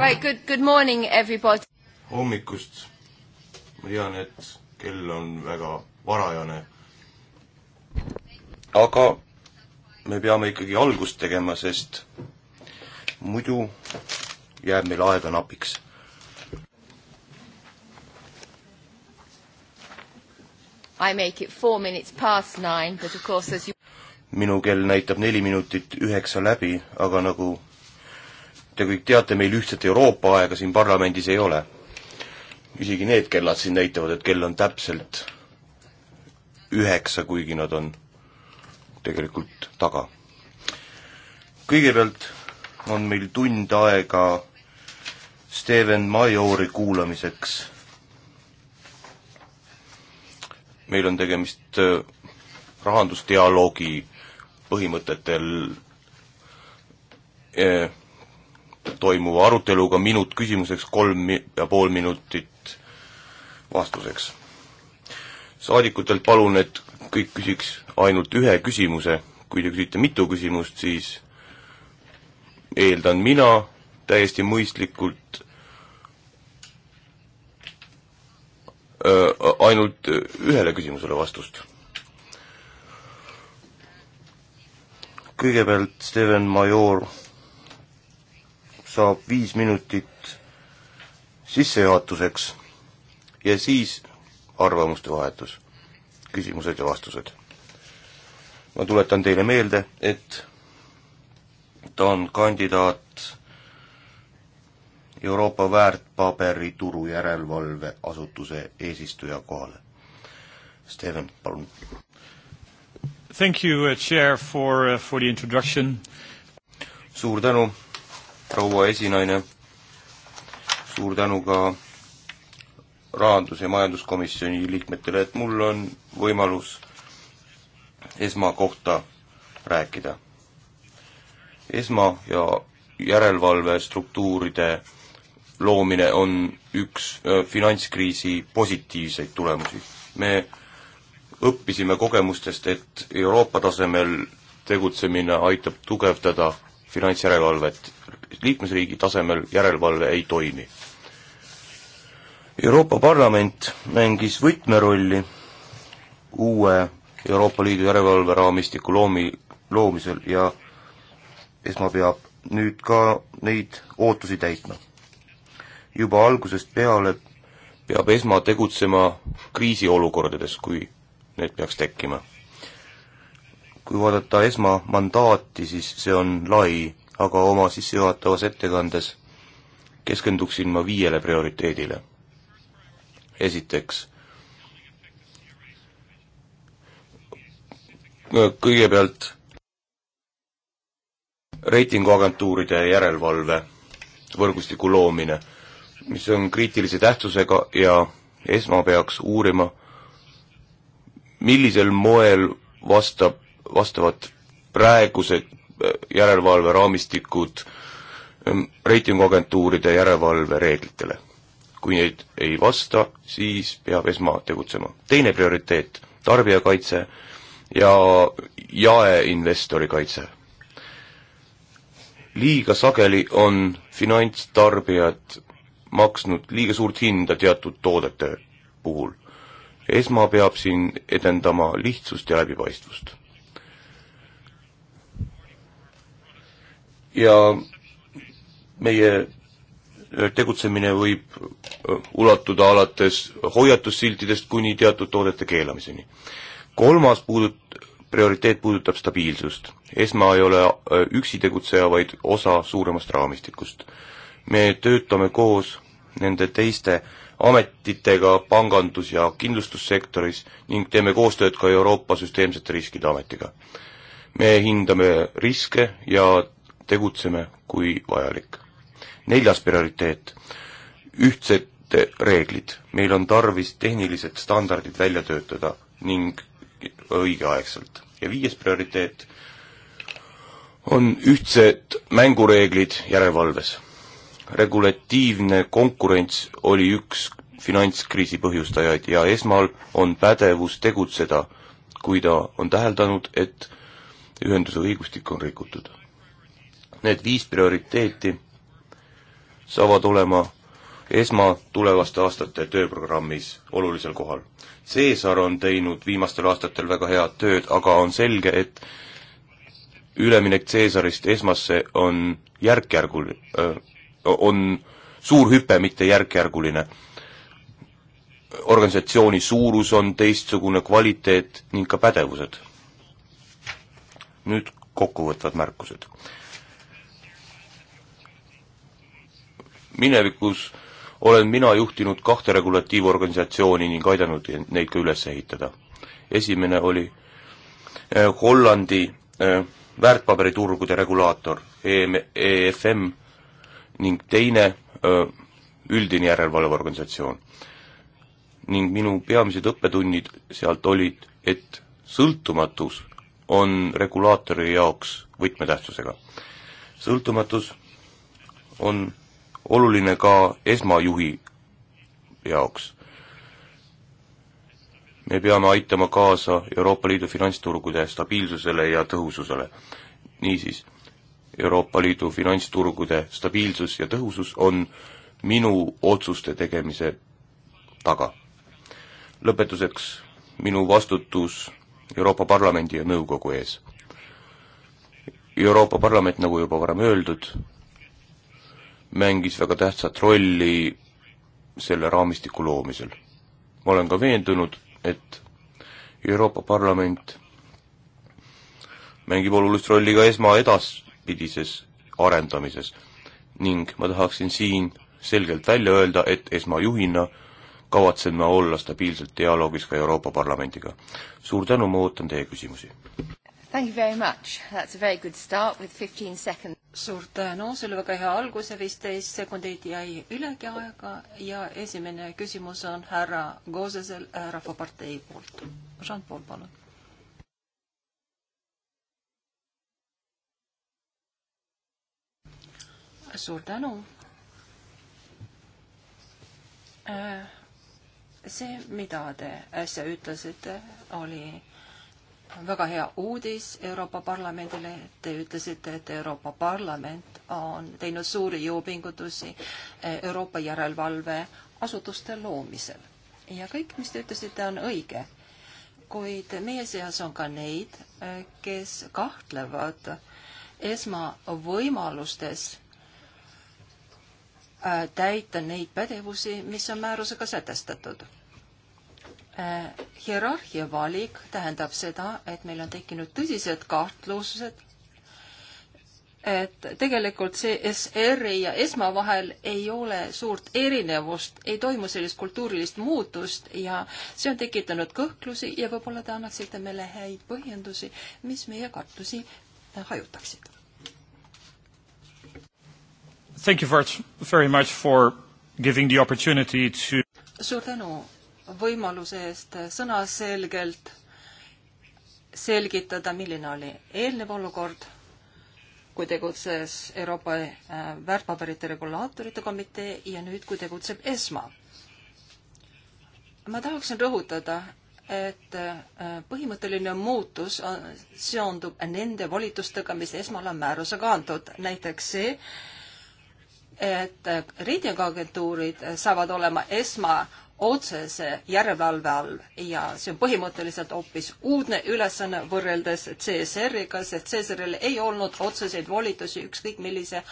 Right, good, good morning everybody. hommikust. ma tean, et kell on väga varajane. aga me peame ikkagi algust tegema, sest muidu jääb meil aega napiks I make it four minutes past nine, but of course as you minu kell näitab neli minutit üheksa läbi, aga nagu te kõik teate, meil ühtset Euroopa aega siin parlamendis ei ole. isegi need kellad siin näitavad, et kell on täpselt üheksa, kuigi nad on tegelikult taga. kõigepealt on meil tund aega Steven Majori kuulamiseks. meil on tegemist äh, rahandusdialoogi põhimõtetel eh, toimuva aruteluga, minut küsimuseks, kolm ja pool minutit vastuseks. saadikutelt palun, et kõik küsiks ainult ühe küsimuse, kui te küsite mitu küsimust, siis eeldan mina täiesti mõistlikult äh, ainult ühele küsimusele vastust. kõigepealt Steven Major saab viis minutit sissejuhatuseks ja siis arvamuste vahetus, küsimused ja vastused. ma tuletan teile meelde, et ta on kandidaat Euroopa väärtpaberituru järelevalve asutuse eesistuja kohale. Steven, palun. Thank you uh,, chair, for uh,, for the introduction. suur tänu proua esinaine, suur tänu ka rahandus- ja majanduskomisjoni liikmetele, et mul on võimalus esmakohta rääkida. esma- ja järelevalvestruktuuride loomine on üks finantskriisi positiivseid tulemusi. me õppisime kogemustest, et Euroopa tasemel tegutsemine aitab tugevdada finantsjärelevalvet liikmesriigi tasemel järelevalve ei toimi. Euroopa Parlament mängis võtmerolli uue Euroopa Liidu järelevalveraamistiku loomi, loomisel ja esma peab nüüd ka neid ootusi täitma. juba algusest peale peab esma tegutsema kriisiolukordades, kui need peaks tekkima. kui vaadata esma mandaati, siis see on lai aga oma sissejuhatavas ettekandes keskenduksin ma viiele prioriteedile. esiteks, kõigepealt reitinguagentuuride järelevalve võrgustiku loomine, mis on kriitilise tähtsusega ja esma peaks uurima, millisel moel vastab, vastavad praegused järelevalveraamistikud ähm, reitinguagentuuride järelevalvereeglitele. kui neid ei vasta, siis peab esma tegutsema. teine prioriteet, tarbijakaitse ja jaeinvestori kaitse. liiga sageli on finantstarbijad maksnud liiga suurt hinda teatud toodete puhul. esma peab siin edendama lihtsust ja läbipaistvust ja meie äh, tegutsemine võib äh, ulatuda alates hoiatussiltidest kuni teatud toodete keelamiseni. kolmas puudut-, prioriteet puudutab stabiilsust. ESMA ei ole äh, üksi tegutseja, vaid osa suuremast raamistikust. me töötame koos nende teiste ametitega pangandus- ja kindlustussektoris ning teeme koostööd ka Euroopa Süsteemsete Riskide Ametiga. me hindame riske ja tegutseme, kui vajalik. neljas prioriteet, ühtsed reeglid. meil on tarvis tehnilised standardid välja töötada ning õigeaegselt. ja viies prioriteet on ühtsed mängureeglid järelevalves. regulatiivne konkurents oli üks finantskriisi põhjustajaid ja esmal on pädevus tegutseda, kui ta on täheldanud, et ühenduse õigustik on rikutud. Need viis prioriteeti saavad olema esmatulevaste aastate tööprogrammis olulisel kohal. Seesar on teinud viimastel aastatel väga head tööd, aga on selge, et üleminek Seesarist esmasse on järk-järgul-, on suur hüpe, mitte järk-järguline. organisatsiooni suurus on teistsugune, kvaliteet ning ka pädevused. nüüd kokkuvõtvad märkused minevikus olen mina juhtinud kahte regulatiivorganisatsiooni ning aidanud neid ka üles ehitada. esimene oli eh, Hollandi eh, väärtpaberiturgude regulaator EM, EFM ning teine eh, üldine järelevalveorganisatsioon. ning minu peamised õppetunnid sealt olid, et sõltumatus on regulaatori jaoks võtmetähtsusega. sõltumatus on oluline ka esmajuhi jaoks. me peame aitama kaasa Euroopa Liidu finantsturgude stabiilsusele ja tõhususele. niisiis, Euroopa Liidu finantsturgude stabiilsus ja tõhusus on minu otsuste tegemise taga. lõpetuseks minu vastutus Euroopa Parlamendi ja Nõukogu ees. Euroopa Parlament, nagu juba varem öeldud, mängis väga tähtsat rolli selle raamistiku loomisel. ma olen ka veendunud, et Euroopa Parlament mängib olulist rolli ka esma edaspidises arendamises ning ma tahaksin siin selgelt välja öelda, et esmajuhina kavatsen ma olla stabiilselt dialoogis ka Euroopa Parlamendiga. suur tänu, ma ootan teie küsimusi. Thank you very much. That's a very good start with 15 seconds suur tänu, see oli väga hea algus ja viisteist sekundit jäi ülegi aega ja esimene küsimus on härra Gozesel Rahvapartei poolt. Jean-Paul, palun. suur tänu. Äh, see, mida te äsja ütlesite, oli väga hea uudis Euroopa Parlamendile. Te ütlesite, et Euroopa Parlament on teinud suuri jõupingutusi eh, Euroopa järelevalve asutuste loomisel. Ja kõik, mis te ütlesite, on õige. Kuid meie seas on ka neid, eh, kes kahtlevad esmavõimalustes eh, täita neid pädevusi, mis on määrusega sätestatud Äh, hierarhia valik tähendab seda, et meil on tekkinud tõsised kahtlused, et tegelikult see SR-i ja ESMA vahel ei ole suurt erinevust, ei toimu sellist kultuurilist muutust ja see on tekitanud kõhklusi ja võib-olla te annaksite meile häid põhjendusi, mis meie kartusi äh, hajutaksid. Thank you very much for giving the opportunity to suur tänu võimaluse eest sõnaselgelt selgitada, milline oli eelnev olukord, kui tegutses Euroopa äh, väärtpaberite regulaatorite komitee ja nüüd, kui tegutseb ESMA. ma tahaksin rõhutada, et äh, põhimõtteline muutus seondub nende volitustega, mis ESMA-le on määrusega antud, näiteks see, et äh, reitinguagentuurid saavad olema ESMA otsese järelevalve all ja see on põhimõtteliselt hoopis uudne ülesanne võrreldes CSR-iga, sest CSR-il ei olnud otseseid volitusi ükskõik millise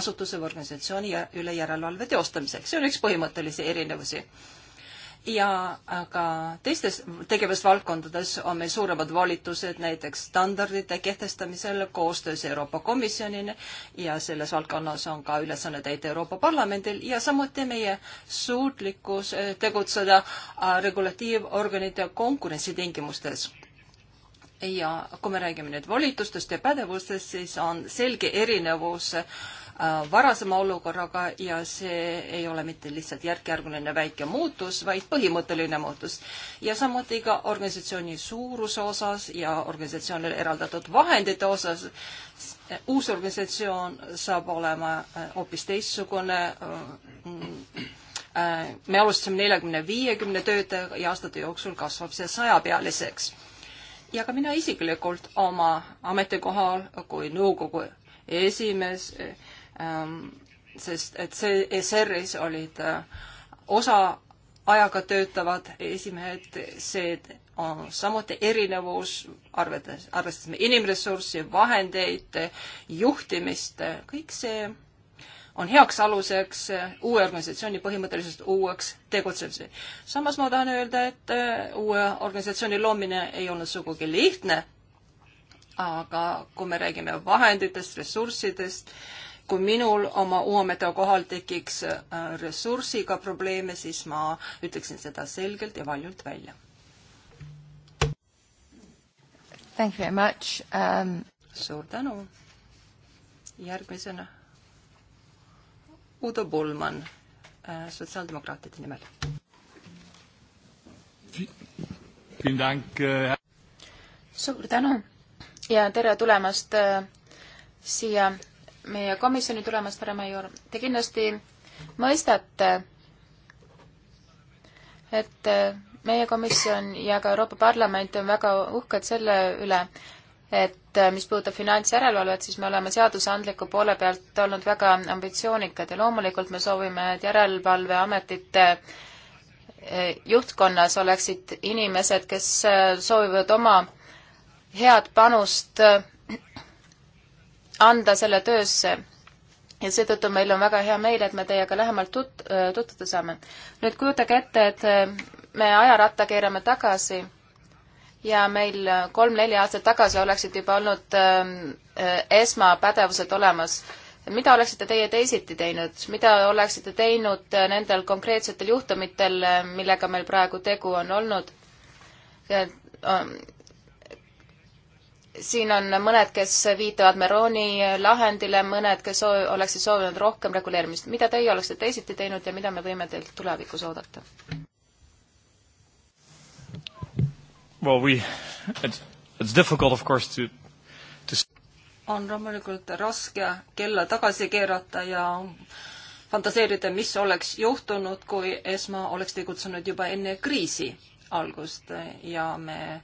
asutuse või organisatsiooni üle järelevalve teostamiseks. see on üks põhimõttelisi erinevusi ja ka teistes tegevusvaldkondades on meil suuremad volitused näiteks standardite kehtestamisel koostöös Euroopa Komisjonini ja selles valdkonnas on ka ülesanne täita Euroopa Parlamendil ja samuti meie suutlikkus eh, tegutseda äh, regulatiivorganite konkurentsitingimustes ja kui me räägime nüüd volitustest ja pädevustest, siis on selge erinevus äh, Äh, varasema olukorraga ja see ei ole mitte lihtsalt järkjärguline väike muutus, vaid põhimõtteline muutus. ja samuti ka organisatsiooni suuruse osas ja organisatsioonile eraldatud vahendite osas. uus organisatsioon saab olema äh, hoopis teistsugune. Äh, mm, me alustasime neljakümne, viiekümne töötajaga ja aastate jooksul kasvab see sajapealiseks ja ka mina isiklikult oma ametikohal kui nõukogu esimees Ähm, sest et see ESR-is olid äh, osa ajaga töötavad esimehed, see on samuti erinevus, arvates, arvestasime inimressurssi, vahendeid, juhtimist, kõik see on heaks aluseks uue organisatsiooni põhimõtteliselt uueks tegutsemiseks. samas ma tahan öelda, et äh, uue organisatsiooni loomine ei olnud sugugi lihtne, aga kui me räägime vahenditest, ressurssidest kui minul oma uuemeteo kohal tekiks äh, ressursiga probleeme, siis ma ütleksin seda selgelt ja valjult välja. Thank you very much um.... suur tänu. järgmisena Udo Bullmann äh, sotsiaaldemokraatide nimel. Äh, suur tänu ja tere tulemast siia meie komisjoni tulemast, härra Major. Te kindlasti mõistate, et meie komisjon ja ka Euroopa Parlament on väga uhked selle üle, et mis puudutab finantsjärelevalvet, siis me oleme seadusandliku poole pealt olnud väga ambitsioonikad ja loomulikult me soovime, et järelevalveametite e, juhtkonnas oleksid inimesed, kes e, soovivad oma head panust anda selle töösse. ja seetõttu meil on väga hea meel, et me teiega lähemalt tut-, äh, tutvuda saame. nüüd kujutage ette, et äh, me ajaratta keerame tagasi ja meil äh, kolm-neli aastat tagasi oleksid juba olnud ähm, esmapädevused olemas. mida oleksite teie teisiti teinud, mida oleksite teinud nendel konkreetsetel juhtumitel, millega meil praegu tegu on olnud? siin on mõned, kes viitavad Meroni lahendile, mõned, kes soo-, oleksid soovinud rohkem reguleerimist. mida teie oleksite teisiti teinud ja mida me võime teilt tulevikus oodata? Well, we, it's, it's difficult of course to, to on loomulikult raske kella tagasi keerata ja fantaseerida, mis oleks juhtunud, kui ESMA oleks tegutsenud juba enne kriisi algust ja me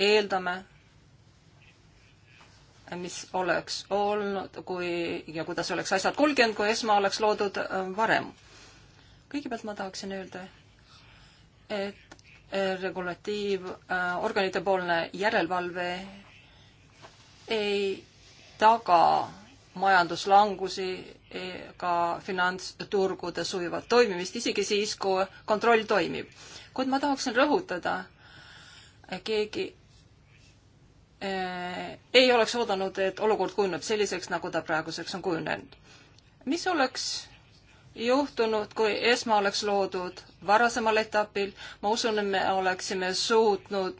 eeldame, mis oleks olnud, kui ja kuidas oleks asjad kulgenud, kui ESMA oleks loodud äh, varem. kõigepealt ma tahaksin öelda, et regulatiivorganite äh, äh poolne järelevalve ei taga majanduslangusi ega finantsturgude sujuvat toimimist, isegi siis, kui kontroll toimib. kuid ma tahaksin rõhutada, keegi Äh, ei oleks oodanud, et olukord kujuneb selliseks, nagu ta praeguseks on kujunenud. mis oleks juhtunud, kui ESMA oleks loodud varasemal etapil, ma usun, et me oleksime suutnud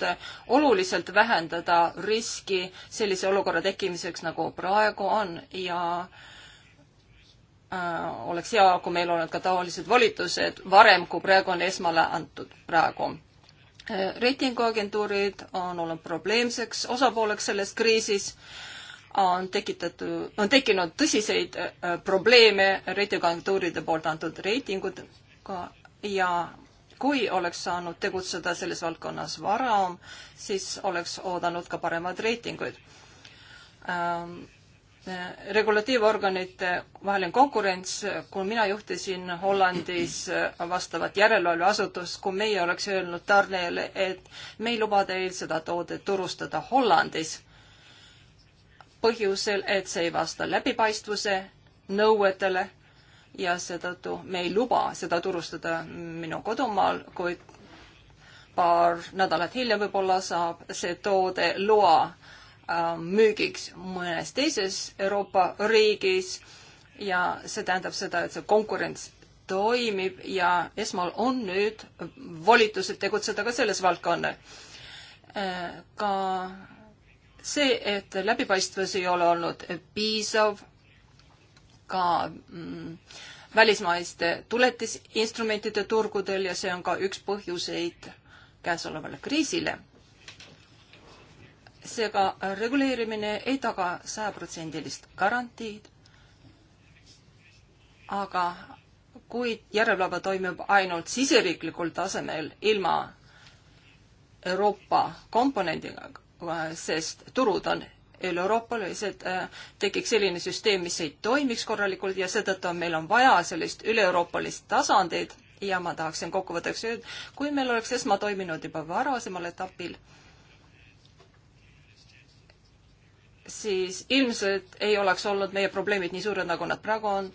oluliselt vähendada riski sellise olukorra tekkimiseks, nagu praegu on ja äh, oleks hea, kui meil olnud ka taolised volitused varem, kui praegu on ESMA-le antud praegu reitinguagentuurid on olnud probleemseks osapooleks selles kriisis, on tekitatud, on tekkinud tõsiseid äh, probleeme reitinguagentuuride poolt antud reitingutega ja kui oleks saanud tegutseda selles valdkonnas varem, siis oleks oodanud ka paremaid reitinguid ähm, regulatiivorganite vaheline konkurents, kui mina juhtisin Hollandis vastavat järelevalveasutust, kui meie oleks öelnud tarnijale, et me ei luba teil seda toodet turustada Hollandis, põhjusel, et see ei vasta läbipaistvuse nõuetele ja seetõttu me ei luba seda turustada minu kodumaal, kuid paar nädalat hiljem võib-olla saab see toode loa Äh, müügiks mõnes teises Euroopa riigis ja see tähendab seda, et see konkurents toimib ja esmal on nüüd volitused tegutseda ka selles valdkonnas. Äh, ka see, et läbipaistvus ei ole olnud piisav, ka mm, välismaiste tuletisinstrumentide turgudel ja see on ka üks põhjuseid käesolevale kriisile seega reguleerimine ei taga sajaprotsendilist garantiid, aga kui järelevalve toimub ainult siseriiklikul tasemel ilma Euroopa komponendiga, sest turud on üle-euroopalised, tekiks selline süsteem, mis ei toimiks korralikult ja seetõttu meil on vaja sellist üle-euroopalist tasandit ja ma tahaksin kokkuvõtteks öelda, kui meil oleks ESMA toiminud juba varasemal etapil, siis ilmselt ei oleks olnud meie probleemid nii suured, nagu nad praegu on.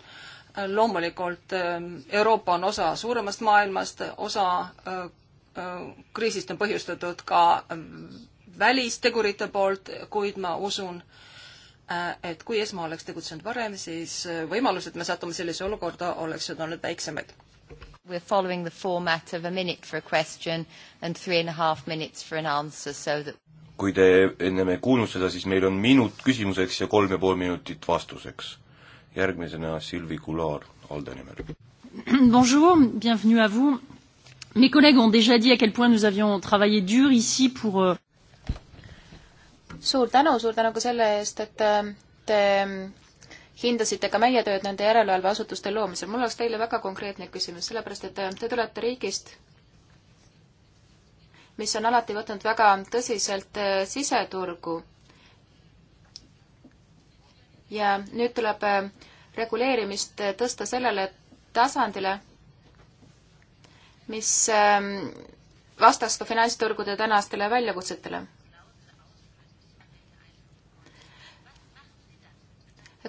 loomulikult ähm, Euroopa on osa suuremast maailmast, osa äh, äh, kriisist on põhjustatud ka ähm, välistegurite poolt, kuid ma usun, äh, et kui ESMA oleks tegutsenud varem, siis võimalused, et me satume sellisesse olukorda, oleksid olnud väiksemad. We're following the format of a minute for a question and three and a half minutes for an answer so that kui te ennem ei kuulnud seda, siis meil on minut küsimuseks ja kolm ja pool minutit vastuseks. järgmisena Silvi Kular Alde nimel. Bonjour, bienvenue à vous. Mes collègues ont déjà dit à quel point nous avions travaillé dur ici pour euh, suur tänu, suur tänu ka selle eest, et äh, te hindasite ka meie tööd nende järelevalveasutuste loomisel. mul oleks teile väga konkreetne küsimus, sellepärast et äh, te tulete riigist, mis on alati võtnud väga tõsiselt äh, siseturgu. ja nüüd tuleb äh, reguleerimist äh, tõsta sellele tasandile, mis ähm, vastas ka finantsturgude tänastele väljakutsetele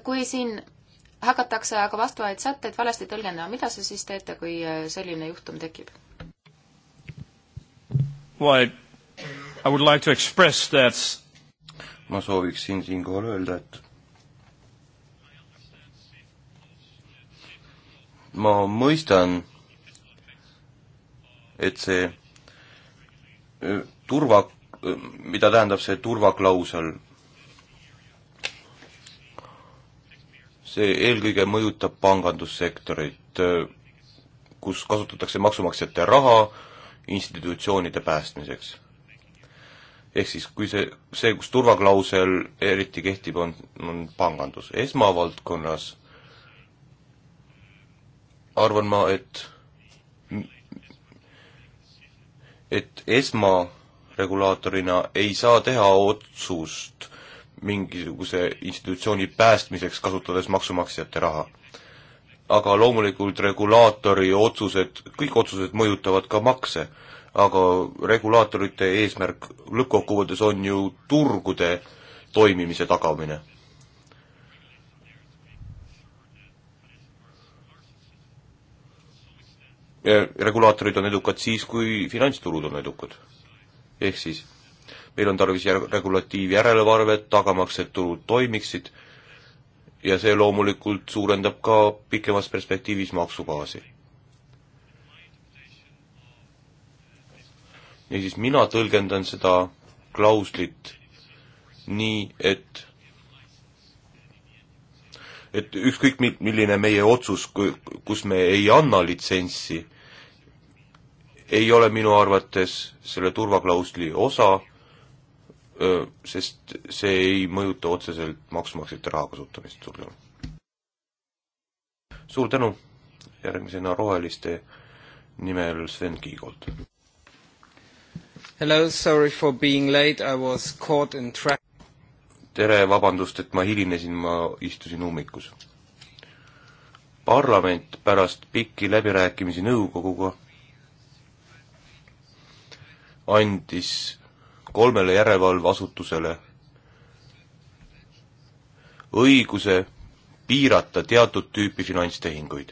kui siin hakatakse aga vastavaid sätteid valesti tõlgendama, mida sa siis teete, kui selline juhtum tekib? Well, I would like to express that ma sooviksin siinkohal öelda, et ma mõistan, et see äh, turva, äh, mida tähendab see turvaklausel, see eelkõige mõjutab pangandussektorit, äh, kus kasutatakse maksumaksjate raha, institutsioonide päästmiseks. ehk siis, kui see, see, kus turvaklausel eriti kehtib, on, on pangandus. esmavaldkonnas arvan ma, et et esmaregulaatorina ei saa teha otsust mingisuguse institutsiooni päästmiseks, kasutades maksumaksjate raha aga loomulikult regulaatori otsused, kõik otsused mõjutavad ka makse, aga regulaatorite eesmärk lõppkokkuvõttes on ju turgude toimimise tagamine. regulaatorid on edukad siis, kui finantsturud on edukad. ehk siis meil on tarvis jär-, regulatiivjärelevalvet, tagamaks, et turud toimiksid ja see loomulikult suurendab ka pikemas perspektiivis maksubaasi. niisiis, mina tõlgendan seda klauslit nii, et et ükskõik mil-, milline meie otsus, kus me ei anna litsentsi, ei ole minu arvates selle turvaklausli osa sest see ei mõjuta otseselt maksumaksjate raha kasutamist. suur tänu. suur tänu, järgmisena Roheliste nimel Sven Kiigolt. Hello, sorry for being late, I was caught in traffic. tere, vabandust, et ma hilinesin, ma istusin ummikus. parlament pärast pikki läbirääkimisi nõukoguga andis kolmele järelevalveasutusele õiguse piirata teatud tüüpi finantstehinguid.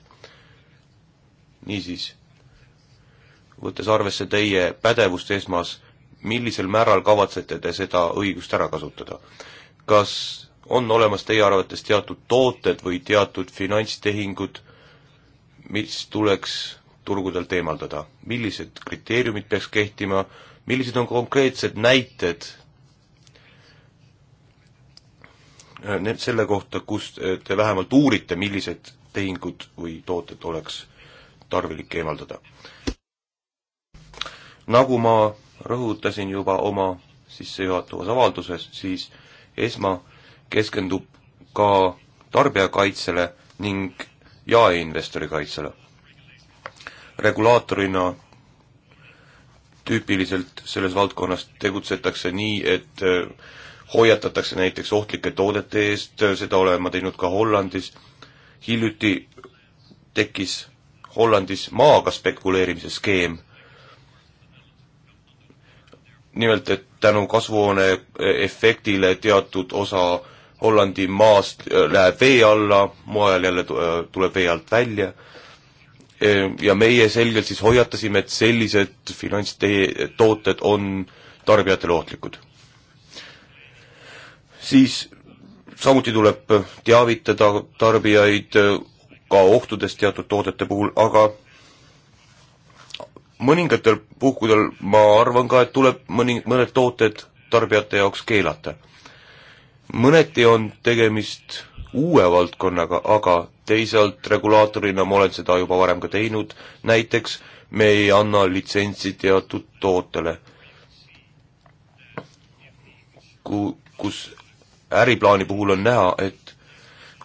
niisiis, võttes arvesse teie pädevust esmas, millisel määral kavatsete te seda õigust ära kasutada? kas on olemas teie arvates teatud tooted või teatud finantstehingud, mis tuleks turgudelt eemaldada, millised kriteeriumid peaks kehtima, millised on konkreetsed näited äh, need selle kohta, kus äh, te vähemalt uurite, millised tehingud või tooted oleks tarvilik eemaldada? nagu ma rõhutasin juba oma sissejuhatavas avalduses, siis ESMA keskendub ka tarbijakaitsele ning jaeinvestori kaitsele. regulaatorina tüüpiliselt selles valdkonnas tegutsetakse nii, et äh, hoiatatakse näiteks ohtlike toodete eest, äh, seda olen ma teinud ka Hollandis. hiljuti tekkis Hollandis maaga spekuleerimise skeem. nimelt, et tänu kasvuhooneefektile äh, teatud osa Hollandi maast läheb vee alla, mujal jälle tuleb vee alt välja Ehm, ja meie selgelt siis hoiatasime, et sellised finantstooted on tarbijatele ohtlikud. siis samuti tuleb teavitada tarbijaid eh, ka ohtudest teatud toodete puhul, aga mõningatel puhkudel ma arvan ka, et tuleb mõni, mõned tooted tarbijate jaoks keelata. mõneti on tegemist uue valdkonnaga, aga teisalt regulaatorina ma olen seda juba varem ka teinud, näiteks me ei anna litsentsi teatud tootele, ku-, kus äriplaani puhul on näha, et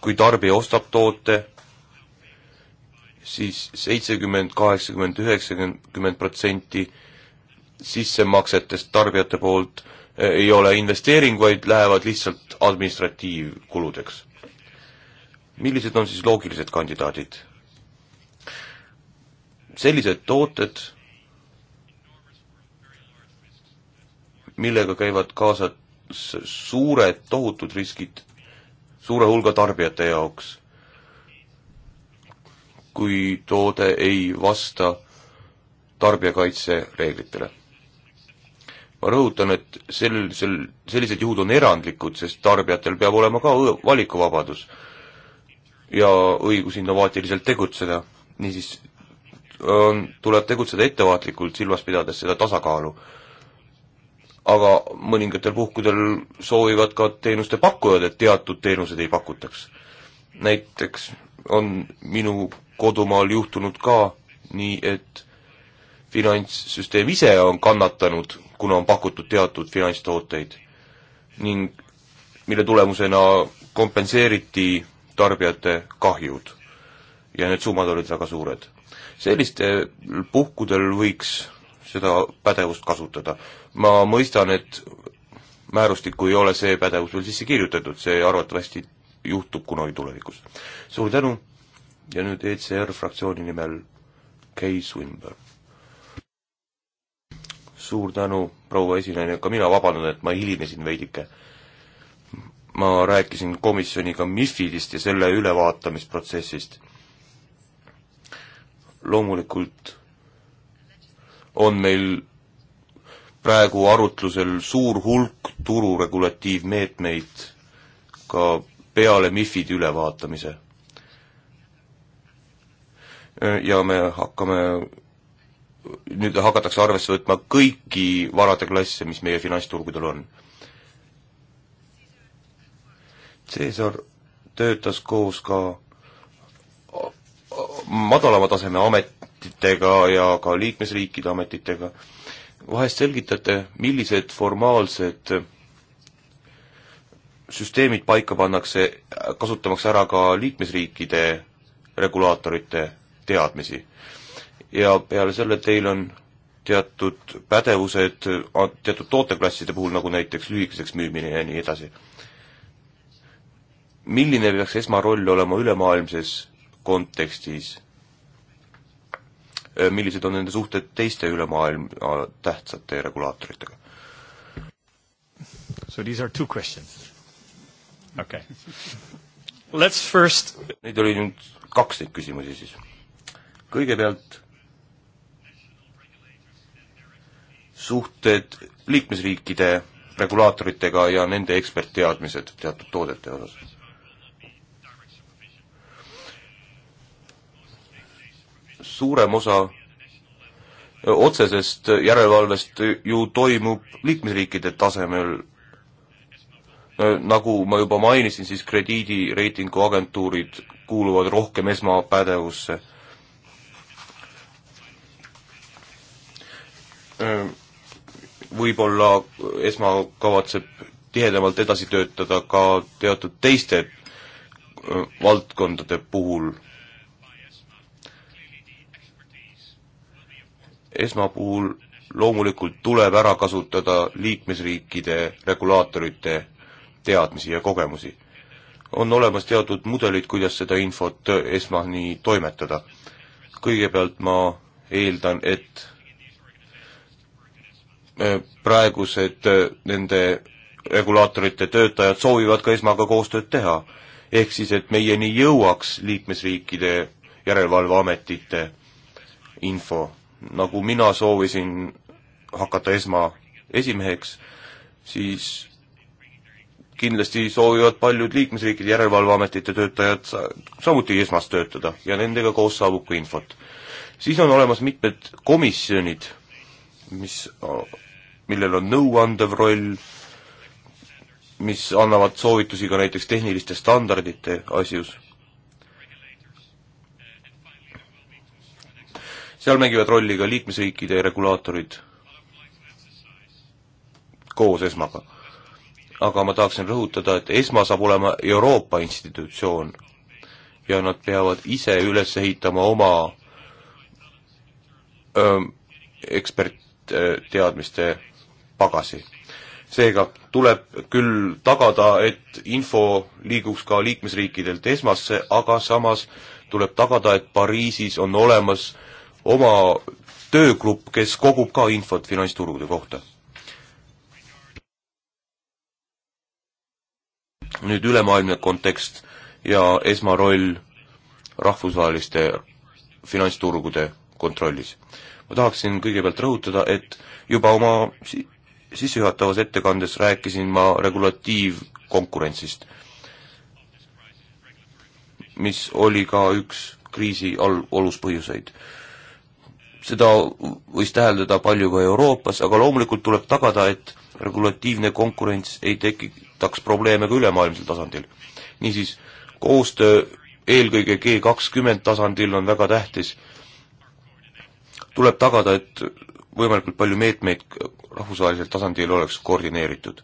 kui tarbija ostab toote, siis seitsekümmend, kaheksakümmend, üheksakümmend protsenti sissemaksetest tarbijate poolt eh, ei ole investeering, vaid lähevad lihtsalt administratiivkuludeks millised on siis loogilised kandidaadid? sellised tooted, millega käivad kaasas suured tohutud riskid suure hulga tarbijate jaoks, kui toode ei vasta tarbijakaitsereeglitele ma rõhutan, et sellisel, sellised juhud on erandlikud, sest tarbijatel peab olema ka valikuvabadus ja õigus innovaatiliselt tegutseda. niisiis tuleb tegutseda ettevaatlikult, silmas pidades seda tasakaalu. aga mõningatel puhkudel soovivad ka teenuste pakkujad, et teatud teenused ei pakutaks. näiteks on minu kodumaal juhtunud ka nii, et finantssüsteem ise on kannatanud, kuna on pakutud teatud finantstooteid ning mille tulemusena kompenseeriti tarbijate kahjud. ja need summad olid väga suured. sellistel puhkudel võiks seda pädevust kasutada. ma mõistan, et määrustikku ei ole see pädevus veel sisse kirjutatud, see arvatavasti juhtub kunagi tulevikus. suur tänu ja nüüd ECR fraktsiooni nimel Kay Swinburne. suur tänu, proua esineja, ka mina vabandan, et ma hilinesin veidike ma rääkisin komisjoniga MIFIDist ja selle ülevaatamisprotsessist. loomulikult on meil praegu arutlusel suur hulk tururegulatiivmeetmeid ka peale MIFID ülevaatamise. ja me hakkame, nüüd hakatakse arvesse võtma kõiki varade klasse, mis meie finantsturgudel on Caesar töötas koos ka madalama taseme ametitega ja ka liikmesriikide ametitega. vahest selgitate, millised formaalsed süsteemid paika pannakse, kasutamaks ära ka liikmesriikide regulaatorite teadmisi. ja peale selle teil on teatud pädevused teatud tooteklasside puhul, nagu näiteks lühikeseks müümine ja nii edasi milline peaks esmaroll olema ülemaailmses kontekstis? Äh, millised on nende suhted teiste ülemaailma äh, tähtsate regulaatoritega? So these are two questions. Okay. Let's first Neid oli nüüd kaks neid küsimusi siis. kõigepealt suhted liikmesriikide regulaatoritega ja nende ekspertteadmised teatud toodete osas suurem osa otsesest järelevalvest ju toimub liikmesriikide tasemel. nagu ma juba mainisin, siis krediidireitingu agentuurid kuuluvad rohkem esmapädevusse. võib-olla esma kavatseb tihedamalt edasi töötada ka teatud teiste valdkondade puhul esmapuhul loomulikult tuleb ära kasutada liikmesriikide regulaatorite teadmisi ja kogemusi. on olemas teatud mudelid, kuidas seda infot esmani toimetada. kõigepealt ma eeldan, et e, praegused e, nende regulaatorite töötajad soovivad ka esmaga koostööd teha. ehk siis, et meieni jõuaks liikmesriikide järelevalveametite info nagu mina soovisin hakata esma esimeheks, siis kindlasti soovivad paljud liikmesriikide järelevalveametite töötajad samuti esmas töötada ja nendega koos saabub ka infot. siis on olemas mitmed komisjonid, mis, millel on nõuandev roll, mis annavad soovitusi ka näiteks tehniliste standardite asjus seal mängivad rolli ka liikmesriikide regulaatorid koos ESMAga. aga ma tahaksin rõhutada, et ESMA saab olema Euroopa institutsioon ja nad peavad ise üles ehitama oma öö, ähm, ekspertteadmiste pagasi. seega tuleb küll tagada, et info liiguks ka liikmesriikidelt esmasse, aga samas tuleb tagada, et Pariisis on olemas oma töögrupp, kes kogub ka infot finantsturgude kohta. nüüd ülemaailmne kontekst ja esmaroll rahvusvaheliste finantsturgude kontrollis. ma tahaksin kõigepealt rõhutada, et juba oma si sissejuhatavas ettekandes rääkisin ma regulatiivkonkurentsist, mis oli ka üks kriisi all, oluspõhjuseid seda võis täheldada palju ka Euroopas, aga loomulikult tuleb tagada, et regulatiivne konkurents ei tekitaks probleeme ka ülemaailmsel tasandil. niisiis, koostöö eelkõige G kakskümmend tasandil on väga tähtis. tuleb tagada, et võimalikult palju meetmeid rahvusvahelisel tasandil oleks koordineeritud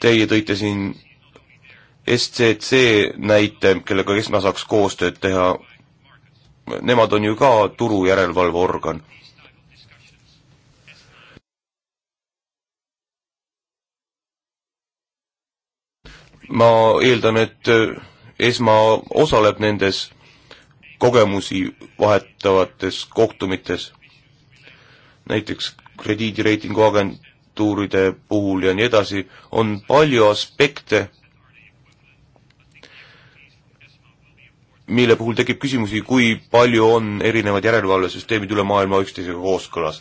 teie tõite siin SCC näite, kellega Kesma saaks koostööd teha, nemad on ju ka turu järelevalveorgan. ma eeldan, et äh, Esma osaleb nendes kogemusi vahetavates kohtumites, näiteks krediidireitingu agentuuride puhul ja nii edasi, on palju aspekte, mille puhul tekib küsimusi, kui palju on erinevad järelevalvesüsteemid üle maailma üksteisega kooskõlas.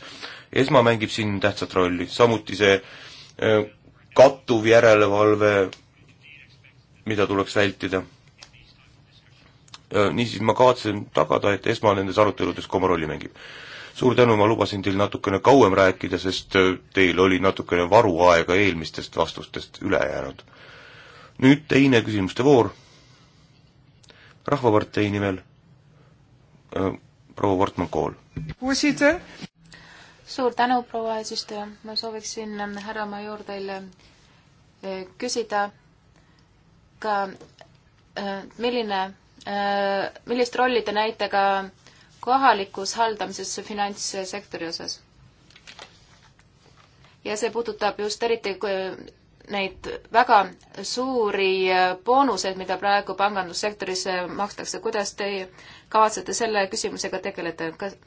ESMA mängib siin tähtsat rolli, samuti see äh, kattuv järelevalve, mida tuleks vältida. Äh, niisiis ma kavatsen tagada, et ESMA nendes aruteludes ka oma rolli mängib. suur tänu, ma lubasin teil natukene kauem rääkida, sest äh, teil oli natukene varu aega eelmistest vastustest üle jäänud. nüüd teine küsimuste voor Rahvapartei nimel äh, proua Wortmann Kool. suur tänu, proua eesistuja, ma sooviksin ähm, härra major teile äh, küsida ka, äh, milline, millist rolli te näite ka kohalikus haldamises finantssektori osas? ja see puudutab just eriti neid väga suuri äh, boonuseid, mida praegu pangandussektoris äh, makstakse, kuidas te kavatsete selle küsimusega tegeleda, kas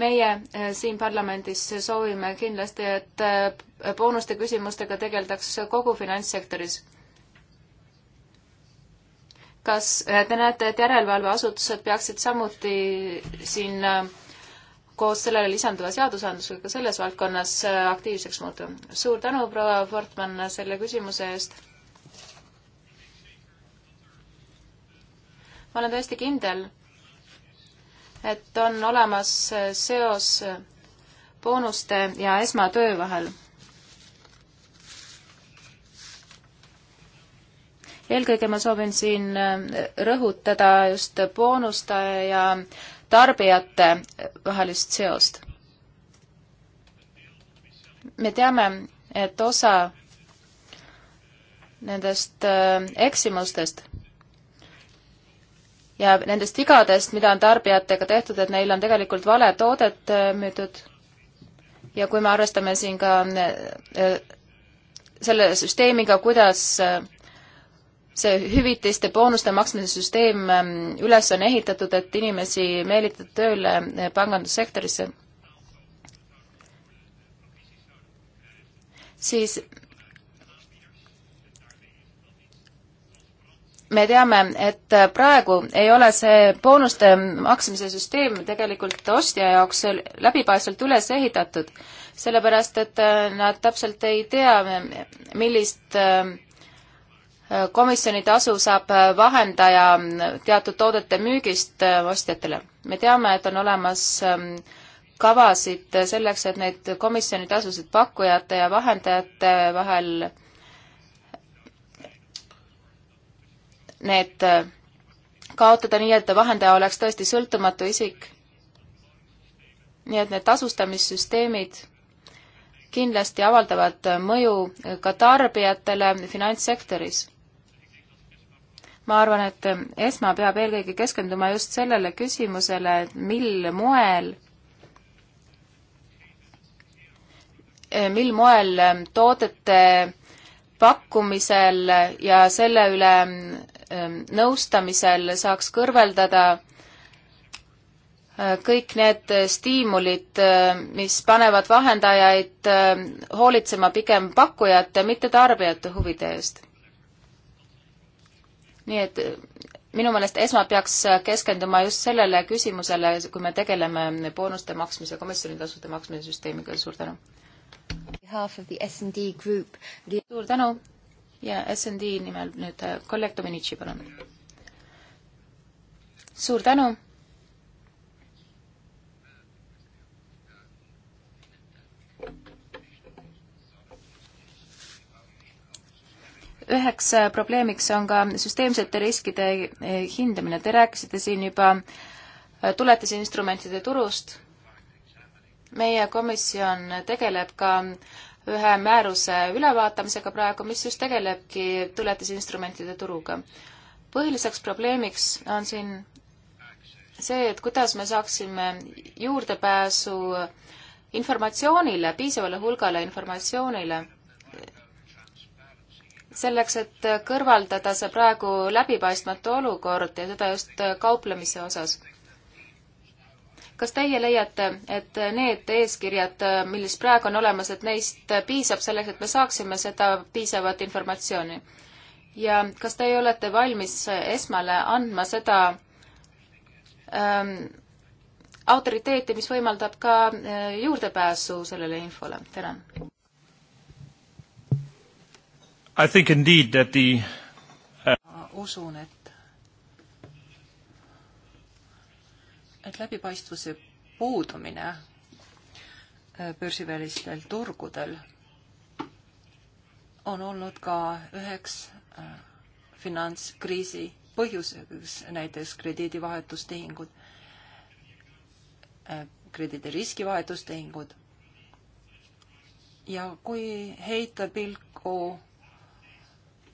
meie äh, siin parlamendis soovime kindlasti, et boonuste küsimustega tegeldaks kogu finantssektoris. kas te näete, et järelevalveasutused peaksid samuti siin koos sellele lisanduva seadusandlusega ka selles valdkonnas äh, aktiivseks muutuma. suur tänu, proua Fortman, selle küsimuse eest. ma olen täiesti kindel, et on olemas äh, seos äh, boonuste ja esmatöö vahel. eelkõige ma soovin siin rõhutada just boonuste ja äh, tarbijate vahelist seost. me teame, et osa nendest äh, eksimustest ja nendest vigadest, mida on tarbijatega tehtud, et neil on tegelikult vale toodet äh, müüdud ja kui me arvestame siin ka äh, selle süsteemiga, kuidas see hüvitiste, boonuste maksmise süsteem ähm, üles on ehitatud, et inimesi meelitada tööle äh, pangandussektorisse, siis me teame, et äh, praegu ei ole see boonuste maksmise süsteem tegelikult ostja jaoks läbipaistvalt üles ehitatud, sellepärast et äh, nad täpselt ei tea, millist komisjoni tasu saab vahendaja teatud toodete müügist äh, ostjatele. me teame, et on olemas ähm, kavasid selleks, et neid komisjoni tasusid pakkujate ja vahendajate vahel need äh, kaotada nii, et vahendaja oleks tõesti sõltumatu isik. nii et need tasustamissüsteemid kindlasti avaldavad mõju ka tarbijatele finantssektoris ma arvan, et ESMA peab eelkõige keskenduma just sellele küsimusele, et mil moel, eh, mil moel eh, toodete pakkumisel ja selle üle eh, nõustamisel saaks kõrveldada kõik need stiimulid, mis panevad vahendajaid hoolitsema pigem pakkujate, mitte tarbijate huvide eest nii et eh, minu meelest esmalt peaks eh, keskenduma just sellele küsimusele, kui me tegeleme boonuste maksmise, komisjonitasude maksmise süsteemiga, suur tänu. suur tänu ja SND nimel nüüd eh, kolleeg Dominici, palun. suur tänu üheks äh, probleemiks on ka süsteemsete riskide äh, hindamine. Te rääkisite siin juba äh, tuletisinstrumentide turust. meie komisjon tegeleb ka ühe määruse ülevaatamisega praegu, mis just tegelebki tuletisinstrumentide turuga. põhiliseks probleemiks on siin see, et kuidas me saaksime juurdepääsu informatsioonile, piisavale hulgale informatsioonile selleks, et kõrvaldada see praegu läbipaistmatu olukord ja seda just kauplemise osas. kas teie leiate, et need eeskirjad, milles praegu on olemas, et neist piisab selleks, et me saaksime seda piisavat informatsiooni? ja kas teie olete valmis esmale andma seda ähm, autoriteeti, mis võimaldab ka äh, juurdepääsu sellele infole? tänan! I think indeed that the uh... ma usun, et et läbipaistvuse puudumine äh, börsivälistel turgudel on olnud ka üheks äh, finantskriisi põhjuseks, näiteks krediidivahetustehingud, äh, krediidi riskivahetustehingud. ja kui heita pilku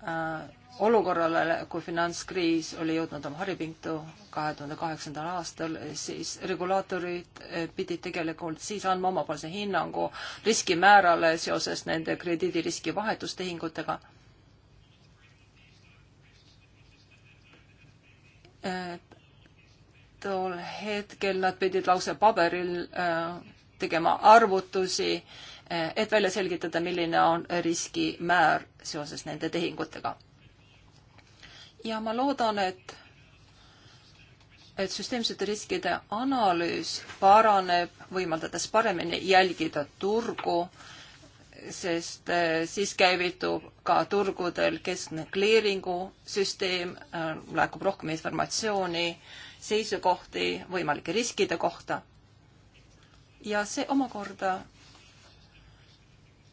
Äh, olukorrale, kui finantskriis oli jõudnud oma haripintu kahe tuhande kaheksandal aastal, siis regulaatorid äh, pidid tegelikult siis andma omapoolse hinnangu riskimäärale seoses nende krediidiriski vahetustehingutega. tol hetkel nad pidid lausa paberil äh, tegema arvutusi äh, et välja selgitada, milline on riskimäär seoses nende tehingutega. ja ma loodan, et et süsteemsete riskide analüüs paraneb, võimaldades paremini jälgida turgu, sest äh, siis käivitub ka turgudel keskne clearingu süsteem, äh, laekub rohkem informatsiooni, seisukohti võimalike riskide kohta. ja see omakorda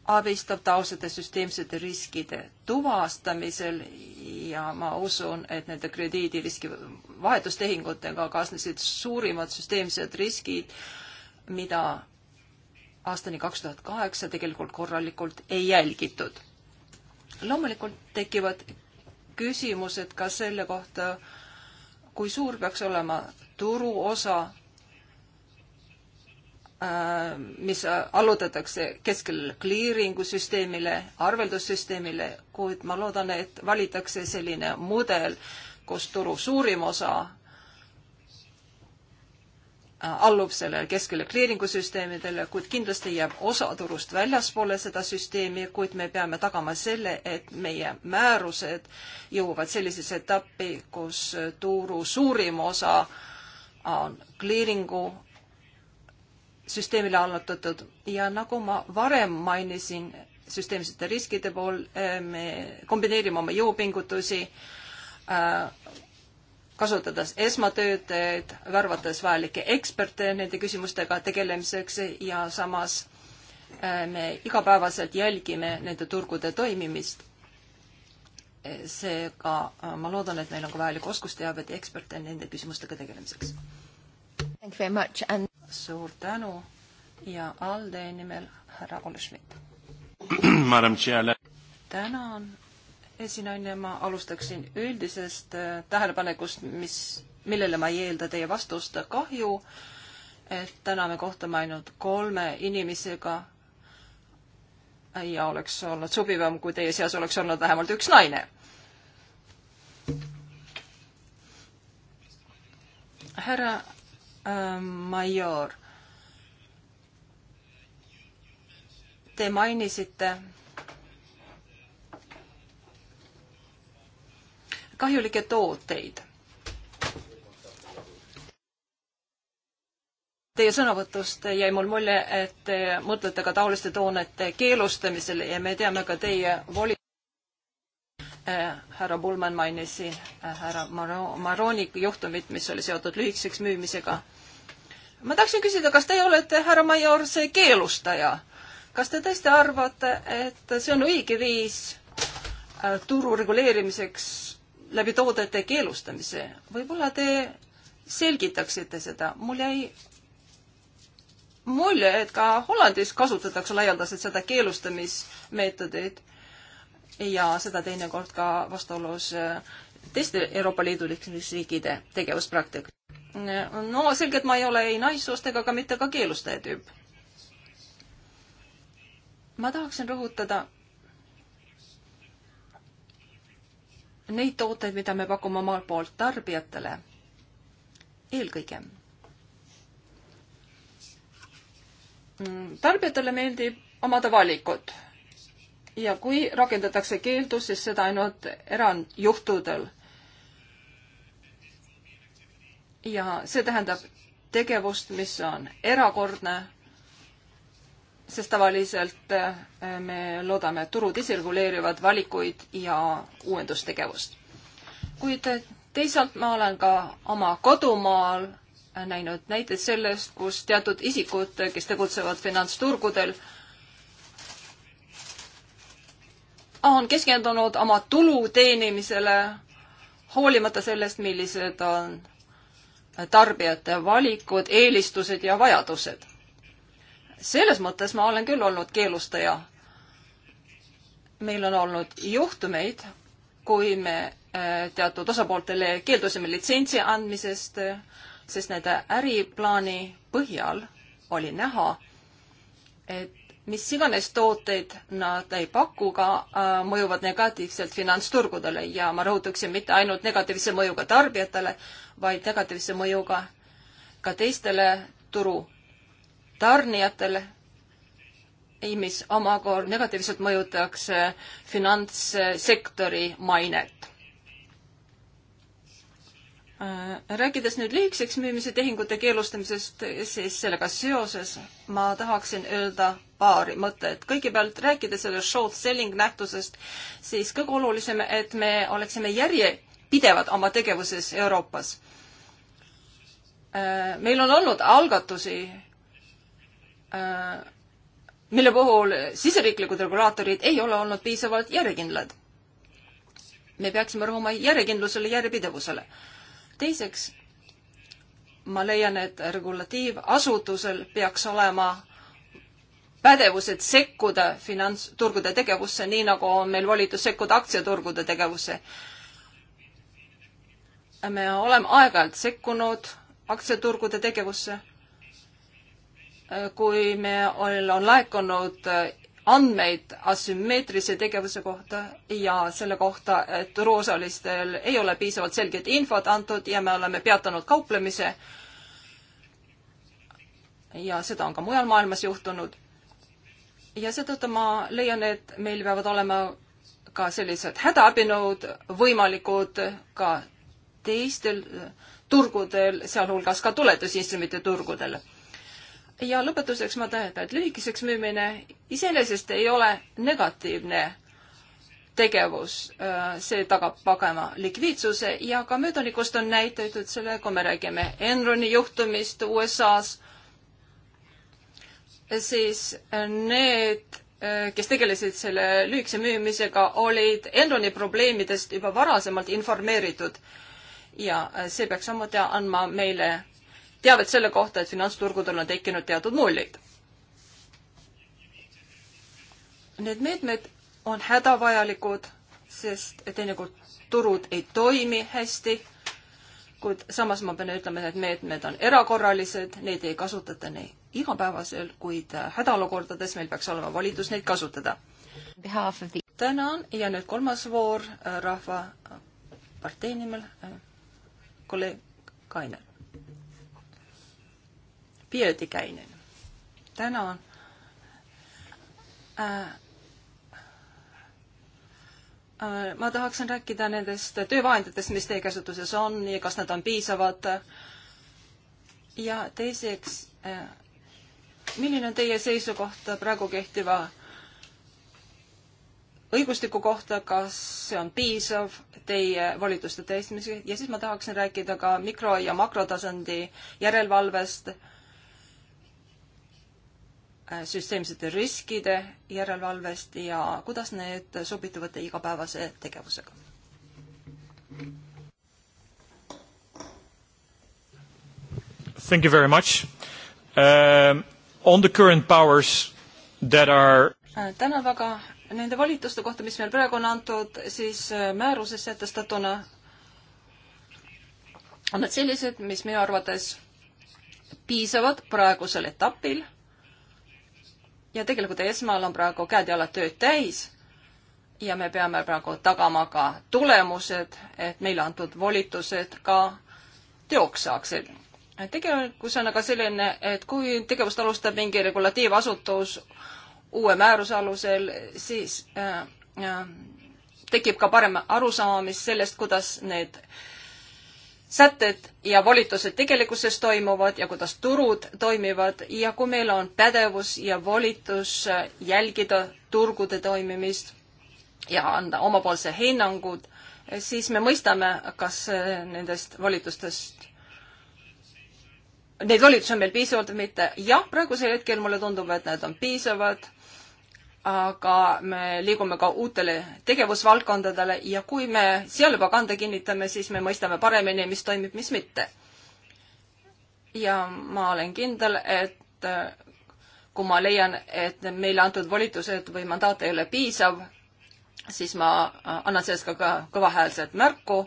abistab taustate süsteemsete riskide tuvastamisel ja ma usun, et nende krediidiriski vahetustehingutega kaasnesid suurimad süsteemsed riskid, mida aastani kaks tuhat kaheksa tegelikult korralikult ei jälgitud. loomulikult tekivad küsimused ka selle kohta, kui suur peaks olema turuosa Äh, mis äh, allutatakse keskel kliiringu süsteemile, arveldussüsteemile, kuid ma loodan, et valitakse selline mudel, kus turu suurim osa äh, allub sellele keskele kliiringu süsteemidele, kuid kindlasti jääb osa turust väljaspoole seda süsteemi, kuid me peame tagama selle, et meie määrused jõuavad sellisesse etappi, kus turu suurim osa on kliiringu süsteemile allutatud ja nagu ma varem mainisin, süsteemsete riskide pool eh, me kombineerime oma jõupingutusi, eh, kasutades esmatöötajaid, värvates vajalikke eksperte nende küsimustega tegelemiseks ja samas eh, me igapäevaselt jälgime nende turgude toimimist. seega ma loodan, et meil on ka vajalik oskusteavet ja eksperte nende küsimustega tegelemiseks. And suur tänu ja ALDE nimel härra Olešvit. tänan, esinaine, ma alustaksin üldisest äh, tähelepanekust, mis, millele ma ei eelda teie vastust, kahju, et täna me kohtume ainult kolme inimesega ja oleks olnud sobivam, kui teie seas oleks olnud vähemalt üks naine. härra Ähm, major. Te mainisite kahjulikke tooteid. Teie sõnavõtust jäi mul mulje, et te mõtlete ka taoliste toonete keelustamisele ja me teame ka teie voli- äh, härra Pullman mainis siin äh, härra Maroni juhtumit, mis oli seotud lühikeseks müümisega ma tahtsin küsida, kas teie olete, härra major, see keelustaja? kas te tõesti arvate, et see on õige viis äh, turu reguleerimiseks läbi toodete keelustamise? võib-olla te selgitaksite seda, mul jäi mulje, et ka Hollandis kasutatakse laialdaselt seda keelustamismeetodit ja seda teinekord ka vastuolus äh, teiste Euroopa Liidu liikmesriikide tegevuspraktika no selgelt ma ei ole ei naissoost ega ka mitte ka keelustaja tüüp. ma tahaksin rõhutada neid tooteid, mida me pakume omalt poolt tarbijatele eelkõige. Mm, tarbijatele meeldib omada valikut ja kui rakendatakse keeldu, siis seda ainult erandjuhtudel ja see tähendab tegevust, mis on erakordne, sest tavaliselt äh, me loodame, et turud ise reguleerivad valikuid ja uuendustegevust. kuid äh, teisalt ma olen ka oma kodumaal näinud näiteid sellest, kus teatud isikud, kes tegutsevad finantsturgudel, on keskendunud oma tulu teenimisele, hoolimata sellest, millised on tarbijate valikud, eelistused ja vajadused. selles mõttes ma olen küll olnud keelustaja. meil on olnud juhtumeid, kui me äh, teatud osapooltele keeldusime litsentsi andmisest, sest nende äriplaani põhjal oli näha, et mis iganes tooteid nad ei paku, ka äh, mõjuvad negatiivselt finantsturgudele ja ma rõhutaksin mitte ainult negatiivse mõjuga tarbijatele, vaid negatiivse mõjuga ka teistele turu tarnijatele, mis omakorda negatiivselt mõjutaks äh, finantssektori mainet. Äh, rääkides nüüd lühikeseks müümise tehingute keelustamisest, siis sellega seoses ma tahaksin öelda paari mõtet. kõigepealt rääkides sellest short selling nähtusest, siis kõige olulisem, et me oleksime järjepidevad oma tegevuses Euroopas. Äh, meil on olnud algatusi, äh, mille puhul siseriiklikud regulaatorid ei ole olnud piisavalt järjekindlad. me peaksime rõhuma järjekindlusele, järjepidevusele teiseks, ma leian, et regulatiivasutusel peaks olema pädevused sekkuda finantsturgude tegevusse, nii nagu on meil volitus sekkuda aktsiaturgude tegevusse. me oleme aeg-ajalt sekkunud aktsiaturgude tegevusse, kui meil on laekunud andmeid asümmeetrilise tegevuse kohta ja selle kohta, et turuosalistel ei ole piisavalt selget infot antud ja me oleme peatanud kauplemise. ja seda on ka mujal maailmas juhtunud. ja seetõttu ma leian, et meil peavad olema ka sellised hädaabinõud võimalikud ka teistel turgudel, sealhulgas ka tuletusinstrumentide turgudel ja lõpetuseks ma tahan öelda, et lühikeseks müümine iseenesest ei ole negatiivne tegevus, see tagab pagema likviidsuse ja ka möödanikust on näitatud selle, kui me räägime Enroni juhtumist USA-s, siis need, kes tegelesid selle lühikese müümisega, olid Enroni probleemidest juba varasemalt informeeritud. ja see peaks samuti andma meile teavet selle kohta, et finantsturgudel on tekkinud teatud muljeid. Need meetmed on hädavajalikud, sest teinekord turud ei toimi hästi, kuid samas ma pean ütlema, et need meetmed on erakorralised, neid ei kasutata nii igapäevasel, kuid hädaolukordades meil peaks olema volitus neid kasutada. tänan ja nüüd kolmas voor äh, Rahvapartei nimel, äh, kolleeg Kainer. Pietikäinen. Tänään ää, äh, ää, äh, ma tahaksin rääkida nendest töövahenditest, mis teie käsutuses on ja kas nad on piisavad. ja teiseks, äh, milline on teie seisukoht praegu kehtiva õigustiku kohta, kas see on piisav teie volituste täitmisega ja siis ma tahaksin rääkida ka mikro- ja makrotasandi järelevalvest Äh, süsteemsete riskide järelevalvest ja kuidas need sobituvad teie igapäevase tegevusega? Thank you very much um,. On the current powers that are äh, tänan väga. Nende volituste kohta, mis meil praegu on antud, siis äh, määruses sätestatuna on nad sellised, mis meie arvates piisavad praegusel etapil ja tegelikult esmal on praegu käed-jalad tööd täis ja me peame praegu tagama ka tulemused, et meile antud volitused ka teoks saaksid. tegelikkus on aga selline, et kui tegevust alustab mingi regulatiivasutus uue määruse alusel, siis äh, äh, tekib ka parem arusaamist sellest, kuidas need äh, sätted ja volitused tegelikkuses toimuvad ja kuidas turud toimivad ja kui meil on pädevus ja volitus jälgida turgude toimimist ja anda omapoolse hinnangud, siis me mõistame, kas eh, nendest volitustest neid volitusi on meil piisavalt või mitte. jah, praegusel hetkel mulle tundub, et need on piisavad aga me liigume ka uutele tegevusvaldkondadele ja kui me seal juba kande kinnitame, siis me mõistame paremini, mis toimib, mis mitte. ja ma olen kindel, et kui ma leian, et meile antud volitused või mandaat ei ole piisav, siis ma annan sellest ka, ka kõvahäälselt märku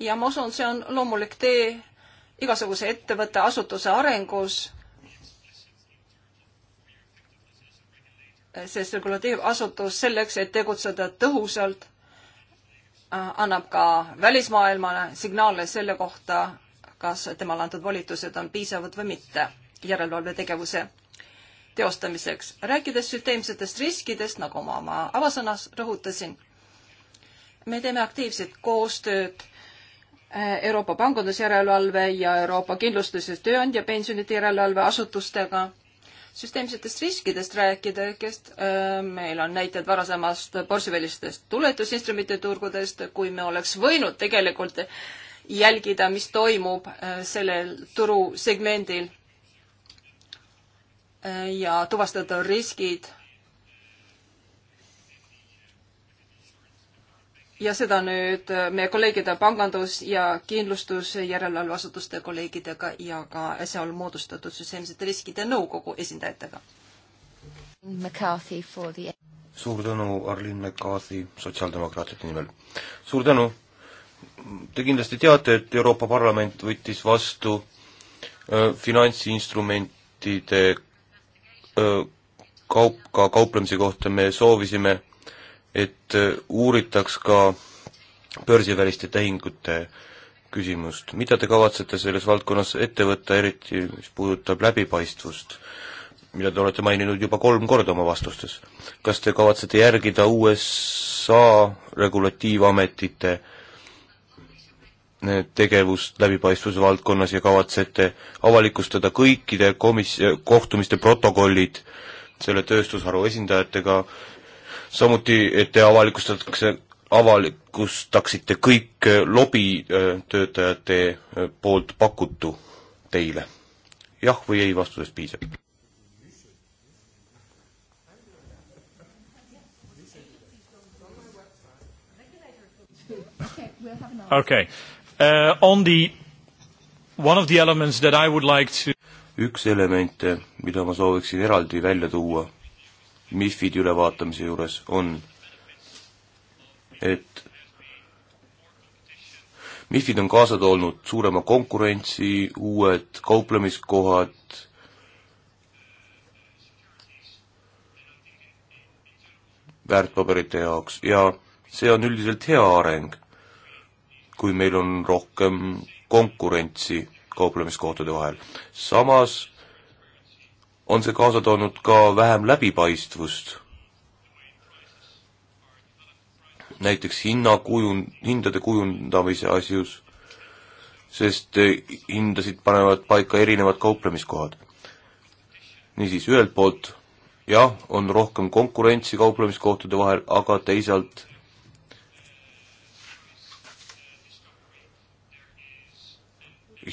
ja ma usun, see on loomulik tee igasuguse ettevõtte, asutuse arengus sest regulatiivasutus selleks, et tegutseda tõhusalt, äh, annab ka välismaailmale signaale selle kohta, kas temale antud volitused on piisavad või mitte järelevalvetegevuse teostamiseks. rääkides süsteemsetest riskidest, nagu ma oma avasõnas rõhutasin, me teeme aktiivset koostööd äh, Euroopa Pangandusjärelevalve ja Euroopa Kindlustus- ja Tööandjapensionide Järelevalve asutustega süsteemsetest riskidest rääkida, kes äh, meil on näited varasemast borsivälistest tuletusinstrumentide turgudest, kui me oleks võinud tegelikult jälgida, mis toimub äh, sellel turusegmendil äh, ja tuvastada riskid ja seda nüüd äh, meie kolleegide pangandus- ja kindlustusjärelevalveasutuste kolleegidega ja ka äsja moodustatud süsteemsete riskide nõukogu esindajatega. The... suur tänu, Arlin McCarthy sotsiaaldemokraatide nimel. suur tänu! Te kindlasti teate, et Euroopa Parlament võttis vastu äh, finantsinstrumentide äh, kaup, ka kauplemise kohta me soovisime et äh, uuritaks ka börsiväliste tehingute küsimust. mida te kavatsete selles valdkonnas ette võtta, eriti mis puudutab läbipaistvust, mida te olete maininud juba kolm korda oma vastustes? kas te kavatsete järgida USA regulatiivametite äh, tegevust läbipaistvuse valdkonnas ja kavatsete avalikustada kõikide komis-, kohtumiste protokollid selle tööstusharu esindajatega, samuti, et te avalikustatakse, avalikustaksite kõik eh, lobitöötajate eh, eh, poolt pakutu teile? jah või ei vastusest piisab. Okay. Uh, on the one of the elements that I would like to üks elemente, mida ma sooviksin eraldi välja tuua MIFID ülevaatamise juures on, et MIFID on kaasa toonud suurema konkurentsi, uued kauplemiskohad, väärtpaberite jaoks ja see on üldiselt hea areng, kui meil on rohkem konkurentsi kauplemiskohtade vahel. samas on see kaasa toonud ka vähem läbipaistvust. näiteks hinnakujun-, hindade kujundamise asjus, sest hindasid panevad paika erinevad kauplemiskohad. niisiis, ühelt poolt jah, on rohkem konkurentsi kauplemiskohtade vahel, aga teisalt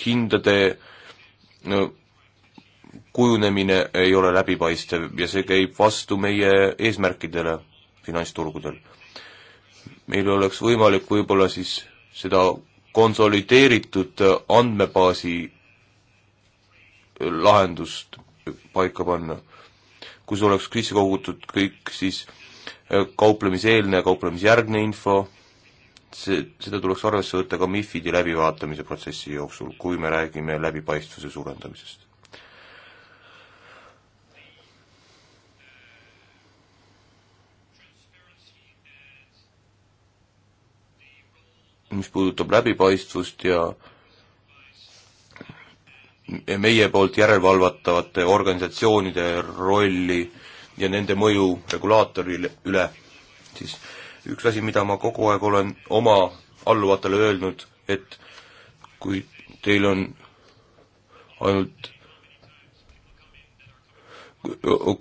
hindade no, kujunemine ei ole läbipaistev ja see käib vastu meie eesmärkidele finantsturgudel. meil oleks võimalik võib-olla siis seda konsolideeritud andmebaasi lahendust paika panna, kus oleks sisse kogutud kõik siis äh, kauplemiseelne ja kauplemisjärgne info, see, seda tuleks arvesse võtta ka MIFID-i läbivaatamise protsessi jooksul, kui me räägime läbipaistvuse suurendamisest. mis puudutab läbipaistvust ja meie poolt järelevalvatavate organisatsioonide rolli ja nende mõju regulaatoril üle, siis üks asi, mida ma kogu aeg olen oma alluvatele öelnud, et kui teil on ainult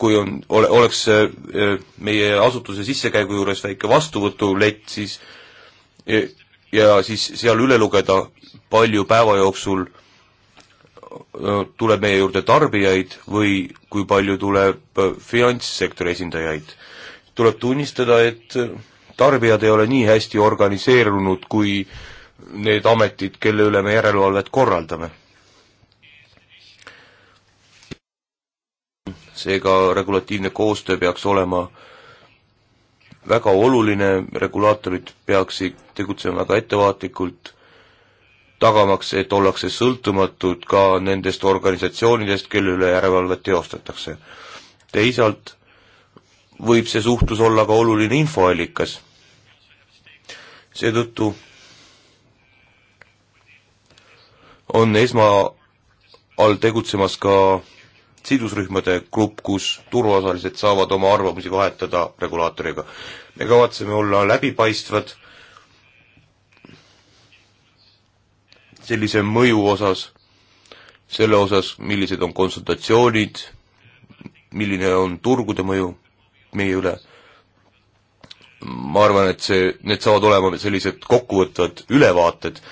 kui on, ole, oleks eh, meie asutuse sissekäigu juures väike vastuvõtulett, siis eh, ja siis seal üle lugeda, palju päeva jooksul tuleb meie juurde tarbijaid või kui palju tuleb finantssektori esindajaid. tuleb tunnistada, et tarbijad ei ole nii hästi organiseerunud kui need ametid, kelle üle me järelevalvet korraldame. seega regulatiivne koostöö peaks olema äh, väga oluline, regulaatorid peaksid tegutsema väga ettevaatlikult, tagamaks, et ollakse sõltumatud ka nendest organisatsioonidest, kelle üle järelevalvet teostatakse. teisalt võib see suhtlus olla ka oluline infoallikas. seetõttu on esma all tegutsemas ka sidusrühmade grupp, kus turuosalised saavad oma arvamusi vahetada regulaatoriga. me kavatseme olla läbipaistvad sellise mõju osas, selle osas, millised on konsultatsioonid, milline on turgude mõju meie üle, ma arvan, et see, need saavad olema sellised kokkuvõtvad ülevaated,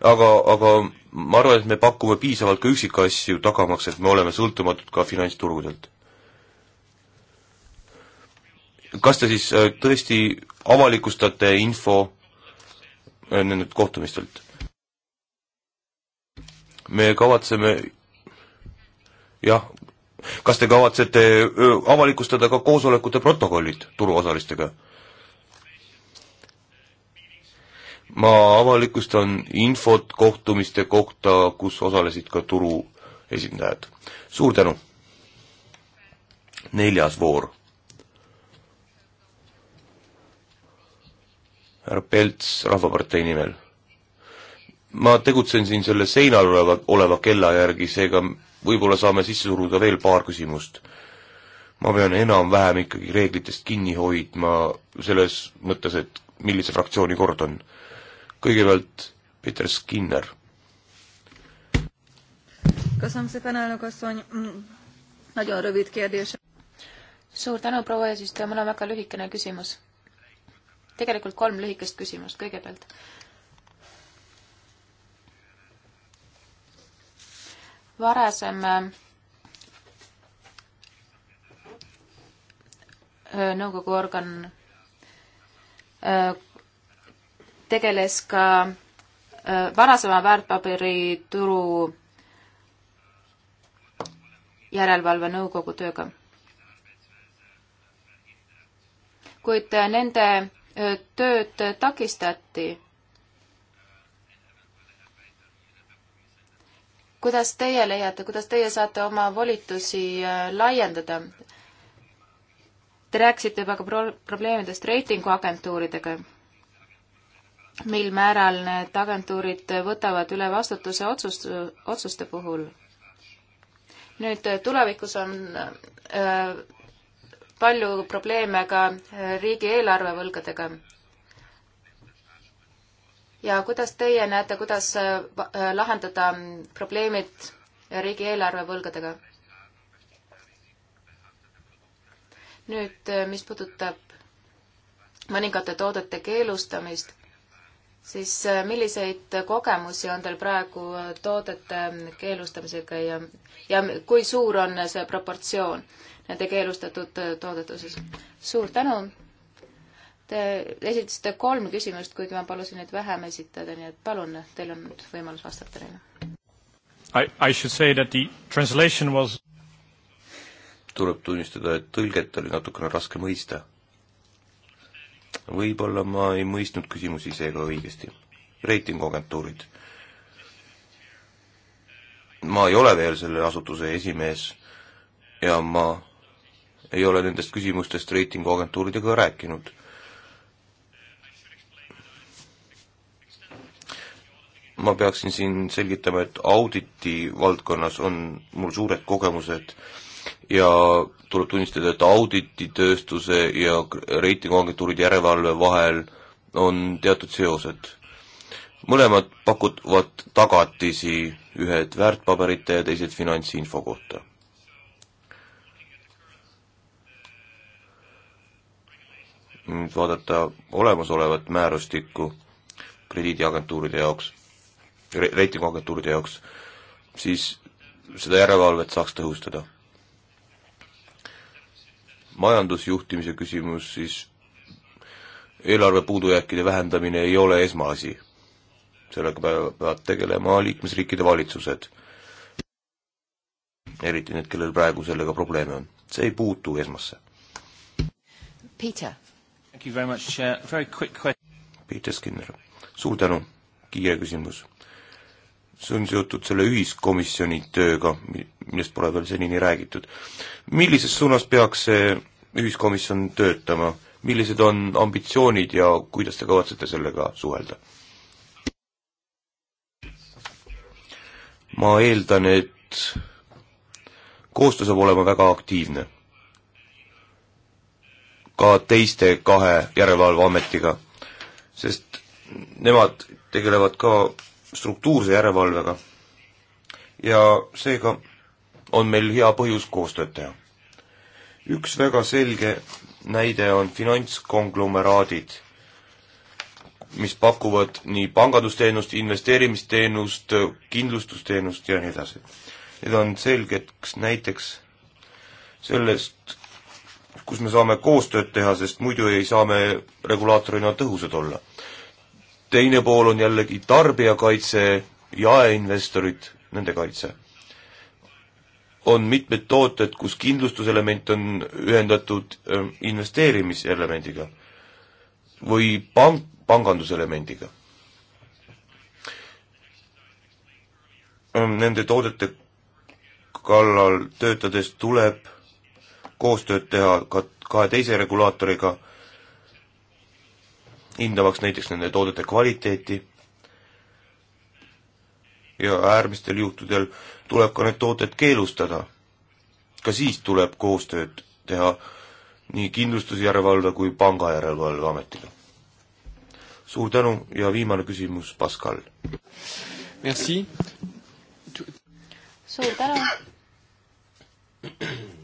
aga, aga ma arvan, et me pakume piisavalt ka üksikasju, tagamaks, et me oleme sõltumatud ka finantsturgudelt. kas te siis äh, tõesti avalikustate info äh, nendelt kohtumistelt? me kavatseme jah, kas te kavatsete äh, avalikustada ka koosolekute protokollid turuosalistega? ma avalikustan infot kohtumiste kohta, kus osalesid ka turu esindajad. suur tänu! neljas voor. härra Pelts Rahvapartei nimel. ma tegutsen siin selle seinal oleva, oleva kella järgi, seega võib-olla saame sisse suruda veel paar küsimust. ma pean enam-vähem ikkagi reeglitest kinni hoidma selles mõttes, et millise fraktsiooni kord on kõigepealt Peter Skinner. suur tänu, proua eesistuja, mul on väga lühikene küsimus. tegelikult kolm lühikest küsimust, kõigepealt varasem äh, nõukogu organ äh, tegeles ka äh, varasema väärtpaberituru järelevalve nõukogu tööga. kuid äh, nende äh, tööd takistati. kuidas teie leiate, kuidas teie saate oma volitusi laiendada? Te rääkisite juba ka pro probleemidest reitinguagentuuridega mil määral need agentuurid võtavad üle vastutuse otsust, otsuste puhul. nüüd tulevikus on öö, äh, palju probleeme ka äh, riigieelarve võlgadega. ja kuidas teie näete, kuidas äh, lahendada probleemid riigieelarve võlgadega? nüüd, mis puudutab mõningate toodete keelustamist, siis äh, milliseid kogemusi on teil praegu äh, toodete äh, keelustamisega ja, ja kui suur on see proportsioon nende keelustatud toodete osas? suur tänu! Te esitasite kolm küsimust, kuid ma palusin neid vähem esitada, nii et palun, teil on nüüd võimalus vastata neile. I, I should say that the translation was tuleb tunnistada, et tõlget oli natukene raske mõista võib-olla ma ei mõistnud küsimusi seega õigesti. reitinguagentuurid. ma ei ole veel selle asutuse esimees ja ma ei ole nendest küsimustest reitinguagentuuridega rääkinud. ma peaksin siin selgitama, et auditi valdkonnas on mul suured kogemused äh, ja tuleb tunnistada, et audititööstuse ja reitinguagentuuride järelevalve vahel on teatud seosed. mõlemad pakuvad tagatisi, ühed väärtpaberite ja teised finantsinfo kohta. nüüd vaadata olemasolevat määrustikku krediidiagentuuride jaoks re, reitinguagentuuride jaoks, siis seda järelevalvet saaks tõhustada majandusjuhtimise küsimus, siis eelarve puudujääkide vähendamine ei ole esmaasi. sellega peavad tegelema liikmesriikide valitsused. eriti need, kellel praegu sellega probleeme on. see ei puutu esmasse. Peter. Peter Skinner, suur tänu, kiire küsimus see on seotud selle ühiskomisjoni tööga, millest pole veel senini räägitud. millises suunas peaks see ühiskomisjon töötama, millised on ambitsioonid ja kuidas te kavatsete sellega suhelda? ma eeldan, et koostöö saab olema väga aktiivne. ka teiste kahe järelevalveametiga, sest nemad tegelevad ka struktuurse järelevalvega. ja seega on meil hea põhjus koostööd teha. üks väga selge näide on finantskonglomeraadid, mis pakuvad nii pangandusteenust, investeerimisteenust, kindlustusteenust ja nii edasi. Need on selgeks näiteks sellest, kus me saame koostööd teha, sest muidu ei saa me regulaatorina tõhusad olla teine pool on jällegi tarbijakaitse, jaeinvestorid, nende kaitse. on mitmed tooted, kus kindlustuselement on ühendatud ähm, investeerimiselemendiga või pank, panganduselemendiga. Ähm, nende toodete kallal töötades tuleb koostööd teha ka kahe teise regulaatoriga hindamaks näiteks nende toodete kvaliteeti ja äärmistel juhtudel tuleb ka need tooted keelustada. ka siis tuleb koostööd teha nii kindlustusjärelevalve kui pangajärelevalveametiga. suur tänu ja viimane küsimus, Pascal. Merci. suur tänu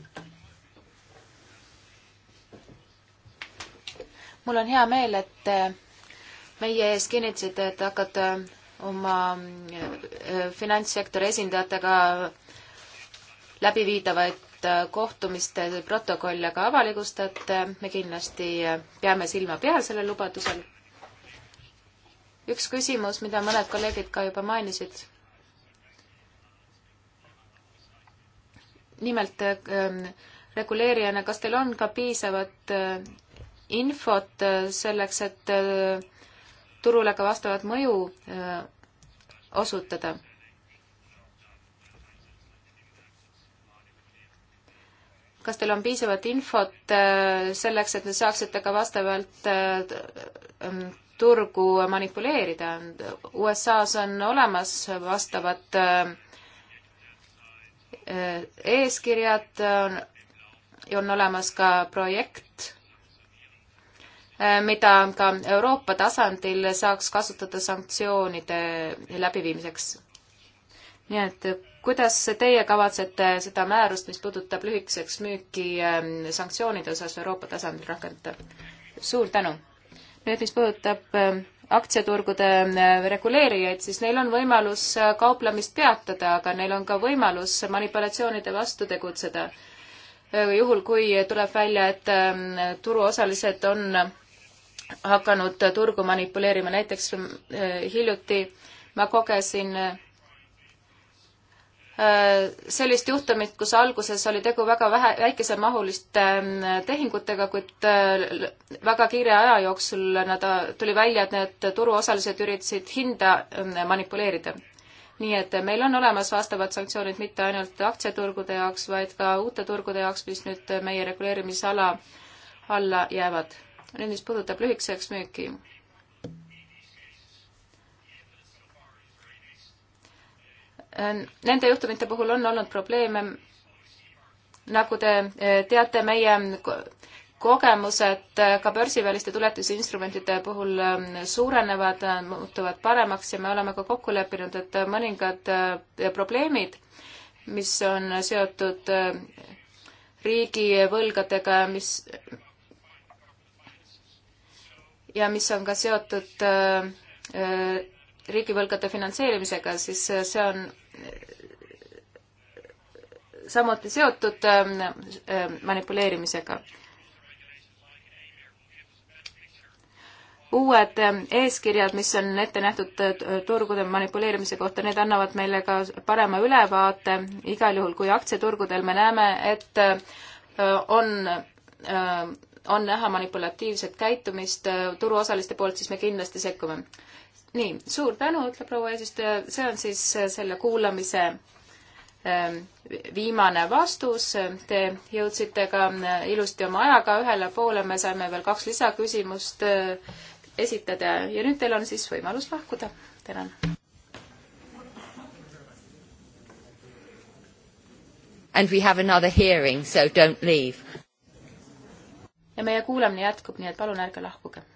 mul on hea meel, et äh, meie ees kinnitasite, et hakkate äh, oma äh, finantssektori esindajatega läbiviidavaid kohtumiste protokolle ka avalikustate. me kindlasti peame silma peal sellel lubadusel. üks küsimus, mida mõned kolleegid ka juba mainisid. nimelt ähm, reguleerijana, kas teil on ka piisavat infot äh, selleks, et äh, turule ka vastavat mõju äh, osutada. kas teil on piisavat infot selleks, et te saaksite ka vastavalt turgu manipuleerida? USA-s on olemas vastavad eeskirjad, on olemas ka projekt, Äh, mida ka Euroopa tasandil saaks kasutada sanktsioonide läbiviimiseks. nii et äh, kuidas teie kavatsete seda määrust, mis puudutab lühikeseks müüki ähm, sanktsioonide osas Euroopa tasandil rakendada? suur tänu! nüüd, mis puudutab ähm, aktsiaturgude äh, reguleerijaid, siis neil on võimalus kauplemist peatada, aga neil on ka võimalus manipulatsioonide vastu tegutseda. juhul, kui tuleb välja, et ähm, turuosalised on hakanud turgu manipuleerima, näiteks äh, hiljuti ma kogesin äh, sellist juhtumit, kus alguses oli tegu väga vähe, väikesemahuliste ähm, tehingutega, kuid äh, väga kiire aja jooksul nad, tuli välja, et need turuosalised üritasid hinda ähm, manipuleerida. nii et meil on olemas vastavad sanktsioonid mitte ainult aktsiaturgude jaoks, vaid ka uute turgude jaoks, mis nüüd meie reguleerimisala alla jäävad nüüd, mis puudutab lühikeseks müüki. Äh, nende juhtumite puhul on olnud probleeme. nagu te äh, teate, meie kogemused äh, ka börsiväliste tuletisinstrumentide puhul ähm, suurenevad, muutuvad paremaks ja me oleme ka kokku leppinud, et mõningad probleemid, mis on seotud riigivõlgadega, mis, ja mis on ka seotud äh, äh, riigivõlgade finantseerimisega, siis äh, see on samuti seotud ähm, manipuleerimisega. uued eeskirjad, mis on ette nähtud turgude manipuleerimise kohta, need annavad meile ka parema ülevaate, igal juhul kui aktsiaturgudel me näeme, et on on näha manipulatiivset käitumist äh, turuosaliste poolt, siis me kindlasti sekkume. nii, suur tänu, ütleb proua eesistuja, see on siis äh, selle kuulamise ähm, viimane vastus, te jõudsite ka äh, ilusti oma ajaga ühele poole, me saime veel kaks lisaküsimust esitada ja nüüd teil on siis võimalus lahkuda. tänan. And we have another hearing, so don't leave ja meie kuulamine jätkub, nii et palun ärge lahkuge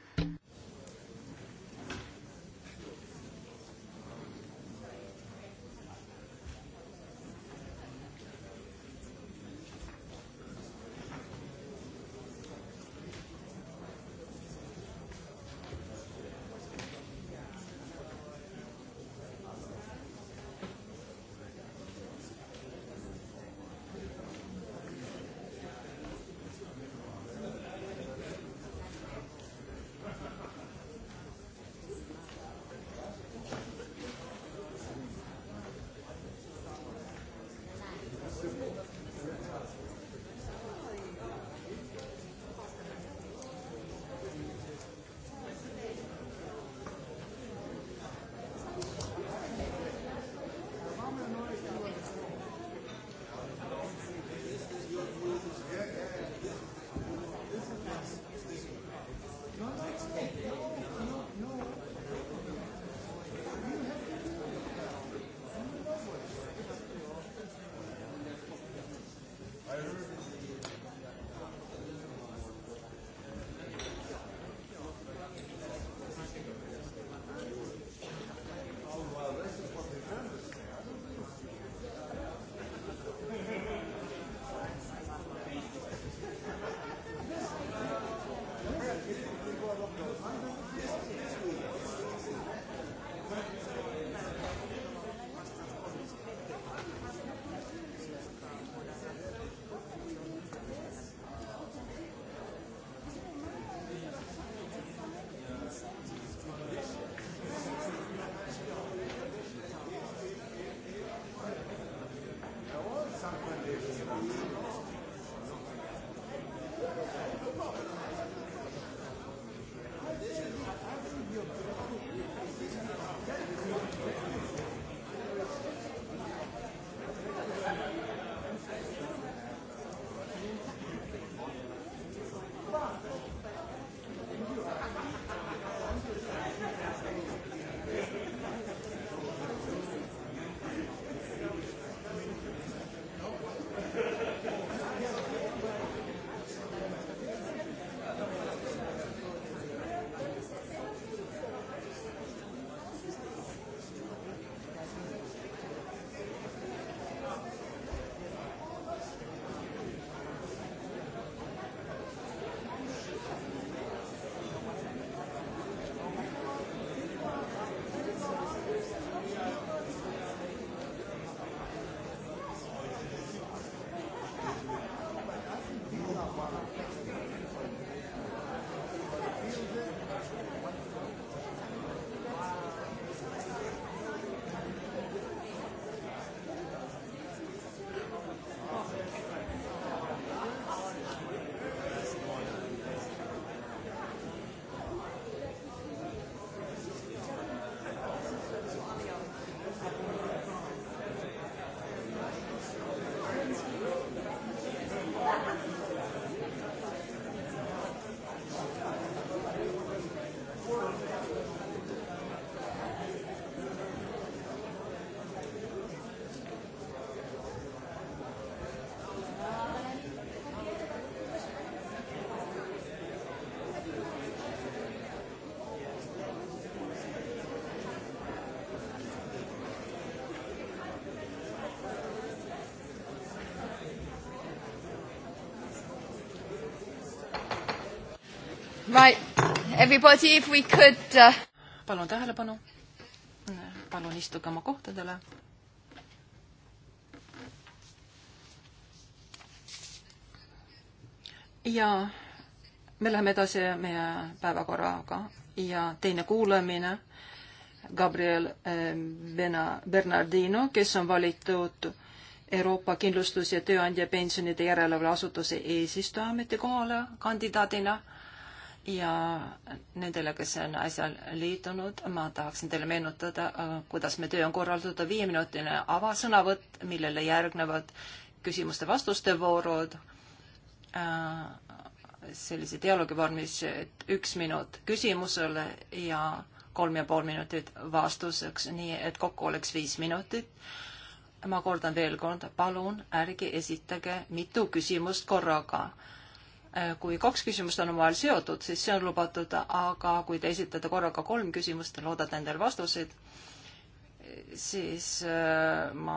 Right, everybody, if we could uh... palun tähelepanu, palun istuge oma kohtadele. ja me läheme edasi meie päevakorraga ja teine kuulamine Gabriel eh, Bena-, Bernardino, kes on valitud Euroopa Kindlustus- ja Tööandjapensionide Järelevalveasutuse eesistuja ametikohale kandidaadina ja nendele, kes on äsja liitunud, ma tahaksin teile meenutada, äh, kuidas me töö on korraldatud, viieminutine avasõnavõtt, millele järgnevad küsimuste-vastuste voorud, äh, sellise dialoogi vormis, et üks minut küsimusele ja kolm ja pool minutit vastuseks, nii et kokku oleks viis minutit. ma kordan veel kord, palun ärge esitage mitu küsimust korraga Äh, kui kaks küsimust on omavahel seotud, siis see on lubatud, aga kui te esitate korraga kolm küsimust ja loodate endale vastuseid, siis äh, ma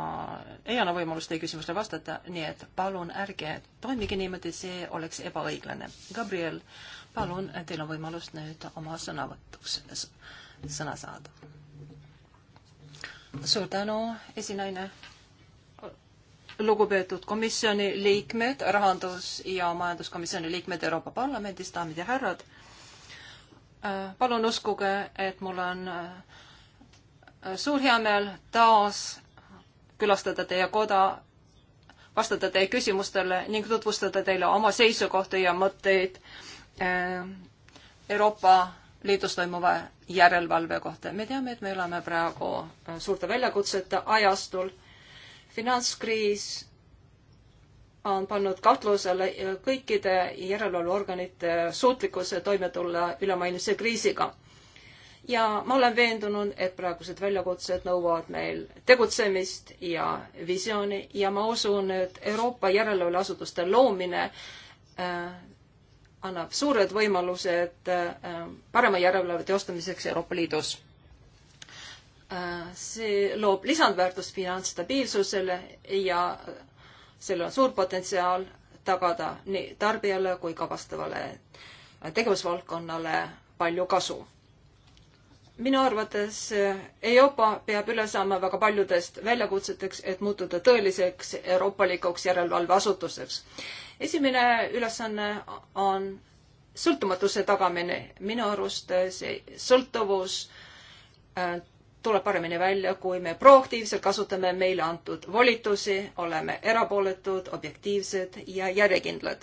ei anna võimalust teie küsimusele vastata, nii et palun ärge toimige niimoodi, see oleks ebaõiglane. Gabriel, palun, teil on võimalus nüüd oma sõnavõtuks sõna saada. suur tänu, esinaine lugupeetud komisjoni liikmed, rahandus- ja majanduskomisjoni liikmed Euroopa Parlamendis, daamid ja härrad. Äh, palun uskuge, et mul on äh, suur heameel taas külastada teie koda, vastata teie küsimustele ning tutvustada teile oma seisukohti ja mõtteid äh, Euroopa Liidus toimuva järelevalve kohta. me teame, et me elame praegu suurte väljakutsete ajastul finantskriis on pannud kahtlusele kõikide järelevalveorganite suutlikkuse toime tulla ülemaailmse kriisiga. ja ma olen veendunud, et praegused väljakutsed nõuavad meil tegutsemist ja visiooni ja ma usun, et Euroopa järelevalveasutuste loomine äh, annab suured võimalused äh, parema järelevalve teostamiseks Euroopa Liidus see loob lisandväärtust finantsstabiilsusele ja sellel on suur potentsiaal tagada nii tarbijale kui ka vastavale tegevusvaldkonnale palju kasu. minu arvates Euroopa peab üle saama väga paljudest väljakutseteks, et muutuda tõeliseks euroopalikuks järelevalveasutuseks. esimene ülesanne on sõltumatuse tagamine. minu arust see sõltuvus äh, tuleb paremini välja, kui me proaktiivselt kasutame meile antud volitusi, oleme erapooletud, objektiivsed ja järjekindlad.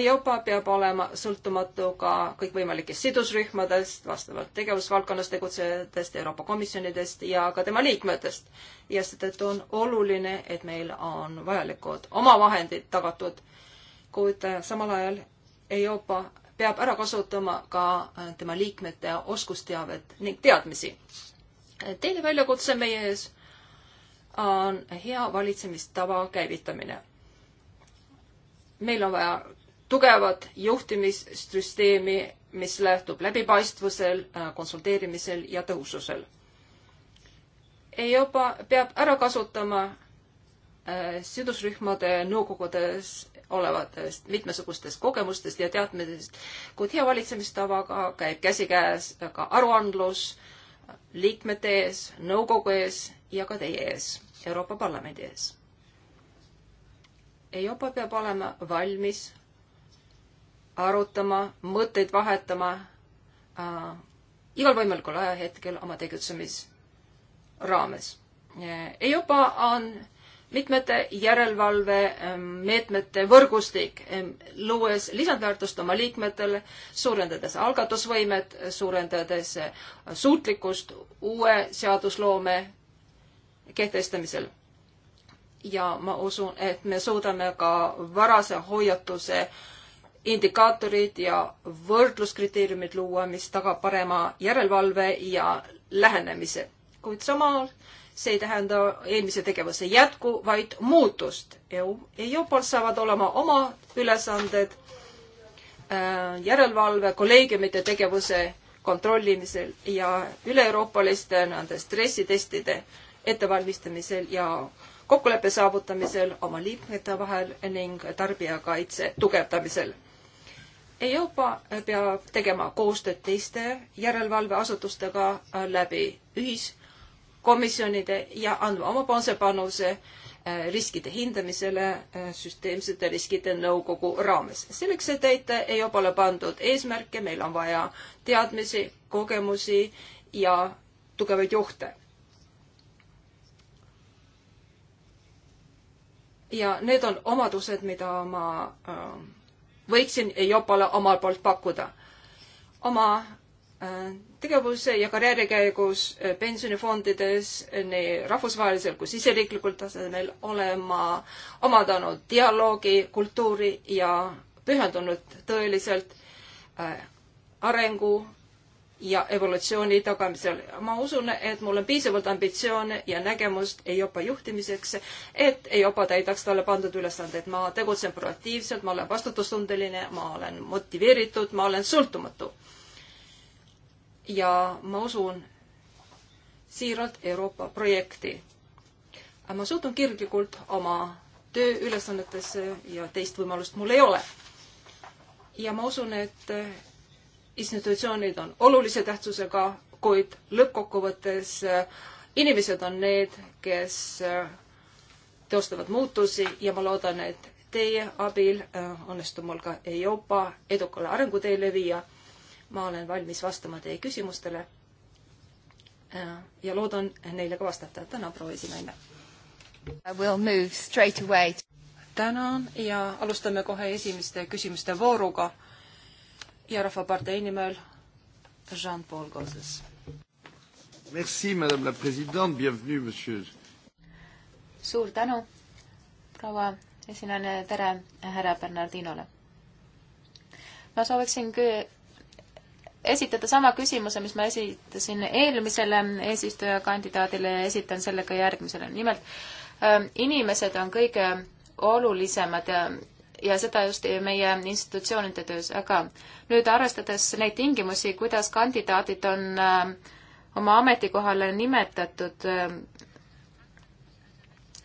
EIOPA peab olema sõltumatu ka kõikvõimalikest sidusrühmadest, vastavalt tegevusvaldkonnas tegutsejatest, Euroopa Komisjonidest ja ka tema liikmetest. ja seetõttu on oluline, et meil on vajalikud omavahendid tagatud, kuid samal ajal EIOPA peab ära kasutama ka äh, tema liikmete oskusteavet ning teadmisi. teine väljakutse meie ees on hea valitsemistava käivitamine. meil on vaja tugevat juhtimissüsteemi, mis lähtub läbipaistvusel, äh, konsulteerimisel ja tõhususel. Euroopa peab ära kasutama äh, sidusrühmade nõukogudes olevatest mitmesugustest kogemustest ja teadmistest, kuid hea valitsemistavaga käib käsikäes ka aruandlus liikmete ees, nõukogu ees ja ka teie ees, Euroopa Parlamendi ees. Euroopa peab olema valmis arutama, mõtteid vahetama äh, igal võimalikul ajahetkel oma tegutsemisraames. Euroopa on äh, mitmete järelevalvemeetmete ähm, võrgustik, ähm, luues lisandväärtust oma liikmetele, suurendades algatusvõimet, suurendades äh, suutlikkust uue seadusloome kehtestamisel. ja ma usun, et me suudame ka varase hoiatuse indikaatorid ja võrdluskriteeriumid luua, mis tagab parema järelevalve ja lähenemise. kuid samal see ei tähenda eelmise tegevuse jätku, vaid muutust. EUPOL saavad olema oma ülesanded äh, järelevalve kolleegiumite tegevuse kontrollimisel ja üle-euroopaliste nende stressitestide ettevalmistamisel ja kokkuleppe saavutamisel oma liikmete vahel ning tarbijakaitse tugevdamisel. Euroopa peab tegema koostööd teiste järelevalveasutustega läbi ühis- komisjonide ja andma omapoolse panuse äh, riskide hindamisele äh, süsteemsete riskide nõukogu raames. selleks, et täita EIOPA-le pandud eesmärke, meil on vaja teadmisi, kogemusi ja tugevaid juhte. ja need on omadused, mida ma äh, võiksin EIOPA-le omalt poolt pakkuda. oma tegevuse ja karjääri käigus eh, pensionifondides eh, nii rahvusvahelisel kui siseriiklikul tasemel olema omandanud dialoogi, kultuuri ja pühendunud tõeliselt eh, arengu ja evolutsiooni tagamisel. ma usun, et mul on piisavalt ambitsioone ja nägemust EIOPA juhtimiseks, et EIOPA täidaks talle pandud ülesanded. ma tegutsen proaktiivselt, ma olen vastutustundeline, ma olen motiveeritud, ma olen sõltumatu ja ma usun siiralt Euroopa projekti. ma suhtun kirglikult oma tööülesannetesse ja teist võimalust mul ei ole. ja ma usun, et institutsioonid on olulise tähtsusega, kuid lõppkokkuvõttes inimesed on need, kes teostavad muutusi ja ma loodan, et teie abil äh, õnnestub mul ka Euroopa edukale arenguteele viia ma olen valmis vastama teie küsimustele äh, ja loodan neile ka vastata. tänan, proua esinaine! tänan ja alustame kohe esimeste küsimuste vooruga ja Rahvapartei nimel Jean-Paul Gauzes. Merci, madame la présidente, bienvenue, monsieur. suur tänu, proua esinejale, tere härra Bernardinole. ma sooviksin kõ-, esitada sama küsimuse, mis ma esitasin eelmisele eesistujakandidaadile ja esitan selle ka järgmisele. nimelt, ähm, inimesed on kõige olulisemad ja, ja seda just meie institutsioonide töös, aga nüüd arvestades neid tingimusi, kuidas kandidaadid on äh, oma ametikohale nimetatud, äh,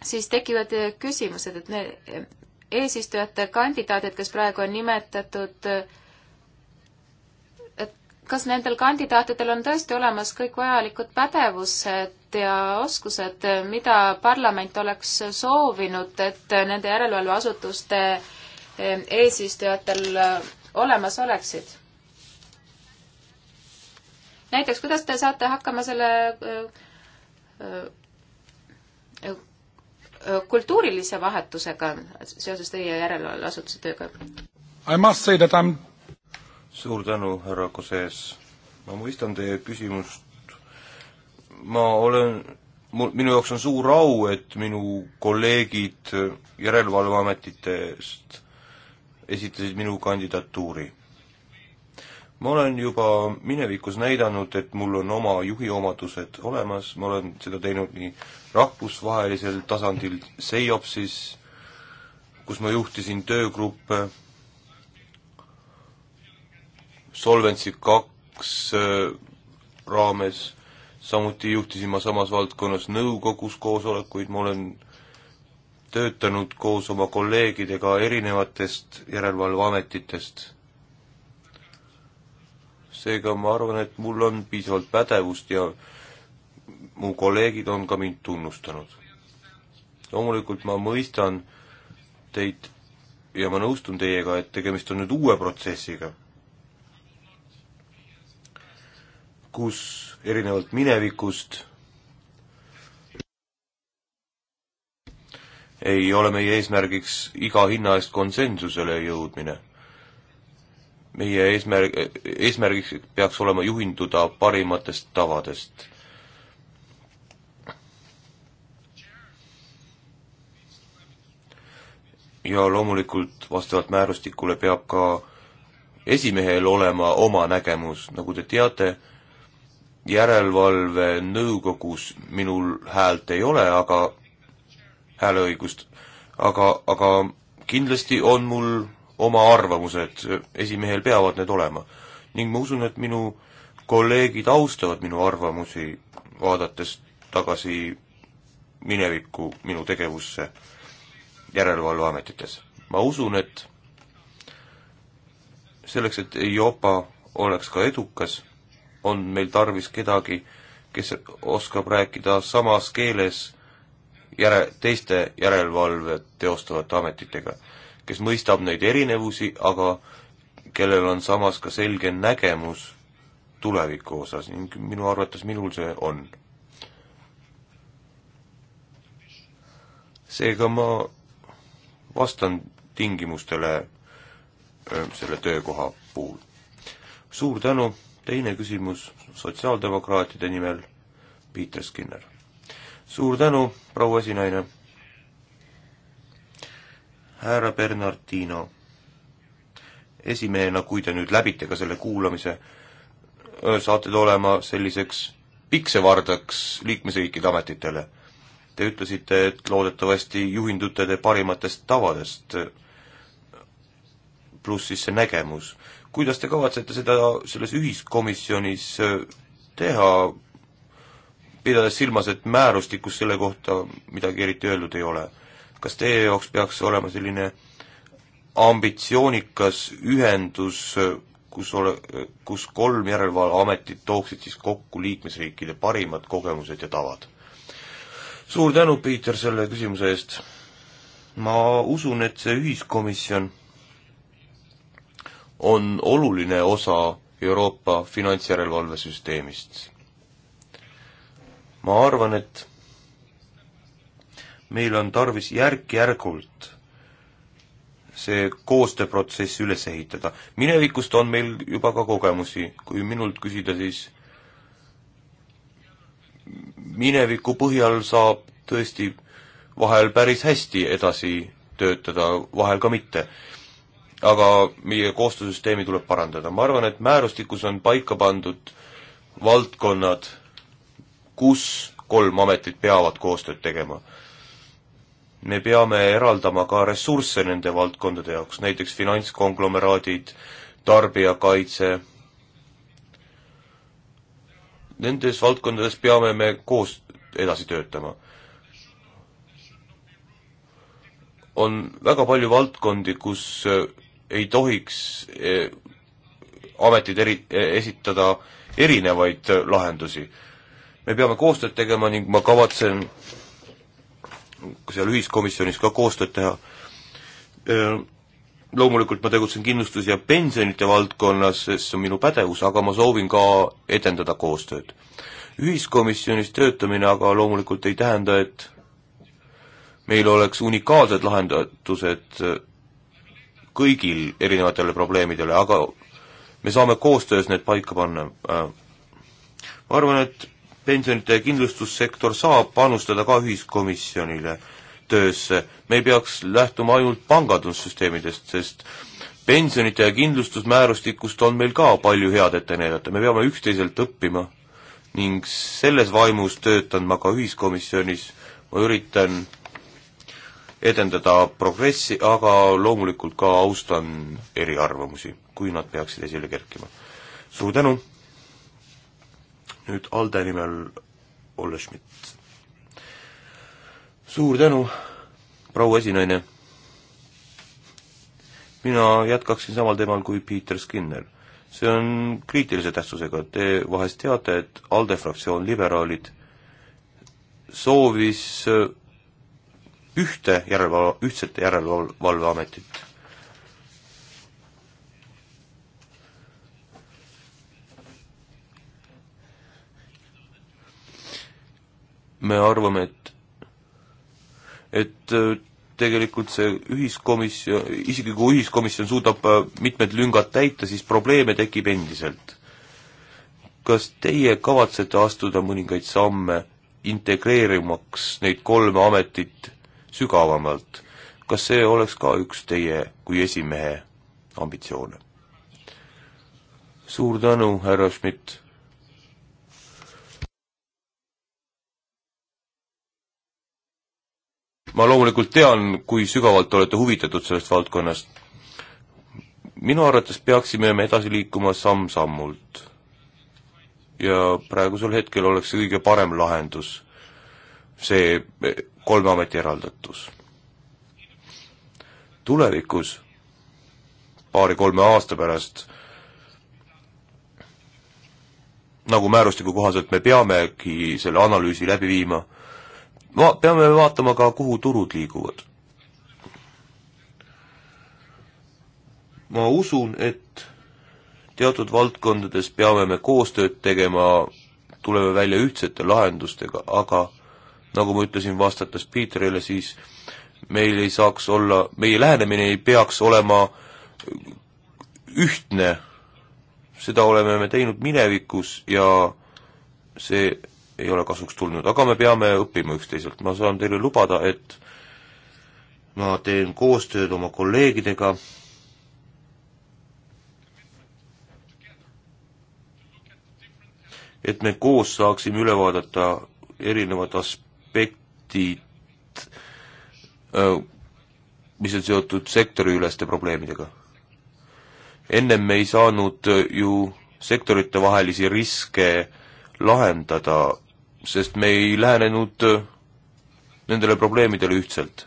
siis tekivad äh, küsimused, et need eesistujate kandidaadid, kes praegu on nimetatud äh, kas nendel kandidaatidel on tõesti olemas kõik vajalikud pädevused ja oskused, mida parlament oleks soovinud, et nende järelevalveasutuste eh, eesistujatel eh, olemas oleksid? näiteks, kuidas te saate hakkama selle eh, kultuurilise vahetusega seoses teie järelevalveasutuse tööga? I must say that I am suur tänu, härra Koses. ma mõistan teie küsimust. ma olen, mul, minu jaoks on suur au, et minu kolleegid järelevalveametitest esitasid minu kandidatuuri. ma olen juba minevikus näidanud, et mul on oma juhi omadused olemas, ma olen seda teinud nii rahvusvahelisel tasandil, SEIOPSis, kus ma juhtisin töögruppe Solvency kaks äh, raames, samuti juhtisin ma samas valdkonnas nõukogus koosolekuid, ma olen töötanud koos oma kolleegidega erinevatest järelevalveametitest. seega ma arvan, et mul on piisavalt pädevust ja mu kolleegid on ka mind tunnustanud. loomulikult ma mõistan teid ja ma nõustun teiega, et tegemist on nüüd uue protsessiga kus erinevalt minevikust ei ole meie eesmärgiks iga hinna eest konsensusele jõudmine. meie eesmärg, eesmärgiks peaks olema juhinduda parimatest tavadest. ja loomulikult vastavalt määrustikule peab ka esimehel olema oma nägemus, nagu te teate, järelevalvenõukogus minul häält ei ole, aga hääleõigust, aga, aga kindlasti on mul oma arvamused, esimehel peavad need olema. ning ma usun, et minu kolleegid austavad minu arvamusi, vaadates tagasi minevikku minu tegevusse järelevalveametites. ma usun, et selleks, et EIOPA oleks ka edukas, on meil tarvis kedagi, kes oskab rääkida samas keeles järe, teiste järelevalvet teostavate ametitega, kes mõistab neid erinevusi, aga kellel on samas ka selge nägemus tuleviku osas ning minu arvates minul see on. seega ma vastan tingimustele selle töökoha puhul. suur tänu! teine küsimus sotsiaaldemokraatide nimel, Peter Skinner. suur tänu, proua esinaine. härra Bernardino, esimehena, kui te nüüd läbite ka selle kuulamise, saate te olema selliseks piksevardaks liikmesriikide ametitele. Te ütlesite, et loodetavasti juhindute te parimatest tavadest, pluss siis see nägemus kuidas te kavatsete seda selles ühiskomisjonis äh, teha, pidades silmas, et määrustikus selle kohta midagi eriti öeldud ei ole? kas teie jaoks peaks olema selline ambitsioonikas ühendus, äh, kus ole, äh, kus kolm järelevalveametit tooksid siis kokku liikmesriikide parimad kogemused ja tavad. suur tänu, Piiter, selle küsimuse eest. ma usun, et see ühiskomisjon on oluline osa Euroopa finantsjärelevalvesüsteemist. ma arvan, et meil on tarvis järk-järgult see koostööprotsess üles ehitada. minevikust on meil juba ka kogemusi, kui minult küsida, siis mineviku põhjal saab tõesti vahel päris hästi edasi töötada, vahel ka mitte aga meie koostöösüsteemi tuleb parandada. ma arvan, et määrustikus on paika pandud valdkonnad, kus kolm ametit peavad koostööd tegema. me peame eraldama ka ressursse nende valdkondade jaoks, näiteks finantskonglomeraadid, tarbijakaitse, nendes valdkondades peame me koos edasi töötama. on väga palju valdkondi, kus ei tohiks e, ametid eri, e, esitada erinevaid lahendusi. me peame koostööd tegema ning ma kavatsen seal ühiskomisjonis ka koostööd teha. E, loomulikult ma tegutsen kindlustus- ja pensionite valdkonnas, sest see on minu pädevus, aga ma soovin ka edendada koostööd. ühiskomisjonis töötamine aga loomulikult ei tähenda, et meil oleks unikaalsed lahendatused kõigil erinevatele probleemidele, aga me saame koostöös need paika panna. Äh, ma arvan, et pensionite kindlustussektor saab panustada ka ühiskomisjonile töösse, me ei peaks lähtuma ainult pangandussüsteemidest, sest pensionite ja kindlustusmäärustikust on meil ka palju head ette näidata, me peame üksteiselt õppima ning selles vaimus töötan ma ka ühiskomisjonis, ma üritan edendada progressi, aga loomulikult ka austan eriarvamusi, kui nad peaksid esile kerkima. suur tänu! nüüd ALDE nimel Olle Schmidt. suur tänu, proua esinaine! mina jätkaksin samal teemal kui Peter Skinner. see on kriitilise tähtsusega, te vahest teate, et ALDE fraktsioon, liberaalid, soovis ühte järelevalve, ühtset järelevalveametit. me arvame, et, et äh, tegelikult see ühiskomisjon, isegi kui ühiskomisjon suudab äh, mitmed lüngad täita, siis probleeme tekib endiselt. kas teie kavatsete astuda mõningaid samme integreerimaks neid kolme ametit sügavamalt. kas see oleks ka üks teie kui esimehe ambitsioone? suur tänu, härra Schmidt. ma loomulikult tean, kui sügavalt olete huvitatud sellest valdkonnast. minu arvates peaksime me edasi liikuma samm-sammult. ja praegusel hetkel oleks see kõige parem lahendus. see kolme ameti eraldatus. tulevikus, paari-kolme aasta pärast, nagu määrustiku kohaselt me peamegi selle analüüsi läbi viima, ma, peame vaatama ka, kuhu turud liiguvad. ma usun, et teatud valdkondades peame me koostööd tegema, tuleme välja ühtsete lahendustega, aga nagu ma ütlesin, vastates Peterile, siis meil ei saaks olla, meie lähenemine ei peaks olema ühtne, seda oleme me teinud minevikus ja see ei ole kasuks tulnud, aga me peame õppima üksteiselt, ma saan teile lubada, et ma teen koostööd oma kolleegidega, et me koos saaksime üle vaadata erinevad as-, aspektid, mis on seotud sektoriüleste probleemidega. ennem me ei saanud ju sektoritevahelisi riske lahendada, sest me ei lähenenud nendele probleemidele ühtselt.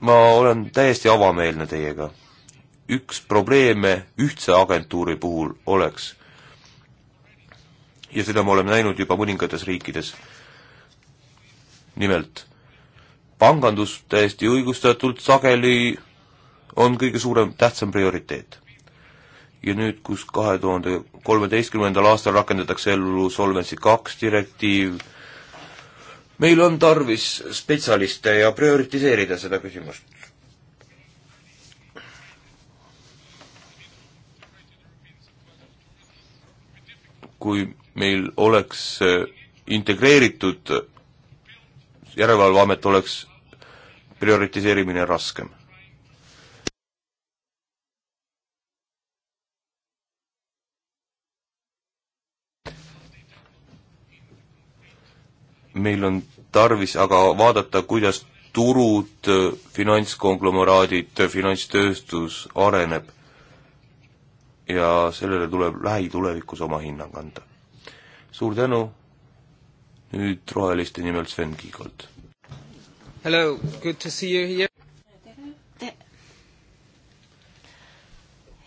ma olen täiesti avameelne teiega. üks probleeme ühtse agentuuri puhul oleks, ja seda me oleme näinud juba mõningates riikides. nimelt, pangandus täiesti õigustatult sageli on kõige suurem, tähtsam prioriteet. ja nüüd, kus kahe tuhande kolmeteistkümnendal aastal rakendatakse ellu Solvency kaks direktiiv, meil on tarvis spetsialiste ja prioritiseerida seda küsimust. kui meil oleks äh, integreeritud järelevalveamet, oleks prioritiseerimine raskem. meil on tarvis aga vaadata, kuidas turud, finantskonglomeraadid, finantstööstus areneb ja sellele tuleb lähitulevikus oma hinnang anda suur tänu, nüüd Roheliste nimel Sven Kiigolt. Hello, good to see you here.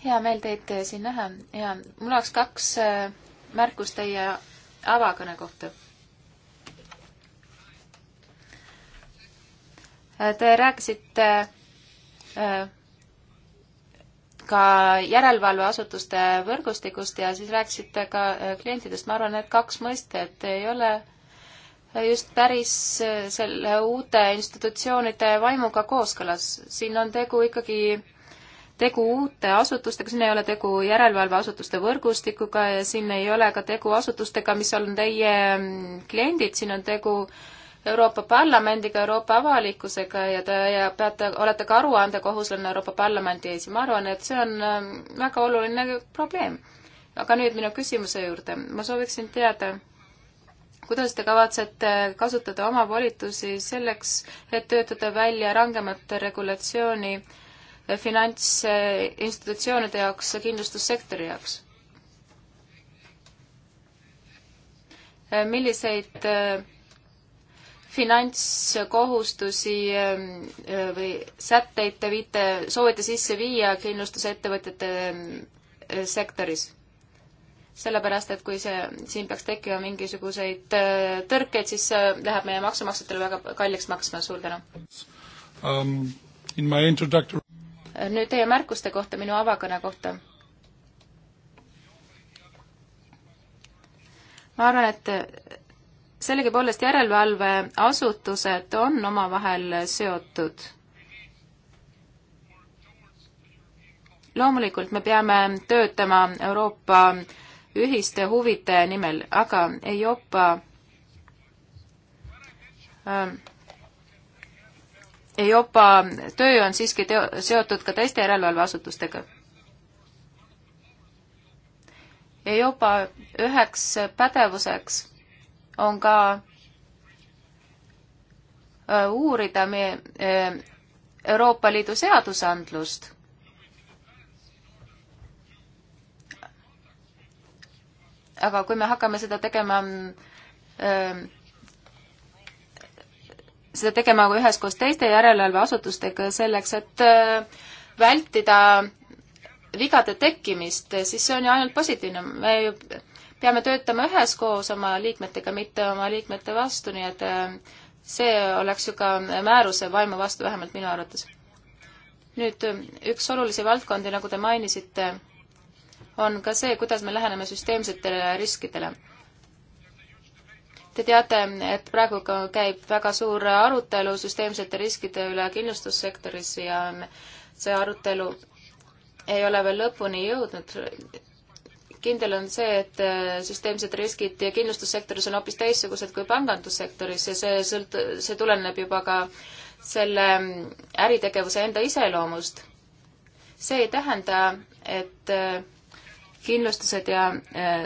hea meel teid siin näha ja mul oleks kaks äh, märkust teie avakõne kohta äh, Te rääkisite äh, ka järelevalveasutuste võrgustikust ja siis rääkisite ka äh, klientidest. ma arvan, et kaks mõistet ei ole just päris äh, selle uute institutsioonide vaimuga kooskõlas. siin on tegu ikkagi, tegu uute asutustega, siin ei ole tegu järelevalveasutuste võrgustikuga ja siin ei ole ka tegu asutustega, mis on teie mm, kliendid, siin on tegu äh, Euroopa Parlamendiga, Euroopa avalikkusega ja te ja peate, olete ka aruandekohuslane Euroopa Parlamendi ees ja ma arvan, et see on ähm, väga oluline probleem. aga nüüd minu küsimuse juurde. ma sooviksin teada, kuidas te kavatsete kasutada oma volitusi selleks, et töötada välja rangemat regulatsiooni finantsinstitutsioonide jaoks ja kindlustussektori jaoks? milliseid äh, finantskohustusi ähm, äh, või sätteid te viite, soovite sisse viia kindlustusettevõtjate ähm, äh, sektoris? sellepärast, et kui see, siin peaks tekkima mingisuguseid äh, tõrkeid, siis see läheb meie maksumaksjatele väga kalliks maksma, suur tänu um,. Introductory... nüüd teie märkuste kohta, minu avakõne kohta ma arvan, et sellegipoolest järelevalveasutused on omavahel seotud. loomulikult me peame töötama Euroopa ühiste huvide nimel, aga EIOPA ähm, EIOPA töö on siiski teo-, seotud ka teiste järelevalveasutustega. EIOPA üheks pädevuseks on ka uurida meie Euroopa Liidu seadusandlust. aga kui me hakkame seda tegema, seda tegema üheskoos teiste järelevalveasutustega selleks, et vältida vigade tekkimist, siis see on ju ainult positiivne. me ju peame töötama üheskoos oma liikmetega, mitte oma liikmete vastu, nii et äh, see oleks ju ka määruse vaimu vastu, vähemalt minu arvates. nüüd äh, üks olulisi valdkondi, nagu te mainisite, on ka see, kuidas me läheneme süsteemsetele riskidele. Te teate, et praegu ka käib väga suur arutelu süsteemsete riskide üle kindlustussektoris ja see arutelu ei ole veel lõpuni jõudnud kindel on see, et äh, süsteemsed riskid kindlustussektoris on hoopis teistsugused kui pangandussektoris ja see sõlt-, see tuleneb juba ka selle mm, äritegevuse enda iseloomust. see ei tähenda, et äh, kindlustused ja äh,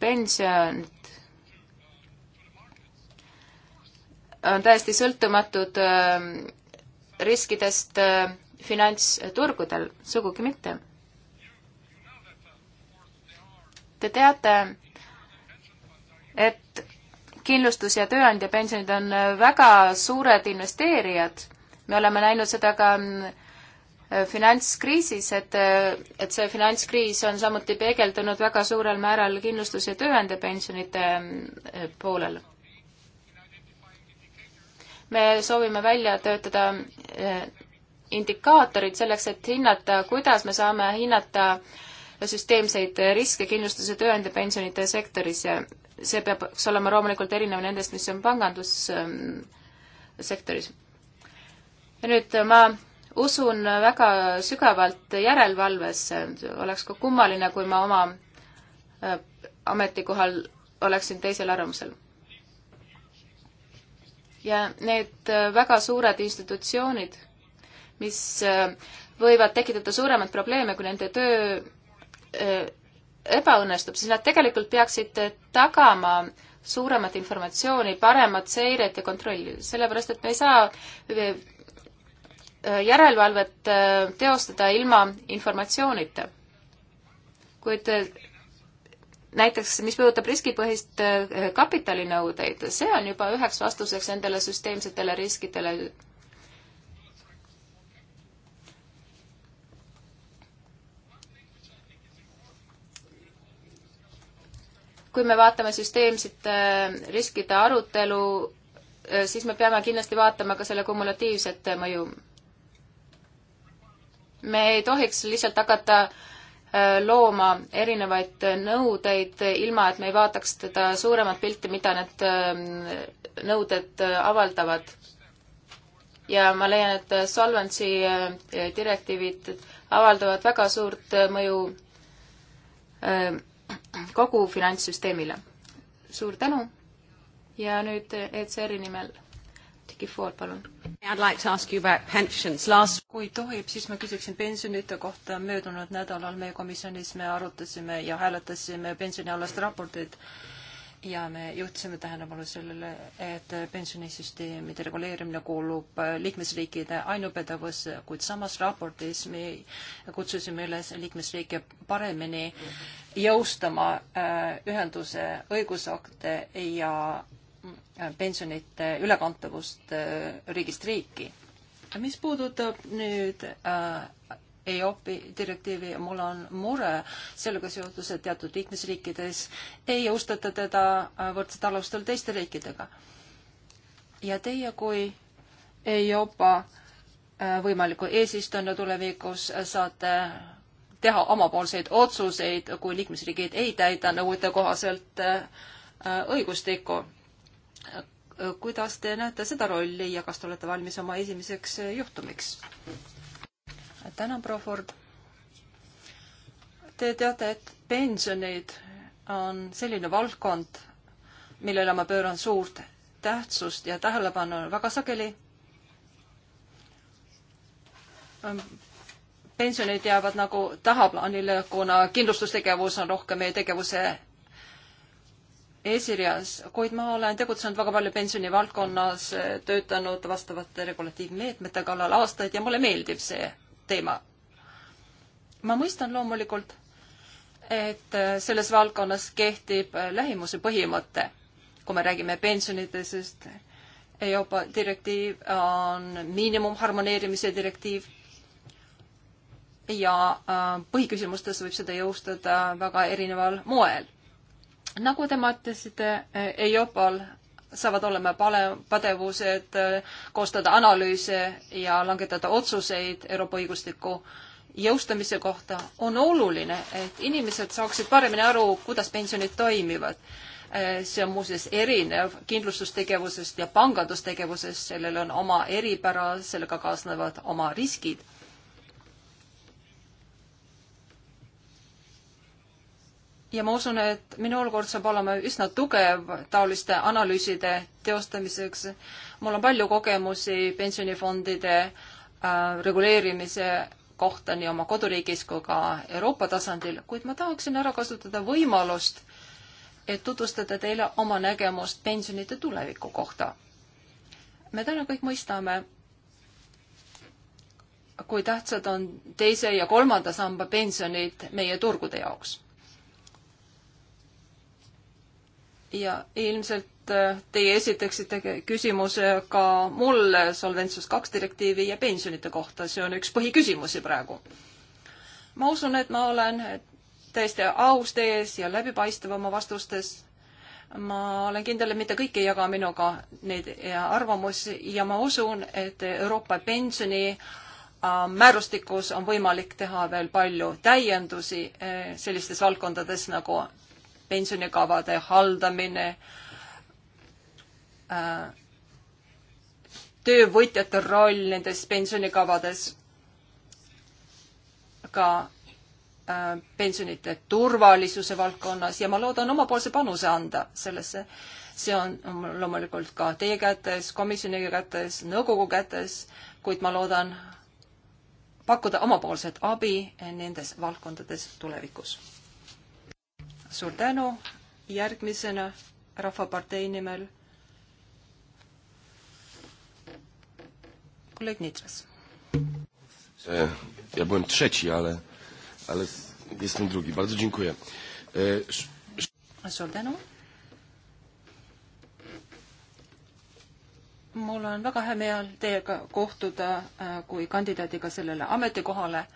pensionid on täiesti sõltumatud riskidest finantsturgudel, sugugi mitte Te teate, et kindlustus- ja tööandjapensionid on väga suured investeerijad. me oleme näinud seda ka äh, finantskriisis, et, äh, et see finantskriis on samuti peegeldunud väga suurel määral kindlustus- ja tööandjapensionite äh, poolel. me soovime välja töötada indikaatorid selleks, et hinnata, kuidas me saame hinnata äh, süsteemseid riske kindlustuse tööandja pensionite sektoris ja see peaks olema loomulikult erinev nendest, mis on pangandussektoris. ja nüüd ma usun väga sügavalt järelevalvesse, oleks ka kummaline, kui ma oma äh, ametikohal oleksin teisel arvamusel. ja need äh, väga suured institutsioonid, mis äh, võivad tekitada suuremaid probleeme, kui nende töö Äh, ebaõnnestub, siis nad tegelikult peaksid tagama suuremat informatsiooni, paremat seiret ja kontrolli, sellepärast et me ei saa äh, järelevalvet äh, teostada ilma informatsioonita. kuid näiteks, mis puudutab riskipõhist kapitalinõudeid, see on juba üheks vastuseks nendele süsteemsetele riskidele kui me vaatame süsteemsete äh, riskide arutelu, äh, siis me peame kindlasti vaatama ka selle kumulatiivset äh, mõju. me ei tohiks lihtsalt hakata looma erinevaid nõudeid, ilma et me ei vaataks teda suuremat pilti, mida need nõuded avaldavad. ja ma leian, et solvency direktiivid avaldavad väga suurt mõju kogu finantssüsteemile. suur tänu ja nüüd ECR-i nimel Vicky Ford, palun. I'd like to ask you about pensions last. kui tohib, siis ma küsiksin pensionite kohta. möödunud nädalal meie komisjonis me arutasime ja hääletasime pensionialast raportit ja me juhtisime tähelepanu sellele, et pensionisüsteemide reguleerimine kuulub liikmesriikide ainupädevusse, kuid samas raportis me kutsusime üles liikmesriike paremini äh, jõustama äh, ühenduse õigusakte ja äh, pensionite ülekantavust äh, riigist riiki. mis puudutab nüüd EOP-i direktiivi, mul on mure sellega seoses, et teatud liikmesriikides ei jõustata teda võrdsetel alustel teiste riikidega. ja teie kui EIOPA võimaliku eesistujana tulevikus saate teha omapoolseid otsuseid, kui liikmesriigid ei täida nõuete kohaselt äh, õigustikku. kuidas te näete seda rolli ja kas te olete valmis oma esimeseks äh, juhtumiks? tänan, proua Ford. Te teate, et pensionid on selline valdkond, millele ma pööran suurt tähtsust ja tähelepanu väga sageli pensionid jäävad nagu tahaplaanile, kuna kindlustustegevus on rohkem meie tegevuse eesirjas, kuid ma olen tegutsenud väga palju pensionivaldkonnas, töötanud vastavate regulatiivmeetmete kallal aastaid ja mulle meeldib see teema. ma mõistan loomulikult, et selles valdkonnas kehtib lähimuse põhimõte, kui me räägime pensionidest, sest Euroopa direktiiv on miinimumharmoneerimise direktiiv ja äh, põhiküsimustes võib seda jõustada väga erineval moel. nagu te mõtlesite, äh, EIOPA-l saavad olema pale-, pädevused äh, koostada analüüse ja langetada otsuseid Euroopa õigustiku jõustamise kohta, on oluline, et inimesed saaksid paremini aru, kuidas pensionid toimivad. see on muuseas erinev kindlustustegevusest ja pangandustegevusest, sellel on oma eripära, sellega kaasnevad oma riskid ja ma usun, et minu olukord saab olema üsna tugev taoliste analüüside teostamiseks. mul on palju kogemusi pensionifondide äh, reguleerimise kohta nii oma koduriigis kui ka Euroopa tasandil, kuid ma tahaksin ära kasutada võimalust, et tutvustada teile oma nägemust pensionite tuleviku kohta. me täna kõik mõistame, kui tähtsad on teise ja kolmanda samba pensionid meie turgude jaoks ja ilmselt äh, teie esitaksite küsimuse ka mulle Solventsus kaks direktiivi ja pensionite kohta, see on üks põhiküsimusi praegu. ma usun, et ma olen täiesti aus teie ees ja läbipaistev oma vastustes. ma olen kindel, et mitte kõik ei jaga minuga neid äh, arvamusi ja ma usun, et Euroopa pensioni äh, määrustikus on võimalik teha veel palju täiendusi sellistes valdkondades nagu pensionikavade haldamine, äh, töövõtjate roll nendes pensionikavades, ka äh, pensionite turvalisuse valdkonnas ja ma loodan omapoolse panuse anda sellesse. see on loomulikult ka teie kätes, komisjoni kätes, nõukogu kätes, kuid ma loodan pakkuda omapoolset abi nendes valdkondades tulevikus suur tänu, järgmisena Rahvapartei nimel kolleeg Nitras. E, ja byłem trzeci, ale, ale jestem drugi. Bardzo dziękuję. E, suur tänu. mul on väga hea meel teiega kohtuda e, kui kandidaadiga sellele ametikohale,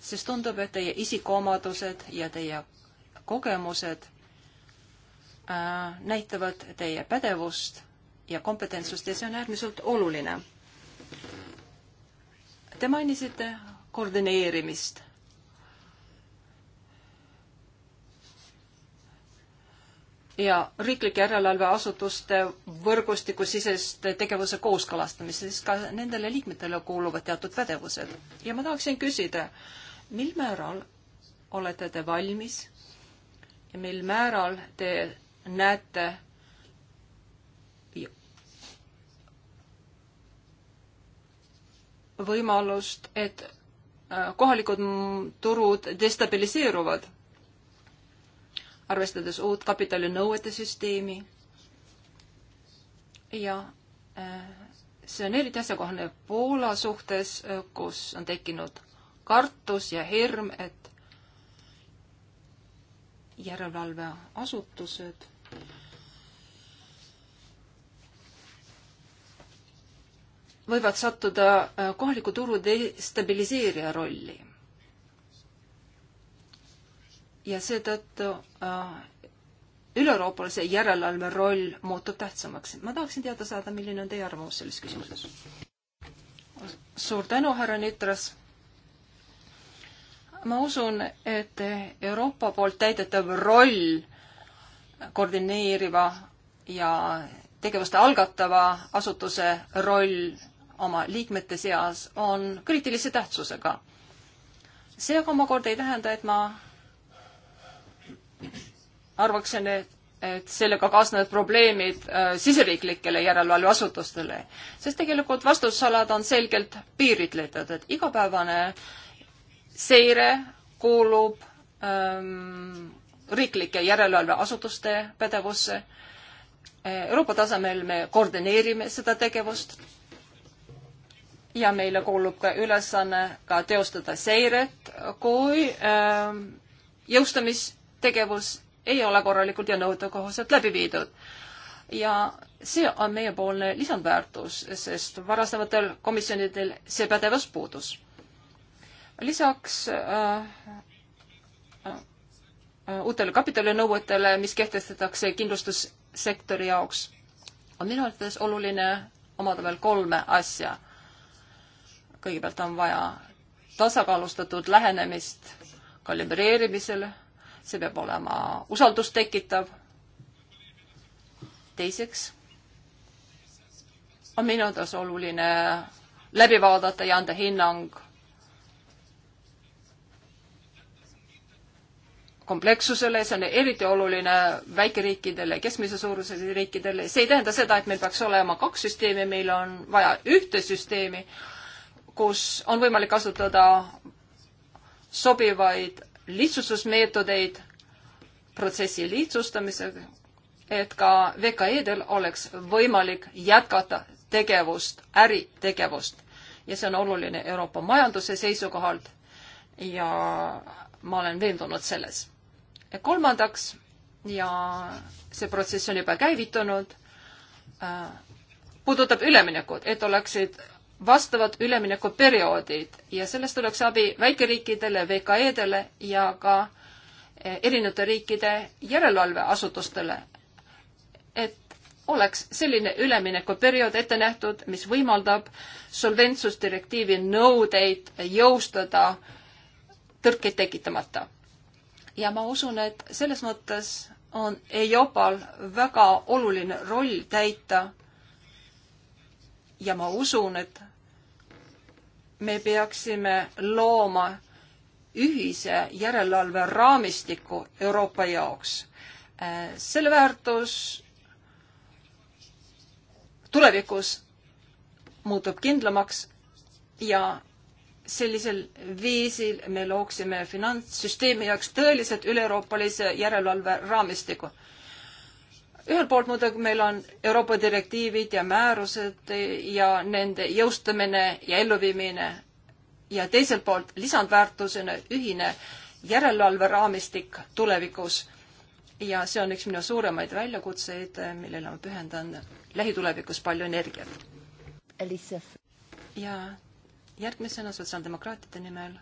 sest tundub, et teie isikuomadused ja teie kogemused äh, näitavad teie pädevust ja kompetentsust ja see on äärmiselt oluline. Te mainisite koordineerimist. ja riiklike järelevalveasutuste võrgustiku sisest tegevuse kooskõlastamist, siis ka nendele liikmetele kuuluvad teatud pädevused. ja ma tahaksin küsida, mil määral olete te valmis mil määral te näete võimalust, et äh, kohalikud turud destabiliseeruvad, arvestades uut kapitalinõuete süsteemi. ja äh, see on eriti asjakohane Poola suhtes, äh, kus on tekkinud kartus ja hirm, et järelevalveasutused võivad sattuda äh, kohaliku turu destabiliseerija rolli. ja seetõttu äh, üleeuroopalise järelevalve roll muutub tähtsamaks. ma tahaksin teada saada, milline on teie arvamus selles küsimuses? suur tänu, härra Nitras ma usun, et Euroopa poolt täidetav roll koordineeriva ja tegevuste algatava asutuse roll oma liikmete seas on kriitilise tähtsusega. see aga omakorda ei tähenda, et ma arvaksin, et, et sellega kaasnevad probleemid äh, siseriiklikele järelevalveasutustele, sest tegelikult vastutusalad on selgelt piiritletud, et igapäevane äh, seire kuulub ähm, riiklike järelevalveasutuste pädevusse. Euroopa tasemel me koordineerime seda tegevust ja meile kuulub ka ülesanne ka teostada seiret, kui äh, jõustamistegevus ei ole korralikult ja nõuetekohaselt läbi viidud. ja see on meiepoolne lisandväärtus, sest varasematel komisjonidel see pädevus puudus lisaks äh, äh, uutele kapitalinõuetele, mis kehtestatakse kindlustussektori jaoks, on minu arvates oluline omada veel kolme asja. kõigepealt on vaja tasakaalustatud lähenemist kalibreerimisele, see peab olema usaldust tekitav. teiseks on minu arvates oluline läbi vaadata ja anda hinnang komplekssusele, see on eriti oluline väikeriikidele, keskmise suurusega riikidele, see ei tähenda seda, et meil peaks olema kaks süsteemi, meil on vaja ühte süsteemi, kus on võimalik kasutada sobivaid lihtsustusmeetodeid protsessi lihtsustamisega, et ka VKE-del oleks võimalik jätkata tegevust, äritegevust. ja see on oluline Euroopa majanduse seisukohalt ja ma olen veendunud selles kolmandaks ja see protsess on juba käivitunud, äh, puudutab üleminekut, et oleksid vastavad üleminekuperioodid ja sellest oleks abi väikeriikidele, VKE-dele ja ka äh, erinevate riikide järelevalveasutustele. et oleks selline üleminekuperiood ette nähtud, mis võimaldab solventsusdirektiivi nõudeid jõustada tõrkeid tekitamata ja ma usun, et selles mõttes on EIOPA-l väga oluline roll täita. ja ma usun, et me peaksime looma ühise järelevalve raamistiku Euroopa jaoks. selle väärtus tulevikus muutub kindlamaks ja sellisel viisil me looksime finantssüsteemi jaoks tõeliselt üleeuroopalise järelevalve raamistiku. ühelt poolt muidugi meil on Euroopa direktiivid ja määrused ja nende jõustamine ja elluviimine ja teiselt poolt lisandväärtusena ühine järelevalveraamistik tulevikus. ja see on üks minu suuremaid väljakutseid, millele ma pühendan lähitulevikus palju energiat. ja järgmisena sotsiaaldemokraatide nimel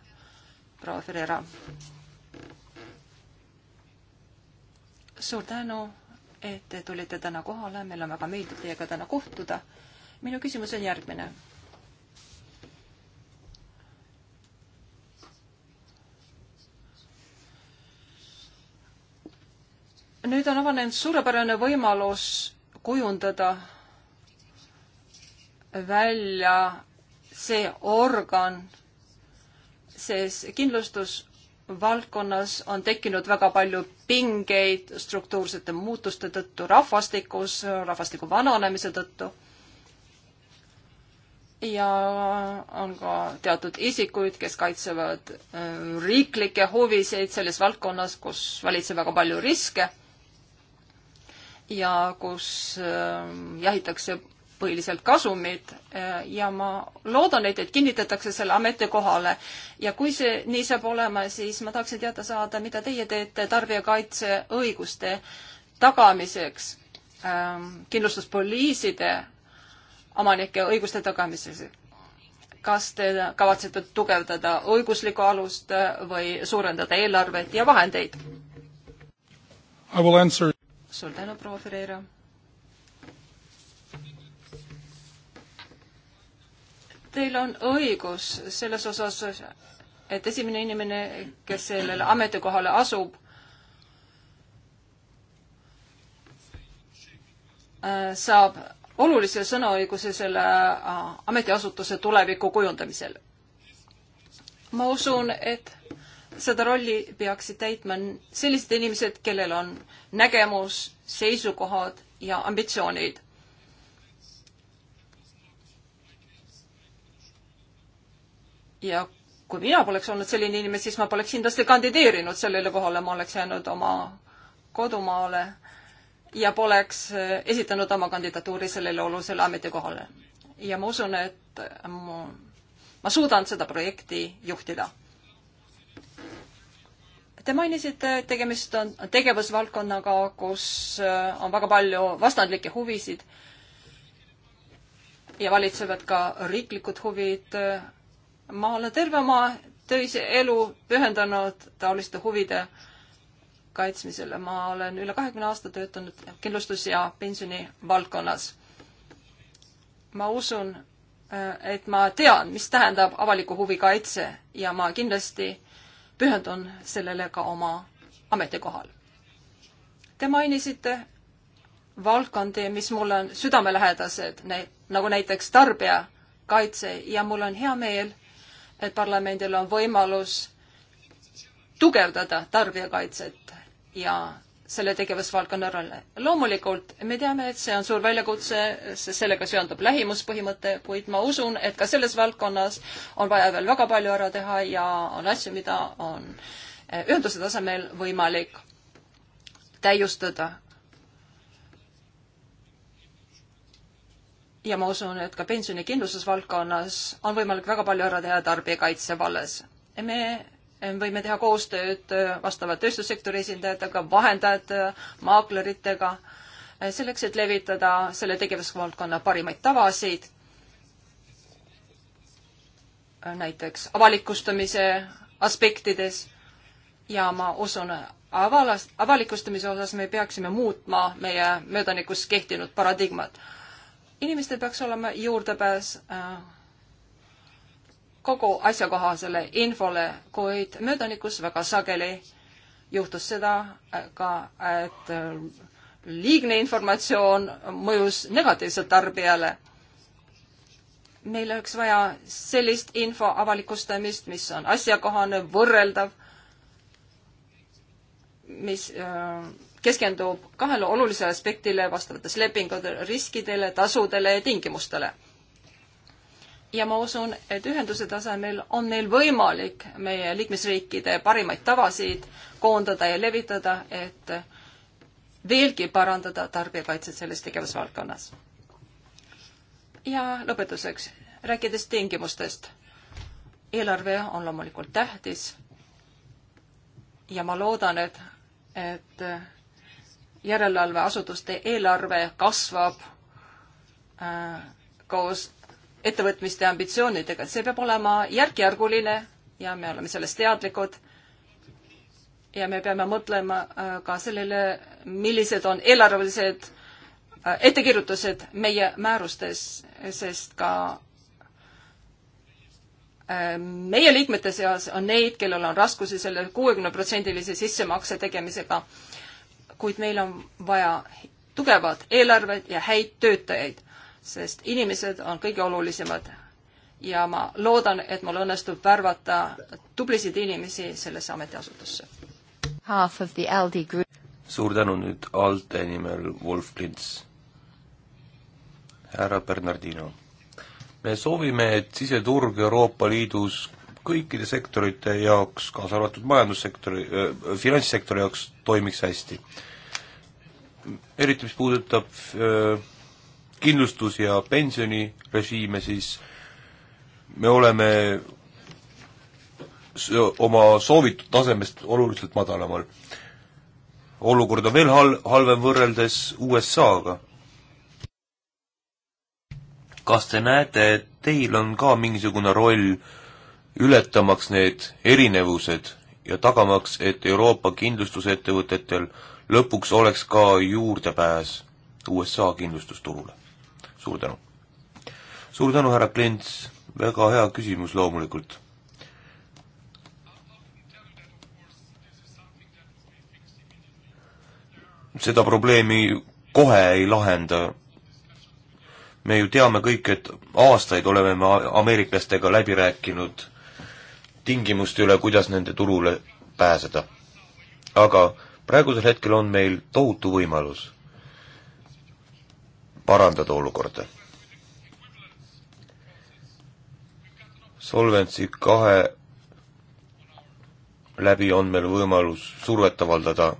proua Ferreira. suur tänu, et te tulite täna kohale, meil on väga meeldiv teiega täna kohtuda. minu küsimus on järgmine. nüüd on avanenud suurepärane võimalus kujundada välja see organ, sest kindlustusvaldkonnas on tekkinud väga palju pingeid struktuursete muutuste tõttu rahvastikus, rahvastiku vananemise tõttu. ja on ka teatud isikuid, kes kaitsevad äh, riiklikke huvisid selles valdkonnas, kus valitseb väga palju riske ja kus äh, jahitakse põhiliselt kasumid äh, ja ma loodan, et, et kinnitatakse selle ametikohale. ja kui see nii saab olema, siis ma tahaksin teada saada, mida teie teete tarbijakaitseõiguste tagamiseks, kindlustuspoliiside omanike õiguste tagamiseks. Ähm, kas te kavatsete tugevdada õiguslikku alust äh, või suurendada eelarvet ja vahendeid? suur tänu, proua Ferreira Teil on õigus selles osas, et esimene inimene, kes sellele ametikohale asub, saab olulise sõnaõiguse selle äh, ametiasutuse tuleviku kujundamisel. ma usun, et seda rolli peaksid täitma sellised inimesed, kellel on nägemus, seisukohad ja ambitsioonid ja kui mina poleks olnud selline inimene, siis ma poleks kindlasti kandideerinud sellele kohale, ma oleks jäänud oma kodumaale ja poleks eh, esitanud oma kandidatuuri sellele olulisele ametikohale. ja ma usun, et mu, ma suudan seda projekti juhtida. Te mainisite, et tegemist on tegevusvaldkonnaga, kus eh, on väga palju vastandlikke huvisid ja valitsevad ka riiklikud huvid ma olen terve oma töise elu pühendanud taoliste huvide kaitsmisele. ma olen üle kahekümne aasta töötanud kindlustus- ja pensionivaldkonnas. ma usun, äh, et ma tean, mis tähendab avaliku huvi kaitse ja ma kindlasti pühendun sellele ka oma ametikohal. Te mainisite valdkondi, mis mulle on südamelähedased, nagu näiteks tarbijakaitse ja mul on hea meel et parlamendil on võimalus tugevdada tarbijakaitset ja selle tegevusvaldkonna rolle. loomulikult me teame, et see on suur väljakutse, sellega seondub lähimuspõhimõte, kuid ma usun, et ka selles valdkonnas on vaja veel väga palju ära teha ja on asju, mida on ühenduse tasemel võimalik täiustada. ja ma usun, et ka pensionikindlustusvaldkonnas on võimalik väga palju ära teha tarbijakaitse vallas. me võime teha koostööd vastava tööstussektori esindajatega, vahendajate, maakleritega, selleks, et levitada selle tegevusvaldkonna parimaid tavasid, näiteks avalikustamise aspektides ja ma usun, avalast, avalikustamise osas me peaksime muutma meie möödanikus kehtinud paradigmat inimestel peaks olema juurdepääs äh, kogu asjakohasele infole, kuid möödanikus väga sageli juhtus seda äh, ka, et äh, liigne informatsioon mõjus negatiivselt tarbijale. meil oleks vaja sellist info avalikustamist, mis on asjakohane, võrreldav, mis äh, keskendub kahele olulisele aspektile vastavates lepingutele, riskidele, tasudele ja tingimustele. ja ma usun, et ühenduse tasemel on neil võimalik meie liikmesriikide parimaid tavasid koondada ja levitada, et veelgi parandada tarbijakaitset selles tegevusvaldkonnas. ja lõpetuseks, rääkides tingimustest. eelarve on loomulikult tähtis ja ma loodan, et, et järelevalveasutuste eelarve kasvab äh, koos ettevõtmiste ambitsioonidega, et see peab olema järkjärguline ja me oleme sellest teadlikud. ja me peame mõtlema äh, ka sellele, millised on eelarvelised äh, ettekirjutused meie määrustes, sest ka äh, meie liikmete seas on neid, kellel on raskusi selle kuuekümneprotsendilise sissemakse tegemisega kuid meil on vaja tugevat eelarvet ja häid töötajaid, sest inimesed on kõige olulisemad. ja ma loodan, et mul õnnestub värvata tublisid inimesi sellesse ametiasutusse. suur tänu nüüd ALDE nimel, Wolf Klints. härra Bernardino, me soovime, et siseturg Euroopa Liidus kõikide sektorite jaoks, kaasa arvatud majandussektori äh,, finantssektori jaoks toimiks hästi eriti mis puudutab kindlustus- ja pensionirežiime, siis me oleme oma soovitud tasemest oluliselt madalamal. olukord on veel hal-, halvem võrreldes USA-ga. kas te näete, et teil on ka mingisugune roll ületamaks need erinevused ja tagamaks, et Euroopa kindlustusettevõtetel äh, lõpuks oleks ka juurdepääs USA kindlustusturule. suur tänu! suur tänu, härra Klints, väga hea küsimus loomulikult. seda probleemi kohe ei lahenda. me ju teame kõik, et aastaid oleme me ameeriklastega läbi rääkinud tingimuste üle, kuidas nende turule pääseda. aga praegusel hetkel on meil tohutu võimalus parandada olukorda. Solventsi kahe läbi on meil võimalus survet avaldada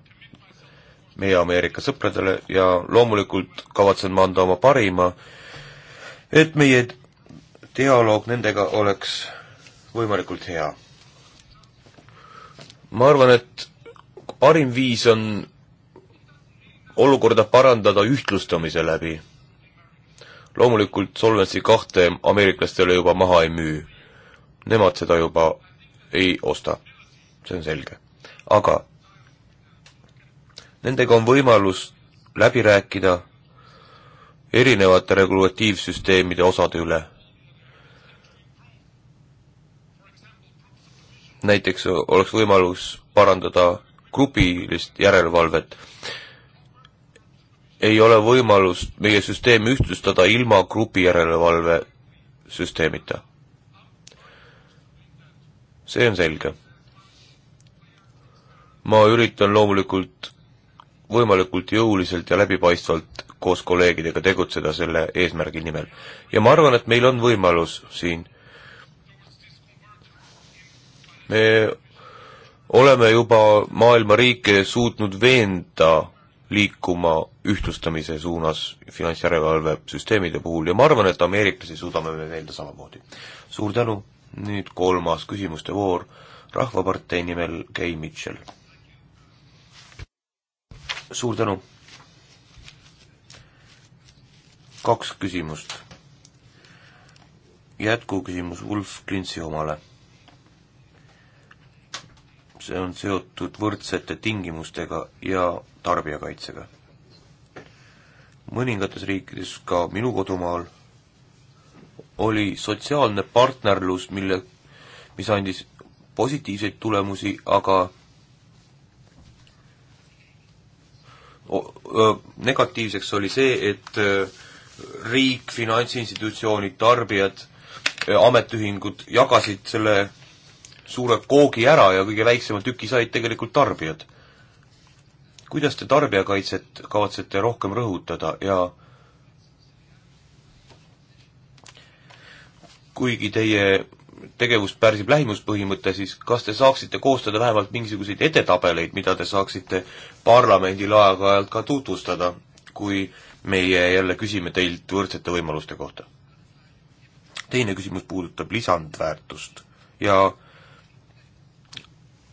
meie Ameerika sõpradele ja loomulikult kavatsen ma anda oma parima, et meie dialoog nendega oleks võimalikult hea. ma arvan, et parim viis on olukorda parandada ühtlustamise läbi. loomulikult Solvency kahte ameeriklastele juba maha ei müü. Nemad seda juba ei osta. see on selge. aga nendega on võimalus läbi rääkida erinevate regulatiivsüsteemide osade üle. näiteks oleks võimalus parandada grupilist järelevalvet. ei ole võimalust meie süsteemi ühtlustada ilma grupi järelevalve süsteemita. see on selge. ma üritan loomulikult võimalikult jõuliselt ja läbipaistvalt koos kolleegidega tegutseda selle eesmärgi nimel. ja ma arvan, et meil on võimalus siin. me oleme juba maailma riike suutnud veenda liikuma ühtlustamise suunas finantsjärelevalvesüsteemide puhul ja ma arvan, et ameeriklasi suudame me veenda samamoodi. suur tänu, nüüd kolmas küsimuste voor, Rahvapartei nimel Kay Mitchell. suur tänu. kaks küsimust. jätkuküsimus Wolf Klintsi omale see on seotud võrdsete tingimustega ja tarbijakaitsega. mõningates riikides, ka minu kodumaal, oli sotsiaalne partnerlus, mille, mis andis positiivseid tulemusi, aga negatiivseks oli see, et riik, finantsinstitutsioonid, tarbijad, ametiühingud jagasid selle suure koogi ära ja kõige väiksema tüki said tegelikult tarbijad. kuidas te tarbijakaitset kavatsete rohkem rõhutada ja kuigi teie tegevust pärsib lähimuspõhimõte, siis kas te saaksite koostada vähemalt mingisuguseid edetabeleid, mida te saaksite parlamendile aeg-ajalt ka tutvustada, kui meie jälle küsime teilt võrdsete võimaluste kohta? teine küsimus puudutab lisandväärtust ja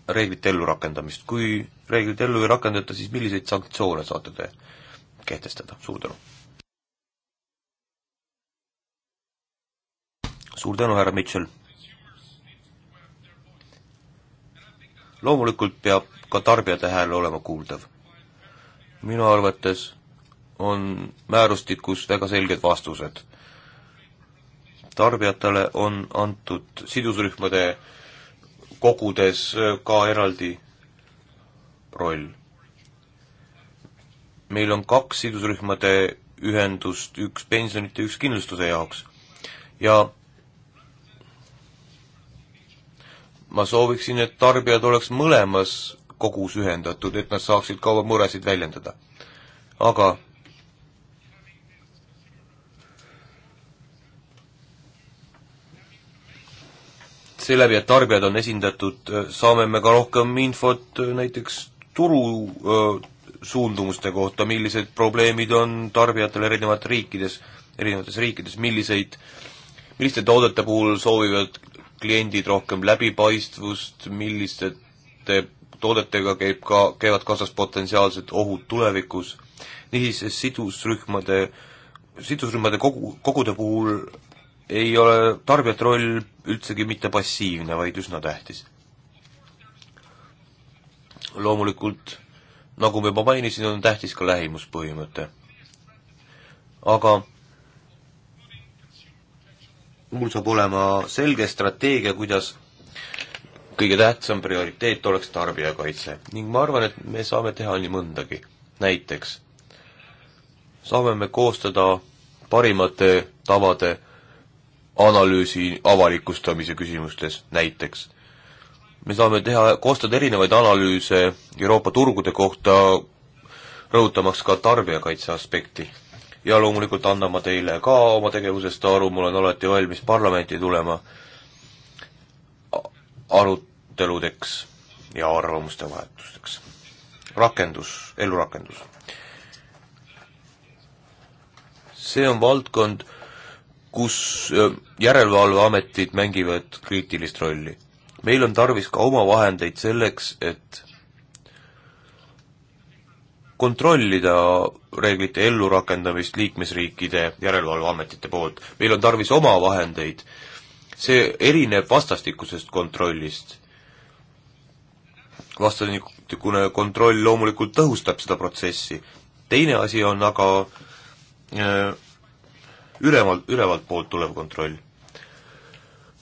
reeglite ellurakendamist. kui reeglid ellu ei rakendata, siis milliseid sanktsioone saate te kehtestada? suur tänu! suur tänu, härra Mitchell! loomulikult peab ka tarbijate hääl olema kuuldav. minu arvates on määrustikus väga selged vastused. tarbijatele on antud sidusrühmade kogudes äh, ka eraldi roll. meil on kaks sidusrühmade ühendust, üks pensionite, üks kindlustuse jaoks ja ma sooviksin, et tarbijad oleks mõlemas kogus ühendatud, et nad saaksid ka oma muresid väljendada. aga seeläbi, et tarbijad on esindatud, äh, saame me ka rohkem infot äh, näiteks turu äh, suundumuste kohta, millised probleemid on tarbijatel erinevates riikides, erinevates riikides, milliseid, milliste toodete puhul soovivad kliendid rohkem läbipaistvust, milliste toodetega käib ka, käivad kaasas potentsiaalsed ohud tulevikus. niisiis sidusrühmade, sidusrühmade kogu, kogude puhul ei ole tarbijate roll üldsegi mitte passiivne, vaid üsna tähtis. loomulikult, nagu ma juba mainisin, on tähtis ka lähimuspõhimõte. aga mul saab olema selge strateegia, kuidas kõige tähtsam prioriteet oleks tarbijakaitse ning ma arvan, et me saame teha nii mõndagi. näiteks saame me koostada parimate tavade analüüsi avalikustamise küsimustes näiteks. me saame teha, koostada erinevaid analüüse Euroopa turgude kohta, rõhutamaks ka tarbijakaitse aspekti. ja loomulikult annan ma teile ka oma tegevusest aru, ma olen alati valmis parlamenti tulema aruteludeks ja arvamuste vahetusteks. rakendus, ellurakendus. see on valdkond, kus järelevalveametid mängivad kriitilist rolli. meil on tarvis ka oma vahendeid selleks, et kontrollida reeglite ellurakendamist liikmesriikide järelevalveametite poolt. meil on tarvis oma vahendeid, see erineb vastastikusest kontrollist. vastastikune kontroll loomulikult tõhustab seda protsessi, teine asi on aga äh, ülevalt, ülevalt poolt tulev kontroll.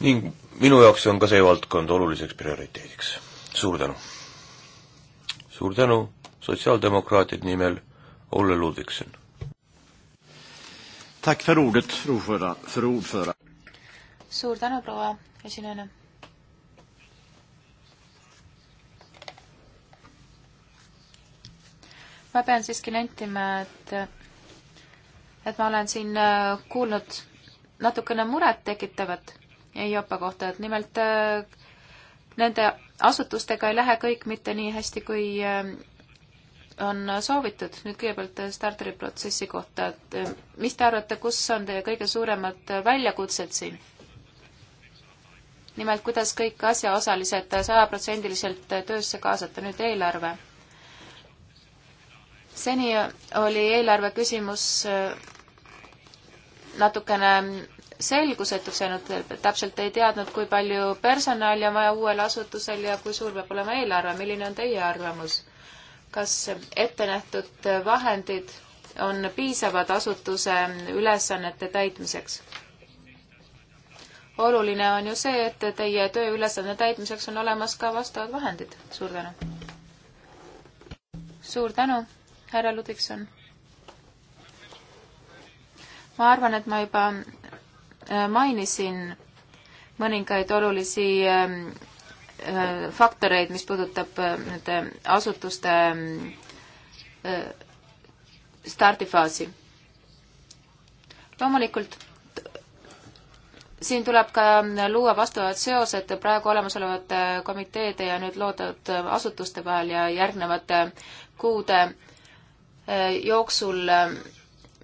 ning minu jaoks on ka see valdkond oluliseks prioriteediks. suur tänu! suur tänu sotsiaaldemokraatide nimel, Olle Ludvigson! suur tänu, proua esinejana! ma pean siiski nentima, et et ma olen siin äh, kuulnud natukene murettekitavat Jopa kohta, et nimelt äh, nende asutustega ei lähe kõik mitte nii hästi, kui äh, on soovitud. nüüd kõigepealt starteri protsessi kohta, et mis te arvate, kus on teie kõige suuremad väljakutsed siin? nimelt, kuidas kõik asjaosalised sajaprotsendiliselt töösse kaasata, nüüd eelarve. seni oli eelarve küsimus natukene selgusetuks jäänud, täpselt ei teadnud, kui palju personali on vaja uuel asutusel ja kui suur peab olema eelarve, milline on teie arvamus? kas ettenähtud vahendid on piisavad asutuse ülesannete täitmiseks? oluline on ju see, et teie tööülesande täitmiseks on olemas ka vastavad vahendid. suur tänu! suur tänu, härra Ludvigson! ma arvan, et ma juba äh, mainisin mõningaid olulisi ähm, äh, faktoreid, mis puudutab äh, nende asutuste stardifaasi. loomulikult siin tuleb ka luua vastavad seosed praegu olemasolevate komiteede ja nüüd loodud asutuste vahel ja järgnevate kuude jooksul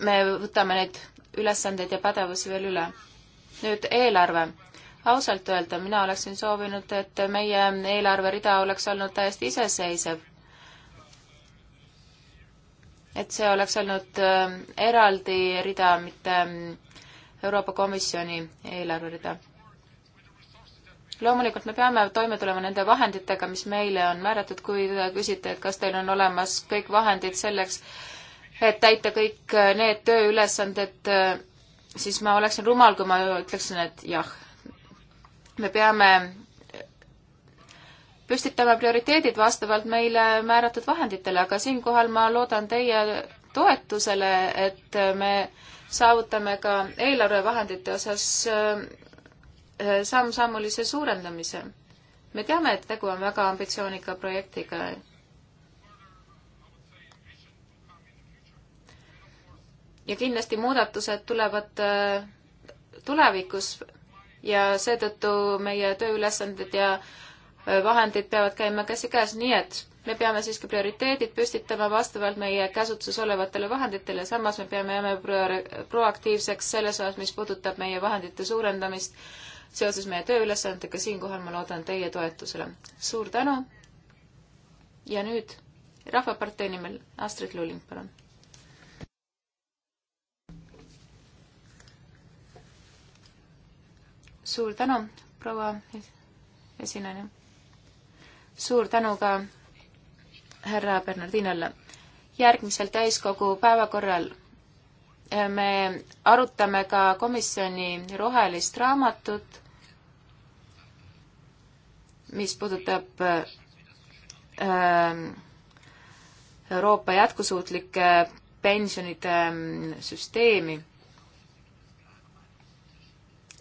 me võtame neid ülesandeid ja pädevusi veel üle. nüüd eelarve. ausalt öelda, mina oleksin soovinud, et meie eelarverida oleks olnud täiesti iseseisev. et see oleks olnud äh, eraldi rida, mitte ähm, Euroopa Komisjoni eelarverida. loomulikult me peame toime tulema nende vahenditega, mis meile on määratud, kui te küsite, et kas teil on olemas kõik vahendid selleks, et täita kõik äh, need tööülesanded, äh, siis ma oleksin rumal, kui ma ütleksin, et jah. me peame äh, püstitame prioriteedid vastavalt meile määratud vahenditele, aga siinkohal ma loodan teie toetusele, et me saavutame ka eelarvevahendite osas samm-sammulise suurendamise. me teame, et tegu on väga ambitsioonika projektiga ja kindlasti muudatused tulevad äh, tulevikus ja seetõttu meie tööülesanded ja äh, vahendid peavad käima käsikäes, nii et me peame siiski prioriteedid püstitama vastavalt meie käsutuses olevatele vahenditele, samas me peame jääma pro-, proaktiivseks selles osas, mis puudutab meie vahendite suurendamist seoses meie tööülesannetega, siinkohal ma loodan teie toetusele. suur tänu ja nüüd Rahvapartei nimel Astrid Luling, palun suur tänu, proua esinejana. suur tänu ka härra Bernardinale. järgmisel täiskogu päevakorral eh, me arutame ka komisjoni rohelist raamatut, mis puudutab eh, Euroopa jätkusuutlike pensionide mm, süsteemi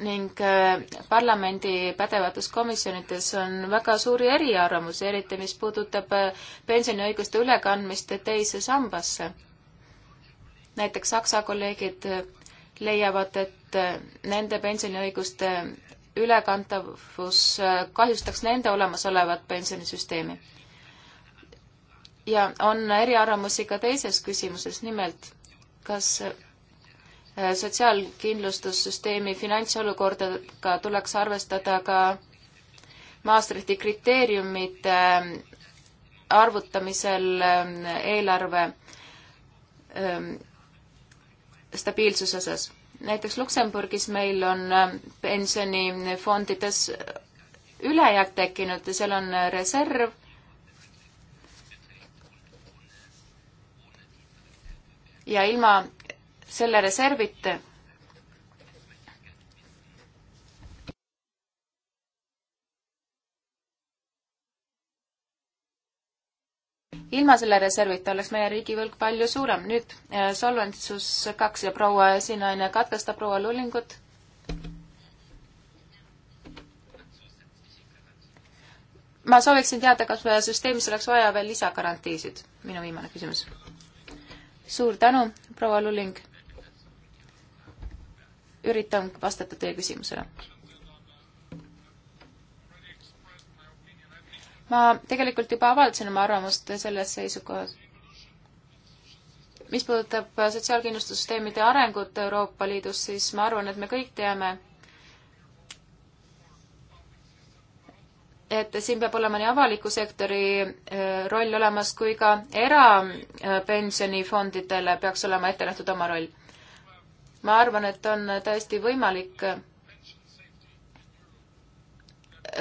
ning äh, parlamendi pädevates komisjonides on väga suuri eriarvamusi, eriti mis puudutab äh, pensioniõiguste ülekandmist teise sambasse. näiteks Saksa kolleegid äh, leiavad, et nende pensioniõiguste ülekantavus kahjustaks nende olemasolevat pensionisüsteemi. ja on eriarvamusi ka teises küsimuses, nimelt kas sotsiaalkindlustussüsteemi finantsolukordadega tuleks arvestada ka Maastrichti kriteeriumite arvutamisel ähm, eelarve ähm, stabiilsuse osas. näiteks Luksemburgis meil on ähm, pensionifondides ülejääk tekkinud ja seal on äh, reserv ja ilma selle reservita ilma selle reservita oleks meie riigivõlg palju suurem. nüüd äh, solventsus kaks ja proua esinaine katkestab proua Lullingut. ma sooviksin teada, kas meie süsteemis oleks vaja veel lisagarantiisid? minu viimane küsimus. suur tänu, proua Lulling üritan vastata teie küsimusele. ma tegelikult juba avaldasin oma arvamust selles seisukohas. mis puudutab sotsiaalkindlustussüsteemide arengut Euroopa Liidus, siis ma arvan, et me kõik teame, et siin peab olema nii avaliku sektori äh, roll olemas kui ka erapensionifondidele peaks olema ette nähtud oma roll ma arvan, et on täiesti võimalik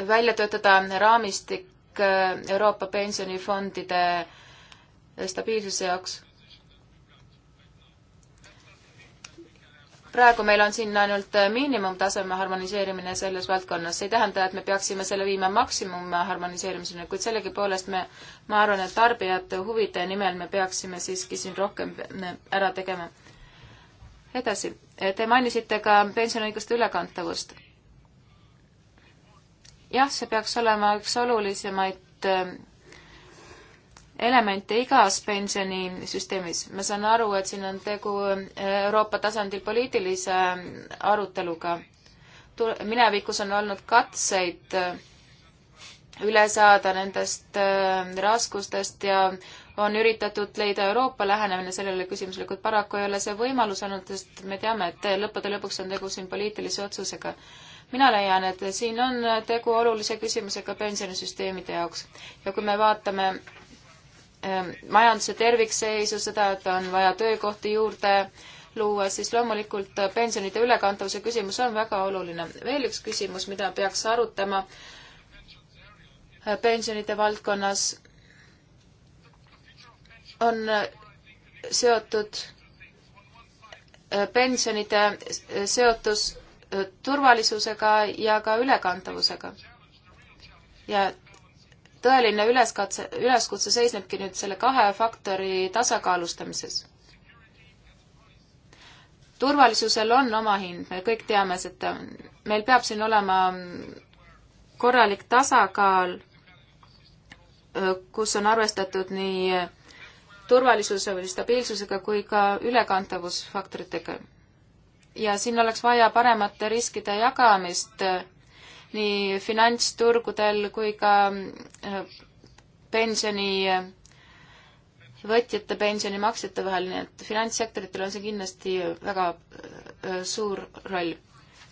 välja töötada raamistik Euroopa pensionifondide stabiilsuse jaoks. praegu meil on siin ainult miinimumtaseme harmoniseerimine selles valdkonnas, see ei tähenda, et me peaksime selle viima maksimum harmoniseerimiseni, kuid sellegipoolest me, ma arvan, et tarbijate huvide nimel me peaksime siiski siin rohkem ära tegema edasi, te mainisite ka pensioniõiguste ülekantavust. jah, see peaks olema üks olulisemaid ähm, elemente igas pensionisüsteemis. ma saan aru, et siin on tegu äh, Euroopa tasandil poliitilise ähm, aruteluga. minevikus on olnud katseid äh, üle saada nendest äh, raskustest ja on üritatud leida Euroopa lähenemine sellele küsimusele, kuid paraku ei ole see võimalus olnud, sest me teame, et lõppude lõpuks on tegu siin poliitilise otsusega. mina leian, et siin on tegu olulise küsimusega pensionisüsteemide jaoks ja kui me vaatame ähm, majanduse tervikseisu, seda, et on vaja töökohti juurde luua, siis loomulikult pensionide ülekantavuse küsimus on väga oluline. veel üks küsimus, mida peaks arutama äh, pensionide valdkonnas on seotud äh, pensionide seotus äh, turvalisusega ja ka ülekantavusega. ja tõeline üleskatse, üleskutse seisnebki nüüd selle kahe faktori tasakaalustamises. turvalisusel on oma hind, me kõik teame seda. meil peab siin olema korralik tasakaal, äh, kus on arvestatud nii turvalisuse või stabiilsusega kui ka ülekantavusfaktoritega. ja siin oleks vaja paremate riskide jagamist äh, nii finantsturgudel kui ka äh, pensioni äh, võtjate pensionimaksjate vahel, nii et finantssektoritel on see kindlasti väga suur roll.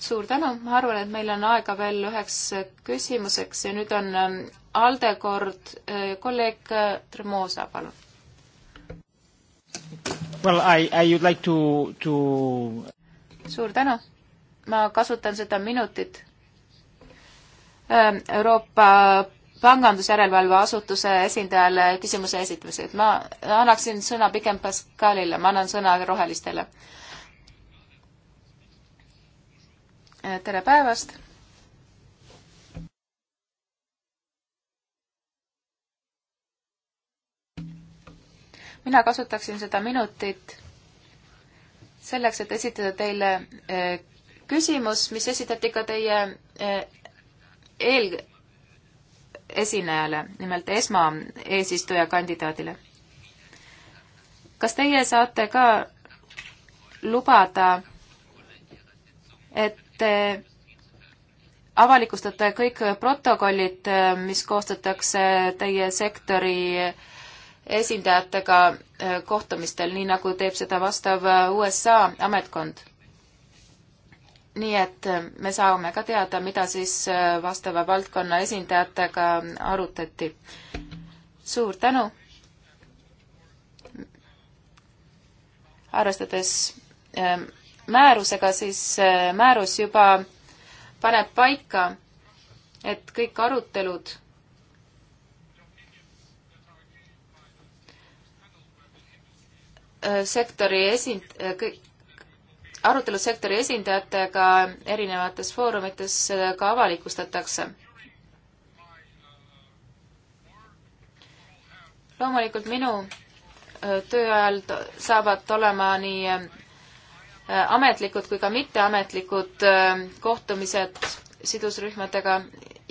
suur tänu, ma arvan, et meil on aega veel üheks küsimuseks ja nüüd on Alde kord kolleeg Tremosa, palun Well, I, I would like to, to... suur tänu. ma kasutan seda minutit. Euroopa pangandusjärelevalve asutuse esindajale küsimuse esitamiseks. ma annaksin sõna pigem Pascalile, ma annan sõna rohelistele. tere päevast mina kasutaksin seda minutit selleks, et esitada teile eh, küsimus, mis esitati ka teie eh, eelesinejale, nimelt esmaeesistuja kandidaadile. kas teie saate ka lubada, et te avalikustate kõik protokollid, eh, mis koostatakse teie sektori äh, esindajatega äh, kohtumistel, nii nagu teeb seda vastav äh, USA ametkond. nii et äh, me saame ka teada, mida siis vastava valdkonna esindajatega arutati. suur tänu! arvestades ähm, määrusega, siis määrus juba paneb paika, et kõik arutelud Äh, sektori esind-, äh, kõik, arutelud sektori esindajatega erinevates foorumites äh, ka avalikustatakse. loomulikult minu töö ajal saavad olema nii ametlikud kui ka mitteametlikud kohtumised sidusrühmadega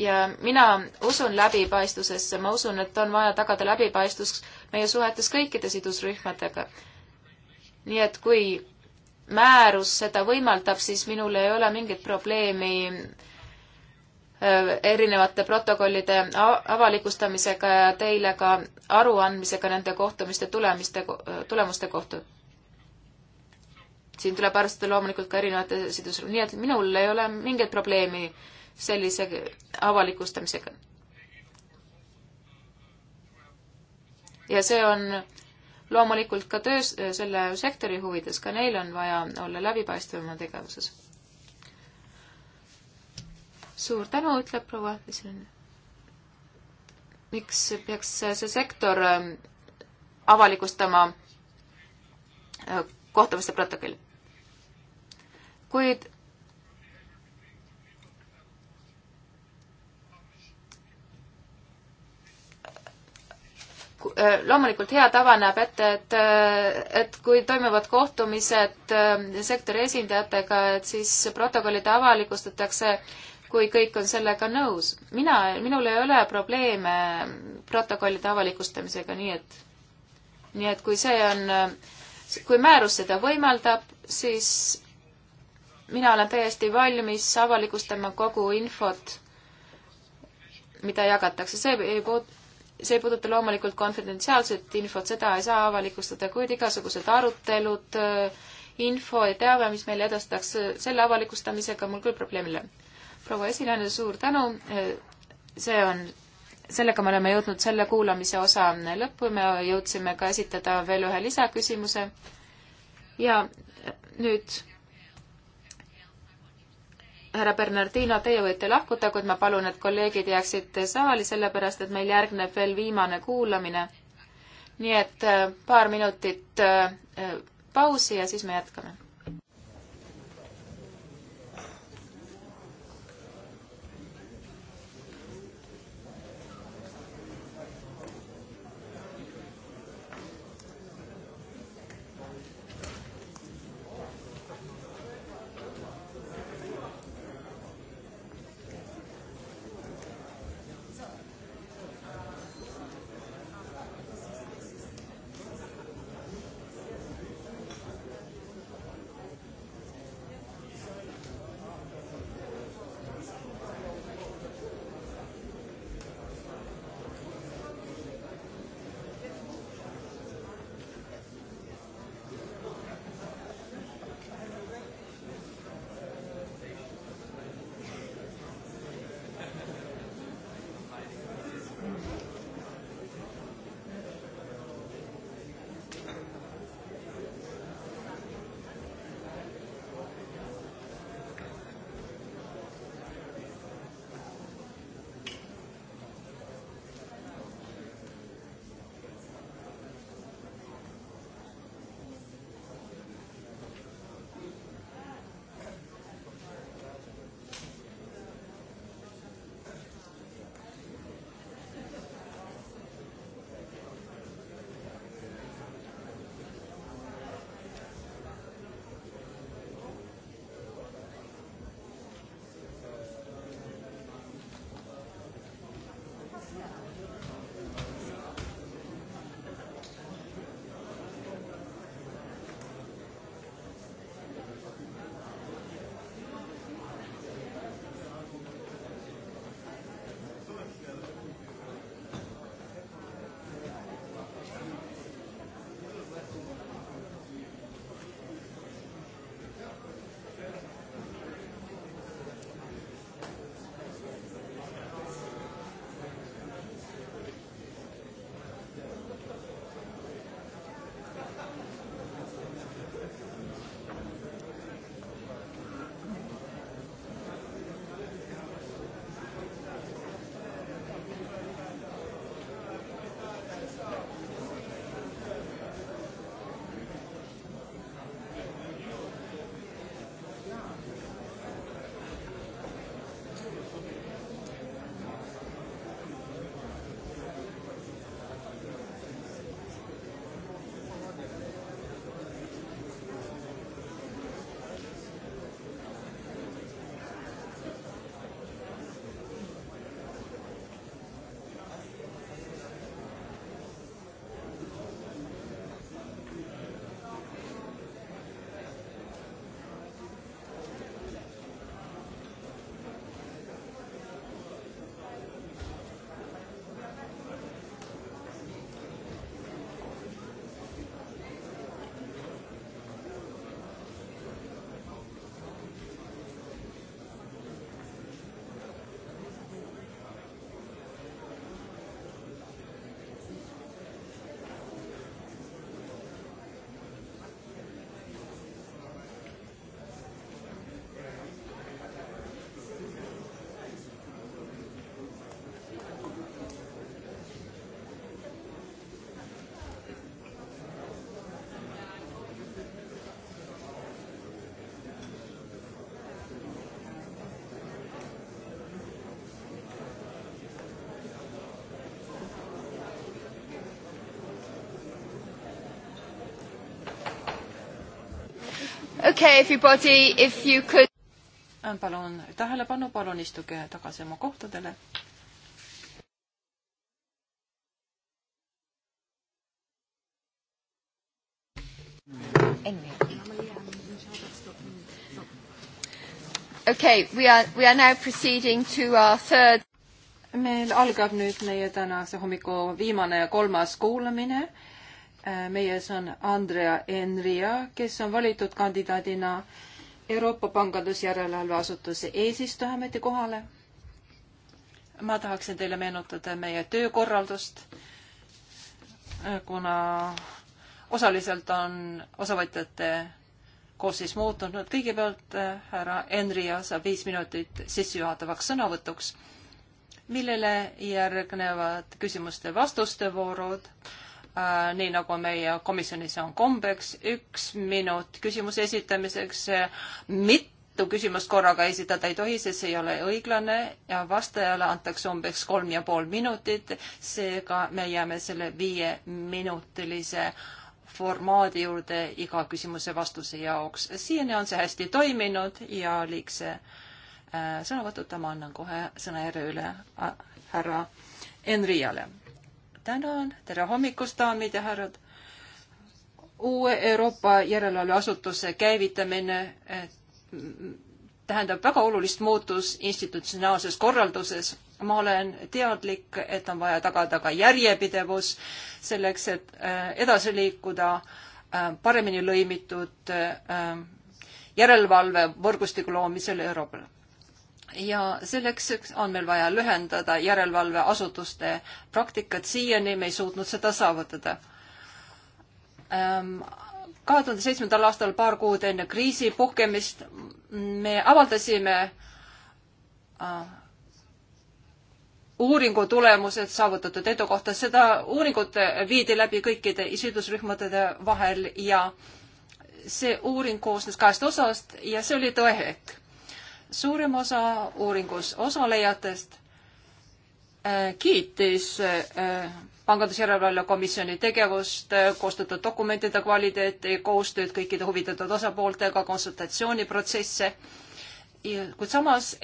ja mina usun läbipaistvusesse, ma usun, et on vaja tagada läbipaistvus meie suhetes kõikide sidusrühmadega nii et kui määrus seda võimaldab, siis minul ei ole mingit probleemi äh, erinevate protokollide avalikustamisega ja teile ka aruandmisega nende kohtumiste tulemiste, tulemuste kohta. siin tuleb arvestada loomulikult ka erinevate sidusrühm-, nii et minul ei ole mingit probleemi sellise avalikustamisega. ja see on loomulikult ka töös, selle sektori huvides, ka neil on vaja olla läbipaistvam oma tegevuses. suur tänu, ütleb proua esineja. miks peaks see sektor ähm, avalikustama äh, kohtumiste protokolli? kuid Äh, loomulikult hea tava näeb ette, et, äh, et kui toimuvad kohtumised äh, sektori esindajatega, et siis protokollid avalikustatakse, kui kõik on sellega nõus. mina, minul ei ole probleeme protokollide avalikustamisega, nii et, nii et kui see on, kui määrus seda võimaldab, siis mina olen täiesti valmis avalikustama kogu infot, mida jagatakse, see ei puutu see ei puuduta loomulikult konfidentsiaalset infot, seda ei saa avalikustada, kuid igasugused arutelud, äh, info ja teave, mis meile edastatakse, selle avalikustamisega mul küll probleemi ei ole. proua esinaine, suur tänu, äh, see on, sellega me oleme jõudnud selle kuulamise osa lõppu, me jõudsime ka esitada veel ühe lisaküsimuse ja nüüd härra Bernardino, teie võite lahkuda, kuid ma palun, et kolleegid jääksid saali, sellepärast et meil järgneb veel viimane kuulamine. nii et äh, paar minutit äh, äh, pausi ja siis me jätkame okay, everybody, if you could. Äh, palun tähelepanu, palun istuge tagasi oma kohtadele. Okay, we are, we are now proceeding to our third. meil algab nüüd meie tänase hommiku viimane ja kolmas kuulamine meies on Andrea Enria, kes on valitud kandidaadina Euroopa Pangandusjärelevalveasutuse eesistujaameti kohale. ma tahaksin teile meenutada meie töökorraldust, kuna osaliselt on osavõtjate koosseis muutunud. kõigepealt härra Enria saab viis minutit sissejuhatavaks sõnavõtuks, millele järgnevad küsimuste-vastuste voorud äh, nii nagu meie komisjonis on kombeks, üks minut küsimuse esitamiseks, mitu küsimust korraga esitada ei tohi, sest see ei ole õiglane ja vastajale antakse umbes kolm ja pool minutit, seega me jääme selle viieminutilise formaadi juurde iga küsimuse vastuse jaoks. siiani on see hästi toiminud ja liigse äh, sõnavõtuta ma annan kohe sõna järje üle äh, härra Enriale tänan, tere hommikust, daamid ja härrad. uue Euroopa järelevalveasutuse käivitamine mm, tähendab väga olulist muutust institutsionaalses korralduses. ma olen teadlik, et on vaja tagada ka järjepidevus selleks, et äh, edasi liikuda äh, paremini lõimitud äh, järelevalvevõrgustiku loomisel Euroopale ja selleks on meil vaja lühendada järelevalveasutuste praktikat, siiani me ei suutnud seda saavutada. Ehm, kahe tuhande seitsmendal aastal, paar kuud enne kriisi puhkemist, me avaldasime äh, uuringu tulemused saavutatud edu kohta, seda uuringut viidi läbi kõikide sidusrühmade vahel ja see uuring koosnes kahest osast ja see oli tõehetk suurem osa uuringus osalejatest äh, kiitis äh, pangandusjärelevalve komisjoni tegevust, äh, koostatud dokumentide kvaliteeti, koostööd kõikide huvitatud osapooltega, konsultatsiooniprotsesse. kuid samas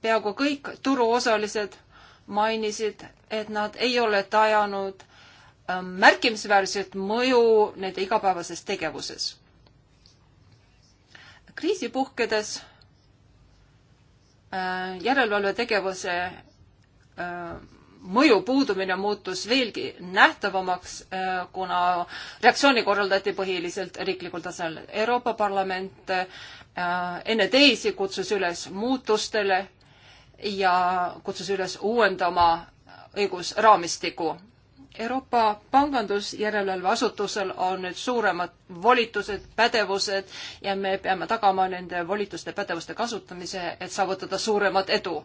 peaaegu kõik turuosalised mainisid, et nad ei ole tajanud märkimisväärset mõju nende igapäevases tegevuses. kriisi puhkedes Äh, järelevalvetegevuse äh, mõju puudumine muutus veelgi nähtavamaks, äh, kuna reaktsiooni korraldati põhiliselt riiklikul tasemel. Euroopa Parlament enne teisi kutsus üles muutustele ja kutsus üles uuendama õigusraamistikku Euroopa Pangandusjärelevalve Asutusel on nüüd suuremad volitused, pädevused ja me peame tagama nende volituste, pädevuste kasutamise, et saavutada suuremat edu.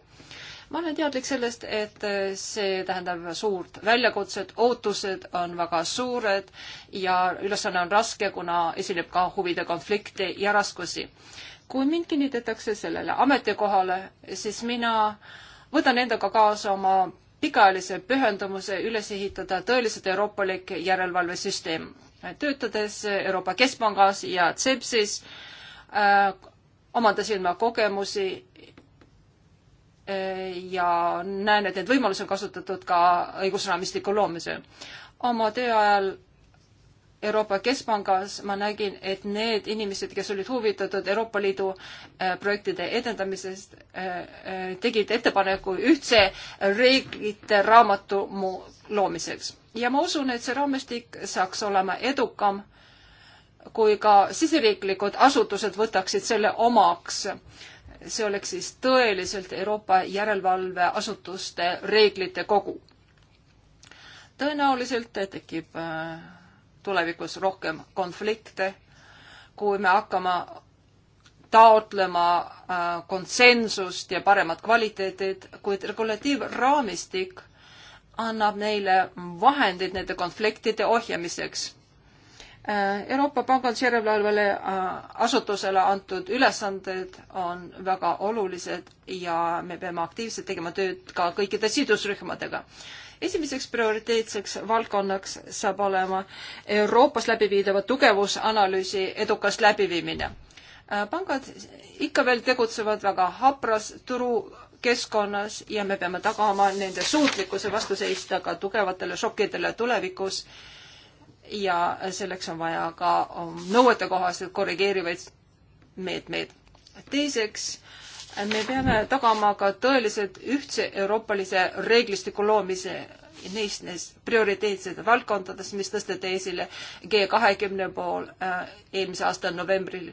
ma olen teadlik sellest, et see tähendab suurt väljakutset, ootused on väga suured ja ülesanne on raske, kuna esineb ka huvide konflikte ja raskusi. kui mind kinnitatakse sellele ametikohale, siis mina võtan endaga kaasa oma pikaajalise pühendumuse üles ehitada tõeliselt euroopalik järelevalvesüsteem. töötades Euroopa Keskpangas ja CEPSis äh, omandasin ma kogemusi äh, ja näen, et neid võimalusi on kasutatud ka õigusraamistiku loomisel. oma töö ajal Euroopa Keskpangas ma nägin, et need inimesed, kes olid huvitatud Euroopa Liidu äh, projektide edendamisest, äh, äh, tegid ettepaneku ühtse reeglite raamatu loomiseks. ja ma usun, et see raamistik saaks olema edukam, kui ka siseriiklikud asutused võtaksid selle omaks. see oleks siis tõeliselt Euroopa järelevalveasutuste reeglite kogu. tõenäoliselt tekib tulevikus rohkem konflikte, kui me hakkame taotlema äh, konsensust ja paremat kvaliteetit, kuid regulatiivraamistik annab neile vahendid nende konfliktide ohjamiseks. Äh, Euroopa Pangandusjärelevalvele äh, asutusele antud ülesanded on väga olulised ja me peame aktiivselt tegema tööd ka kõikide sidusrühmadega esimeseks prioriteetseks valdkonnaks saab olema Euroopas läbiviidava tugevusanalüüsi edukas läbiviimine. Äh, pangad ikka veel tegutsevad väga hapras turukeskkonnas ja me peame tagama nende suutlikkuse vastu seista ka tugevatele šokkidele tulevikus ja selleks on vaja ka um, nõuetekohaseid korrigeerivaid meetmeid. teiseks äh, me peame tagama ka tõeliselt ühtse euroopalise reeglistiku loomise neis, neis prioriteetsetes valdkondades, mis tõsteti esile G kahekümne pool äh, eelmise aasta novembril.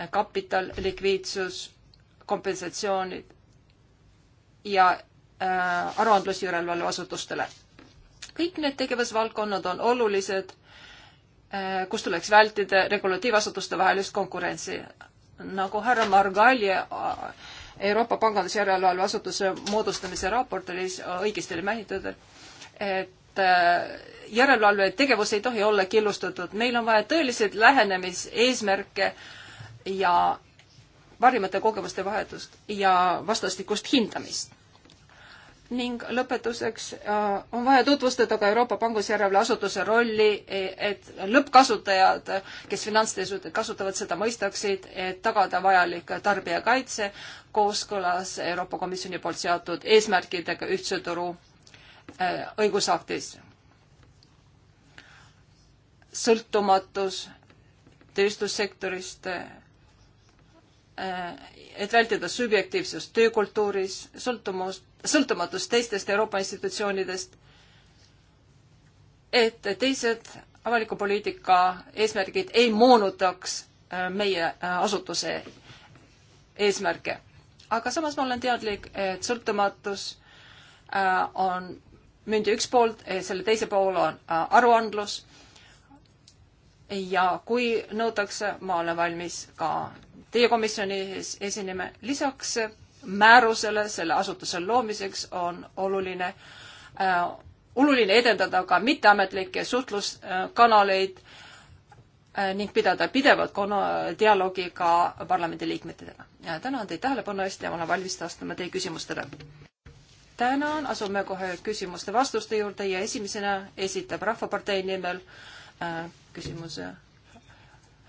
Äh, kapital, likviidsus, kompensatsioonid ja äh, aruandlusjärelevalveasutustele. kõik need tegevusvaldkonnad on olulised äh,, kus tuleks vältida regulatiivasutuste vahelist konkurentsi nagu härra Margali äh, Euroopa Pangandusjärelevalve Asutuse moodustamise raportis õigesti oli mainitud, et äh, järelevalve tegevus ei tohi olla killustatud, meil on vaja tõeliseid lähenemiseesmärke ja parimate kogemuste vahetust ja vastastikust hindamist ning lõpetuseks äh, on vaja tutvustada ka Euroopa Pangusjärelevalve asutuse rolli, e, et lõppkasutajad, kes finantsteenuseid kasutavad, seda mõistaksid, et tagada vajalik tarbijakaitse kooskõlas Euroopa Komisjoni poolt seatud eesmärkidega ühtse turu äh, õigusaktis. sõltumatus tööstussektorist Äh, et vältida subjektiivsust töökultuuris, sõltumust, sõltumatust teistest Euroopa institutsioonidest, et teised avaliku poliitika eesmärgid ei moonutaks äh, meie äh, asutuse eesmärke. aga samas ma olen teadlik, et sõltumatus on mündi üks pool, selle teise pool on aruandlus ja kui nõutakse, ma olen valmis ka teie komisjoni ees esinema. lisaks määrusele selle asutuse loomiseks on oluline äh,, oluline edendada ka mitteametlikke suhtluskanaleid äh, ning pidada pidevat dialoogi ka parlamendiliikmetega. tänan teid tähelepanu eest ja ma olen valmis vastama teie küsimustele. tänan, asume kohe küsimuste-vastuste juurde ja esimesena esitab Rahvapartei nimel äh, Äh, küsimuse äh,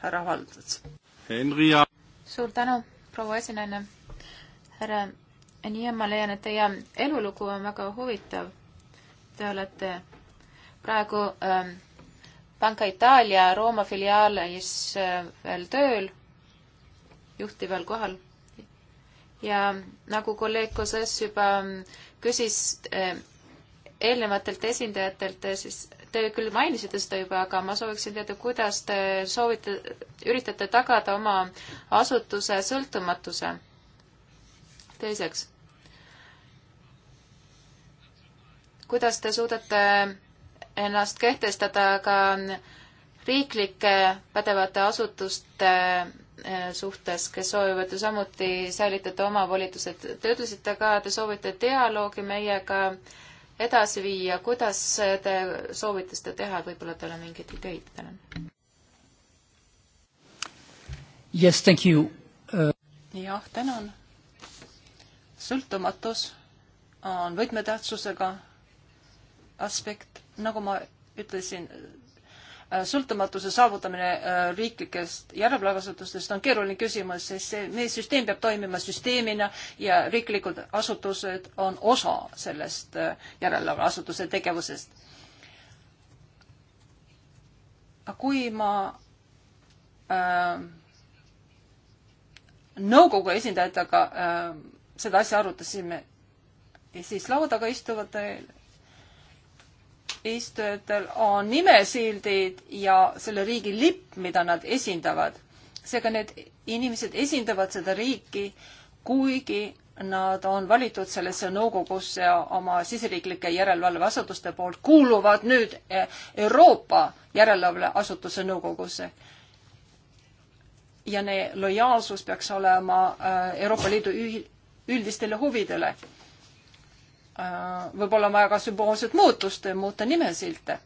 härra Valdas. Henria. suur tänu, proua esinaine. härra Nii, ma leian, et teie elulugu on väga huvitav. Te olete praegu ähm, Panka Itaalia Rooma filiaalis äh, veel tööl, juhtival kohal. ja nagu kolleeg Koses juba ähm, küsis äh, eelnevatelt esindajatelt, äh, siis te küll mainisite seda juba, aga ma sooviksin teada, kuidas te soovite, üritate tagada oma asutuse sõltumatuse. teiseks, kuidas te suudate ennast kehtestada ka riiklike pädevate asutuste eh, suhtes, kes soovivad ju samuti säilitada oma volitused. Te ütlesite ka, te soovite dialoogi meiega äh, edasi viia, kuidas te soovite seda teha, et võib-olla teil on mingeid ideid täna? Yes, thank you uh.... jah, tänan. sõltumatus on võtmetähtsusega aspekt, nagu ma ütlesin, Äh, sõltumatuse saavutamine äh, riiklikest järelevalveasutustest on keeruline küsimus, sest see, meie süsteem peab toimima süsteemina ja riiklikud asutused on osa sellest äh, järelevalveasutuse tegevusest. kui ma äh, nõukogu esindajatega äh, seda asja arutasime, siis laua taga istuvatel istujatel on nimesildid ja selle riigi lipp, mida nad esindavad. seega need inimesed esindavad seda riiki, kuigi nad on valitud sellesse nõukogusse oma siseriiklike järelevalveasutuste poolt, kuuluvad nüüd eh, Euroopa järelevalveasutuse nõukogusse. ja neie lojaalsus peaks olema eh, Euroopa Liidu üldistele huvidele Äh, võib-olla on vaja ka sümboolset muutust, muuta nimesilte.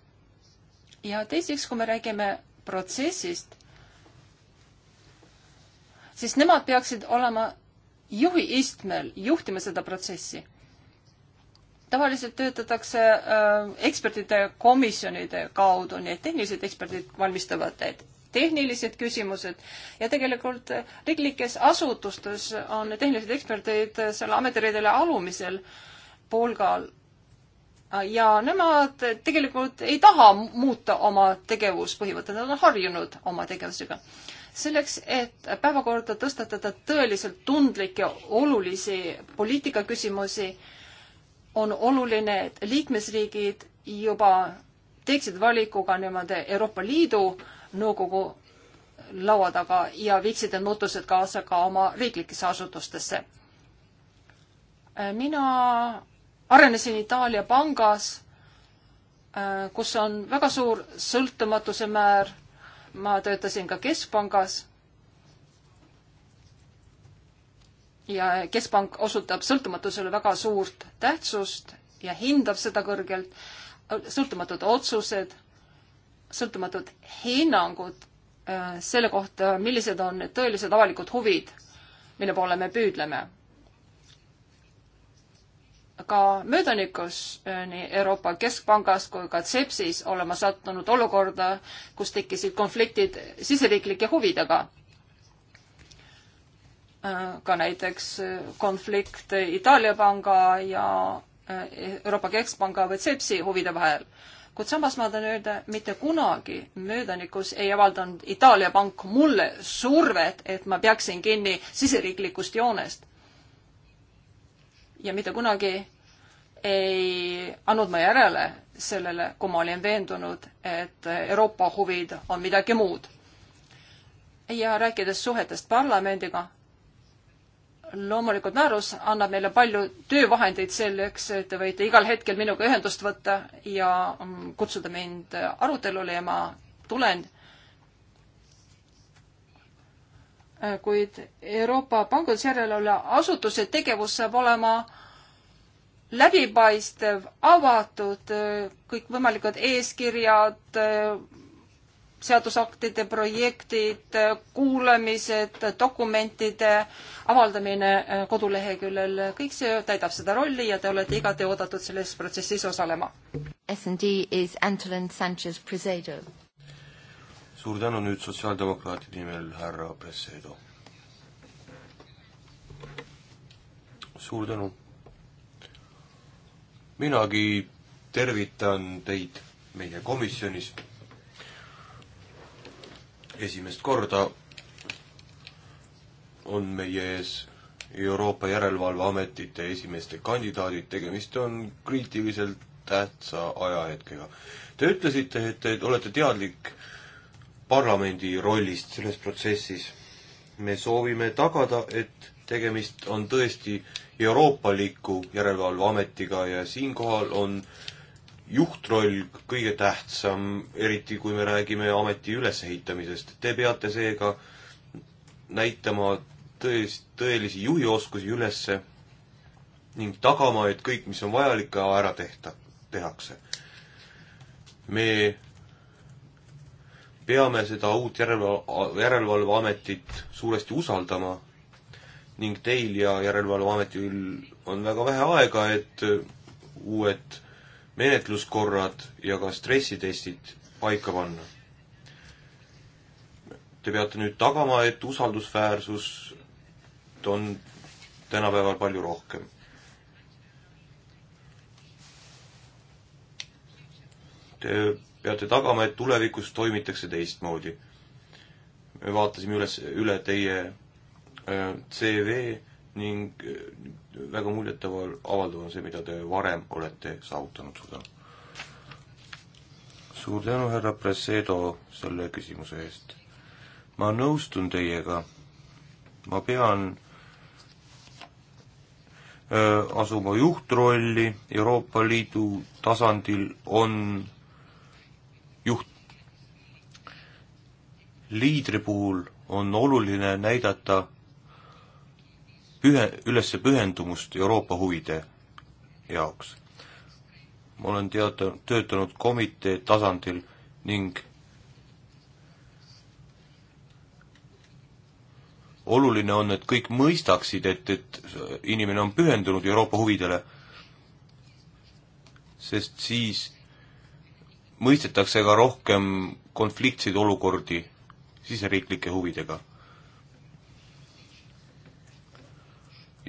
ja teiseks, kui me räägime protsessist, siis nemad peaksid olema juhi istmel, juhtima seda protsessi. tavaliselt töötatakse äh, ekspertide komisjonide kaudu, nii et tehnilised eksperdid valmistavad tehnilised küsimused ja tegelikult riiklikes asutustes on tehnilised eksperdid selle ametireedele alumisel äh, Polgal ja nemad tegelikult ei taha muuta oma tegevuspõhimõtted, nad on harjunud oma tegevusega. selleks, et päevakorda tõstatada tõeliselt tundlikke olulisi poliitikaküsimusi, on oluline, et liikmesriigid juba teeksid valikuga niimoodi Euroopa Liidu nõukogu laua taga ja viiksid need muutused kaasa ka oma riiklikesse asutustesse. mina arenesin Itaalia pangas, äh, kus on väga suur sõltumatuse määr. ma töötasin ka keskpangas. ja keskpank osutab sõltumatusele väga suurt tähtsust ja hindab seda kõrgelt. sõltumatud otsused, sõltumatud hinnangud äh, selle kohta, millised on need tõelised avalikud huvid, mille poole me püüdleme ka möödanikus nii Euroopa Keskpangas kui ka CEPSis olema sattunud olukorda, kus tekkisid konfliktid siseriiklike huvidega. Äh, ka näiteks äh, konflikt Itaalia panga ja äh, Euroopa Keskpanga või CEPSi huvide vahel. kuid samas ma tahan öelda, mitte kunagi möödanikus ei avaldanud Itaalia pank mulle survet, et ma peaksin kinni siseriiklikust joonest ja mitte kunagi ei andnud ma järele sellele, kui ma olin veendunud, et Euroopa huvid on midagi muud. ja rääkides suhetest parlamendiga, loomulikult määrus annab meile palju töövahendeid selleks, et te võite igal hetkel minuga ühendust võtta ja mm, kutsuda mind arutelule ja ma tulen Äh, kuid Euroopa Pangandusjärelevalve asutuse tegevus saab olema läbipaistev, avatud, äh, kõikvõimalikud eeskirjad, äh, seadusaktide projektid, kuulamised, dokumentide avaldamine koduleheküljel, kõik see täidab seda rolli ja te olete igati oodatud selles protsessis osalema. SND is Antolin Sanchez Presedo suur tänu nüüd sotsiaaldemokraatide nimel, härra Pressedo. suur tänu. minagi tervitan teid meie komisjonis esimest korda on meie ees Euroopa Järelevalveametite esimeeste kandidaadid, tegemist on kriitiliselt tähtsa ajahetkega. Te ütlesite, et te olete teadlik parlamendi rollist selles protsessis. me soovime tagada, et tegemist on tõesti euroopaliku järelevalveametiga ja siinkohal on juhtroll kõige tähtsam, eriti kui me räägime ameti ülesehitamisest. Te peate seega näitama tõest, tõelisi juhioskusi ülesse ning tagama, et kõik, mis on vajalik, ka ära tehta, tehakse. me peame seda uut järelevalve, järelevalveametit suuresti usaldama ning teil ja järelevalveametil on väga vähe aega, et uued menetluskorrad ja ka stressitestid paika panna. Te peate nüüd tagama, et usaldusväärsust on tänapäeval palju rohkem Te peate tagama, et tulevikus toimitakse teistmoodi. me vaatasime üles, üle teie äh, CV ning äh, väga muljetaval avaldav on see, mida te varem olete saavutanud. suur tänu. suur tänu, härra Presedo, selle küsimuse eest. ma nõustun teiega. ma pean äh, asuma juhtrolli Euroopa Liidu tasandil on liidri puhul on oluline näidata pühe, üles pühendumust Euroopa huvide jaoks. ma olen teata-, töötanud komitee tasandil ning oluline on, et kõik mõistaksid, et, et inimene on pühendunud Euroopa huvidele, sest siis mõistetakse ka rohkem konfliktseid olukordi siseriiklike huvidega.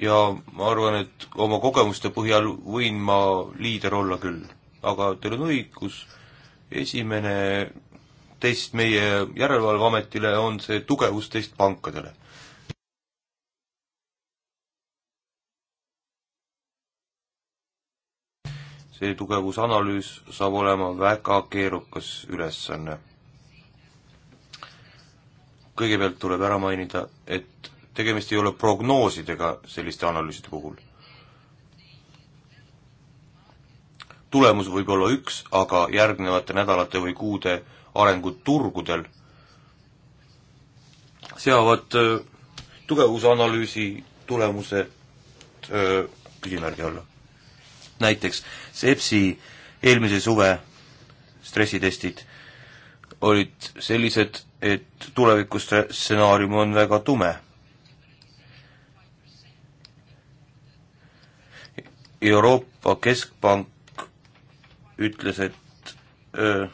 ja ma arvan, et oma kogemuste põhjal võin ma liider olla küll, aga teil on õigus, esimene test meie Järelevalveametile on see tugevustest pankadele. see tugevusanalüüs saab olema väga keerukas ülesanne kõigepealt tuleb ära mainida, et tegemist ei ole prognoosidega selliste analüüside puhul. tulemus võib olla üks, aga järgnevate nädalate või kuude arengud turgudel seavad äh, tugevusanalüüsi tulemused äh, küsimärgi alla. näiteks Sepsi eelmise suve stressitestid olid sellised, et tulevikustsenaarium on väga tume. Euroopa Keskpank ütles, et öö,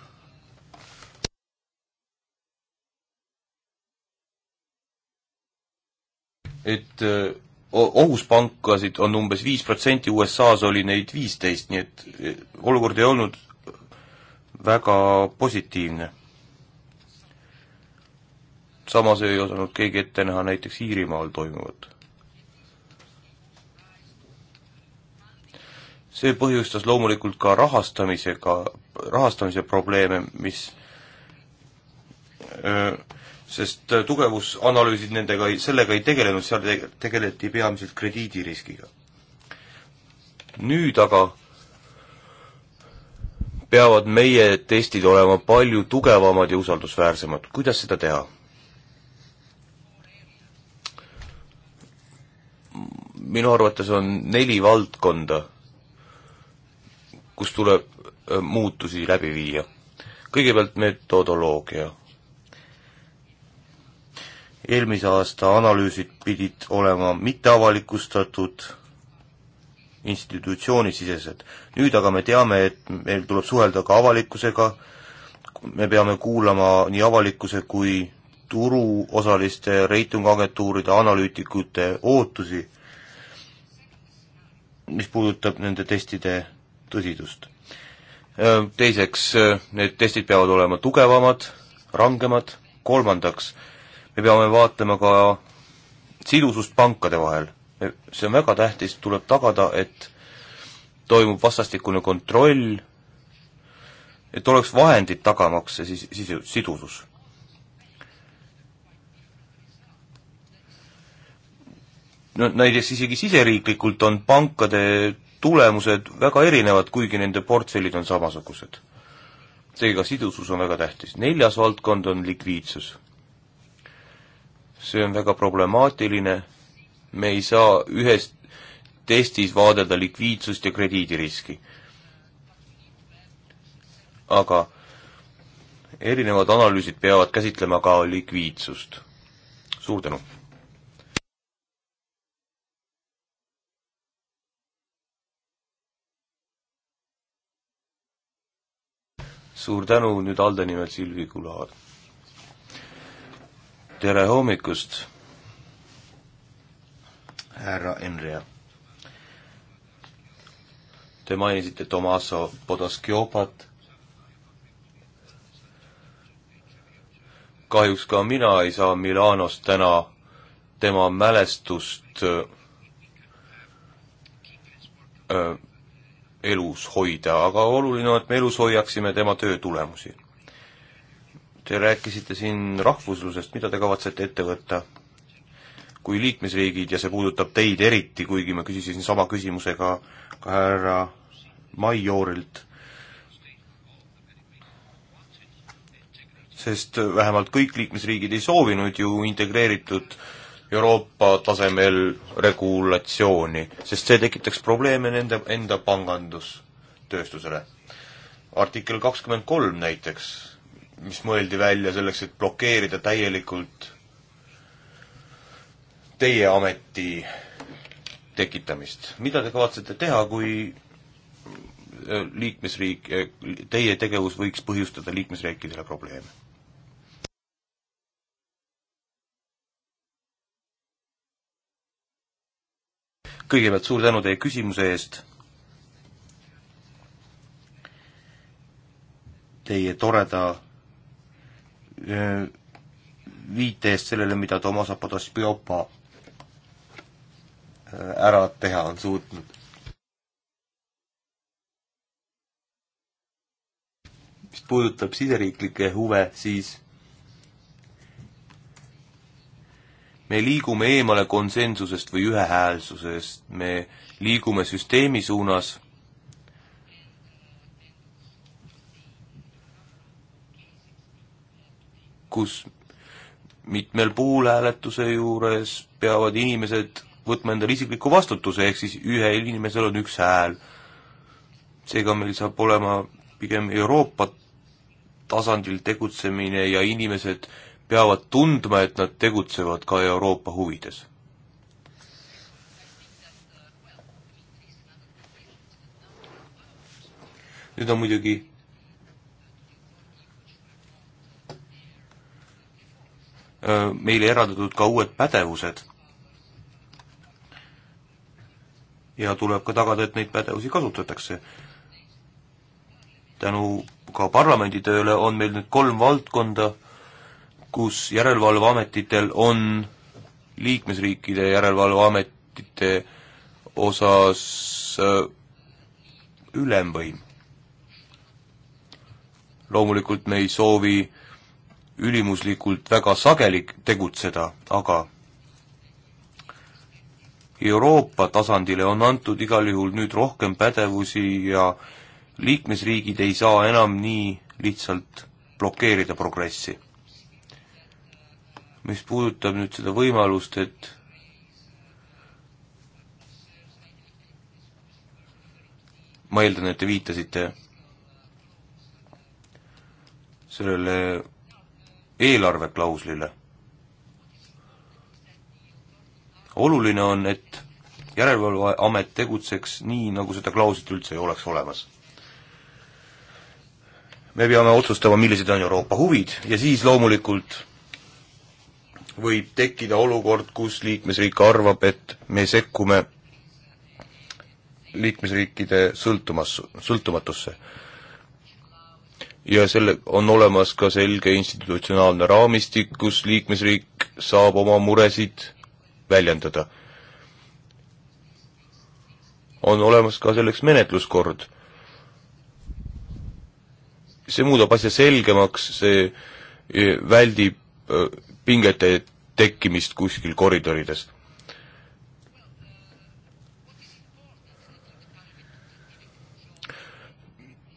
et öö, ohus pankasid on umbes viis protsenti, USA-s oli neid viisteist, nii et olukord ei olnud väga positiivne samas ei osanud keegi ette näha näiteks Iirimaal toimuvat. see põhjustas loomulikult ka rahastamisega, rahastamise probleeme, mis sest tugevusanalüüsid nendega ei, sellega ei tegelenud, seal tegeleti peamiselt krediidiriskiga. nüüd aga peavad meie testid olema palju tugevamad ja usaldusväärsemad, kuidas seda teha? minu arvates on neli valdkonda, kus tuleb äh, muutusi läbi viia. kõigepealt metodoloogia. eelmise aasta analüüsid pidid olema mitteavalikustatud, institutsioonisisesed. nüüd aga me teame, et meil tuleb suhelda ka avalikkusega, me peame kuulama nii avalikkuse kui turuosaliste, reitinguagentuuride, analüütikute ootusi mis puudutab nende testide tõsidust. Äh, teiseks, äh, need testid peavad olema tugevamad, rangemad, kolmandaks, me peame vaatama ka sidusust pankade vahel. see on väga tähtis, tuleb tagada, et toimub vastastikune kontroll, et oleks vahendid tagamaks see siis, sisu, sidusus no näiteks isegi siseriiklikult on pankade tulemused väga erinevad, kuigi nende portfellid on samasugused. seega sidusus on väga tähtis. neljas valdkond on likviidsus. see on väga problemaatiline, me ei saa ühes testis vaadelda likviidsust ja krediidiriski. aga erinevad analüüsid peavad käsitlema ka likviidsust. suur tänu! suur tänu nüüd Alde nimel Silvi Kulaar. tere hommikust, härra Enria. Te mainisite Tomaso Podoskiopat. kahjuks ka mina ei saa Milanos täna tema mälestust öö, äh, öö, elus hoida, aga oluline on, et me elus hoiaksime tema töö tulemusi. Te rääkisite siin rahvuslusest, mida te kavatsete ette võtta? kui liikmesriigid, ja see puudutab teid eriti, kuigi ma küsisin sama küsimuse ka, ka härra Maiorilt, sest vähemalt kõik liikmesriigid ei soovinud ju integreeritud äh, Euroopa tasemel regulatsiooni, sest see tekitaks probleeme nende enda pangandustööstusele. artikkel kakskümmend kolm näiteks, mis mõeldi välja selleks, et blokeerida täielikult teie ameti tekitamist. mida te kavatsete teha, kui äh, liikmesriik, äh, teie tegevus võiks põhjustada liikmesriikidele probleeme? kõigepealt suur tänu teie küsimuse eest. Teie toreda viite eest sellele, mida Toomas Apodos Piopa ära teha on suutnud. mis puudutab siseriiklikke huve, siis me liigume eemale konsensusest või ühehäälsusest, me liigume süsteemi suunas, kus mitmel puhul hääletuse juures peavad inimesed võtma endale isikliku vastutuse, ehk siis ühel inimesel on üks hääl. seega meil saab olema pigem Euroopa tasandil tegutsemine ja inimesed äh, peavad tundma, et nad tegutsevad ka Euroopa huvides. nüüd on muidugi äh, meile eraldatud ka uued pädevused. ja tuleb ka tagada, et neid pädevusi kasutatakse. tänu ka parlamendi tööle on meil nüüd kolm valdkonda kus järelevalveametitel on liikmesriikide järelevalveametite osas äh, ülemvõim. loomulikult me ei soovi ülimuslikult väga sageli tegutseda, aga Euroopa tasandile on antud igal juhul nüüd rohkem pädevusi ja liikmesriigid ei saa enam nii lihtsalt blokeerida progressi mis puudutab nüüd seda võimalust, et ma eeldan, et te viitasite sellele eelarveklauslile. oluline on, et järelevalveamet tegutseks nii, nagu seda klauslit üldse ei oleks olemas. me peame otsustama, millised on Euroopa huvid ja siis loomulikult võib tekkida olukord, kus liikmesriik arvab, et me sekkume liikmesriikide sõltumas, sõltumatusse. ja selle, on olemas ka selge institutsionaalne raamistik, kus liikmesriik saab oma muresid väljendada. on olemas ka selleks menetluskord. see muudab asja selgemaks, see eh, väldib eh, pingete tekkimist kuskil koridorides.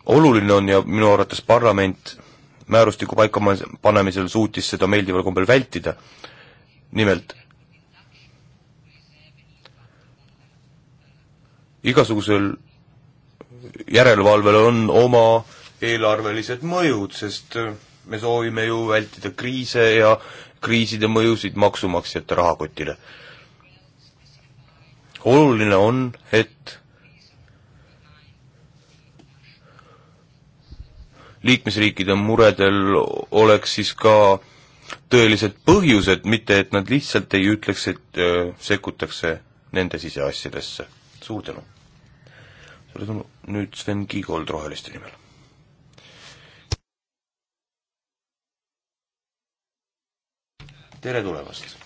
oluline on ja minu arvates parlament määrustiku paikapanemisel suutis seda meeldival kombel vältida, nimelt igasugusel järelevalvel on oma eelarvelised mõjud, sest me soovime ju vältida kriise ja kriiside mõjusid maksumaksjate rahakotile. oluline on, et liikmesriikide muredel oleks siis ka tõelised põhjused, mitte et nad lihtsalt ei ütleks, et öö, sekkutakse nende siseasjadesse. suur tänu! suur tänu, nüüd Sven Kiigold Roheliste nimel. tere tulemast!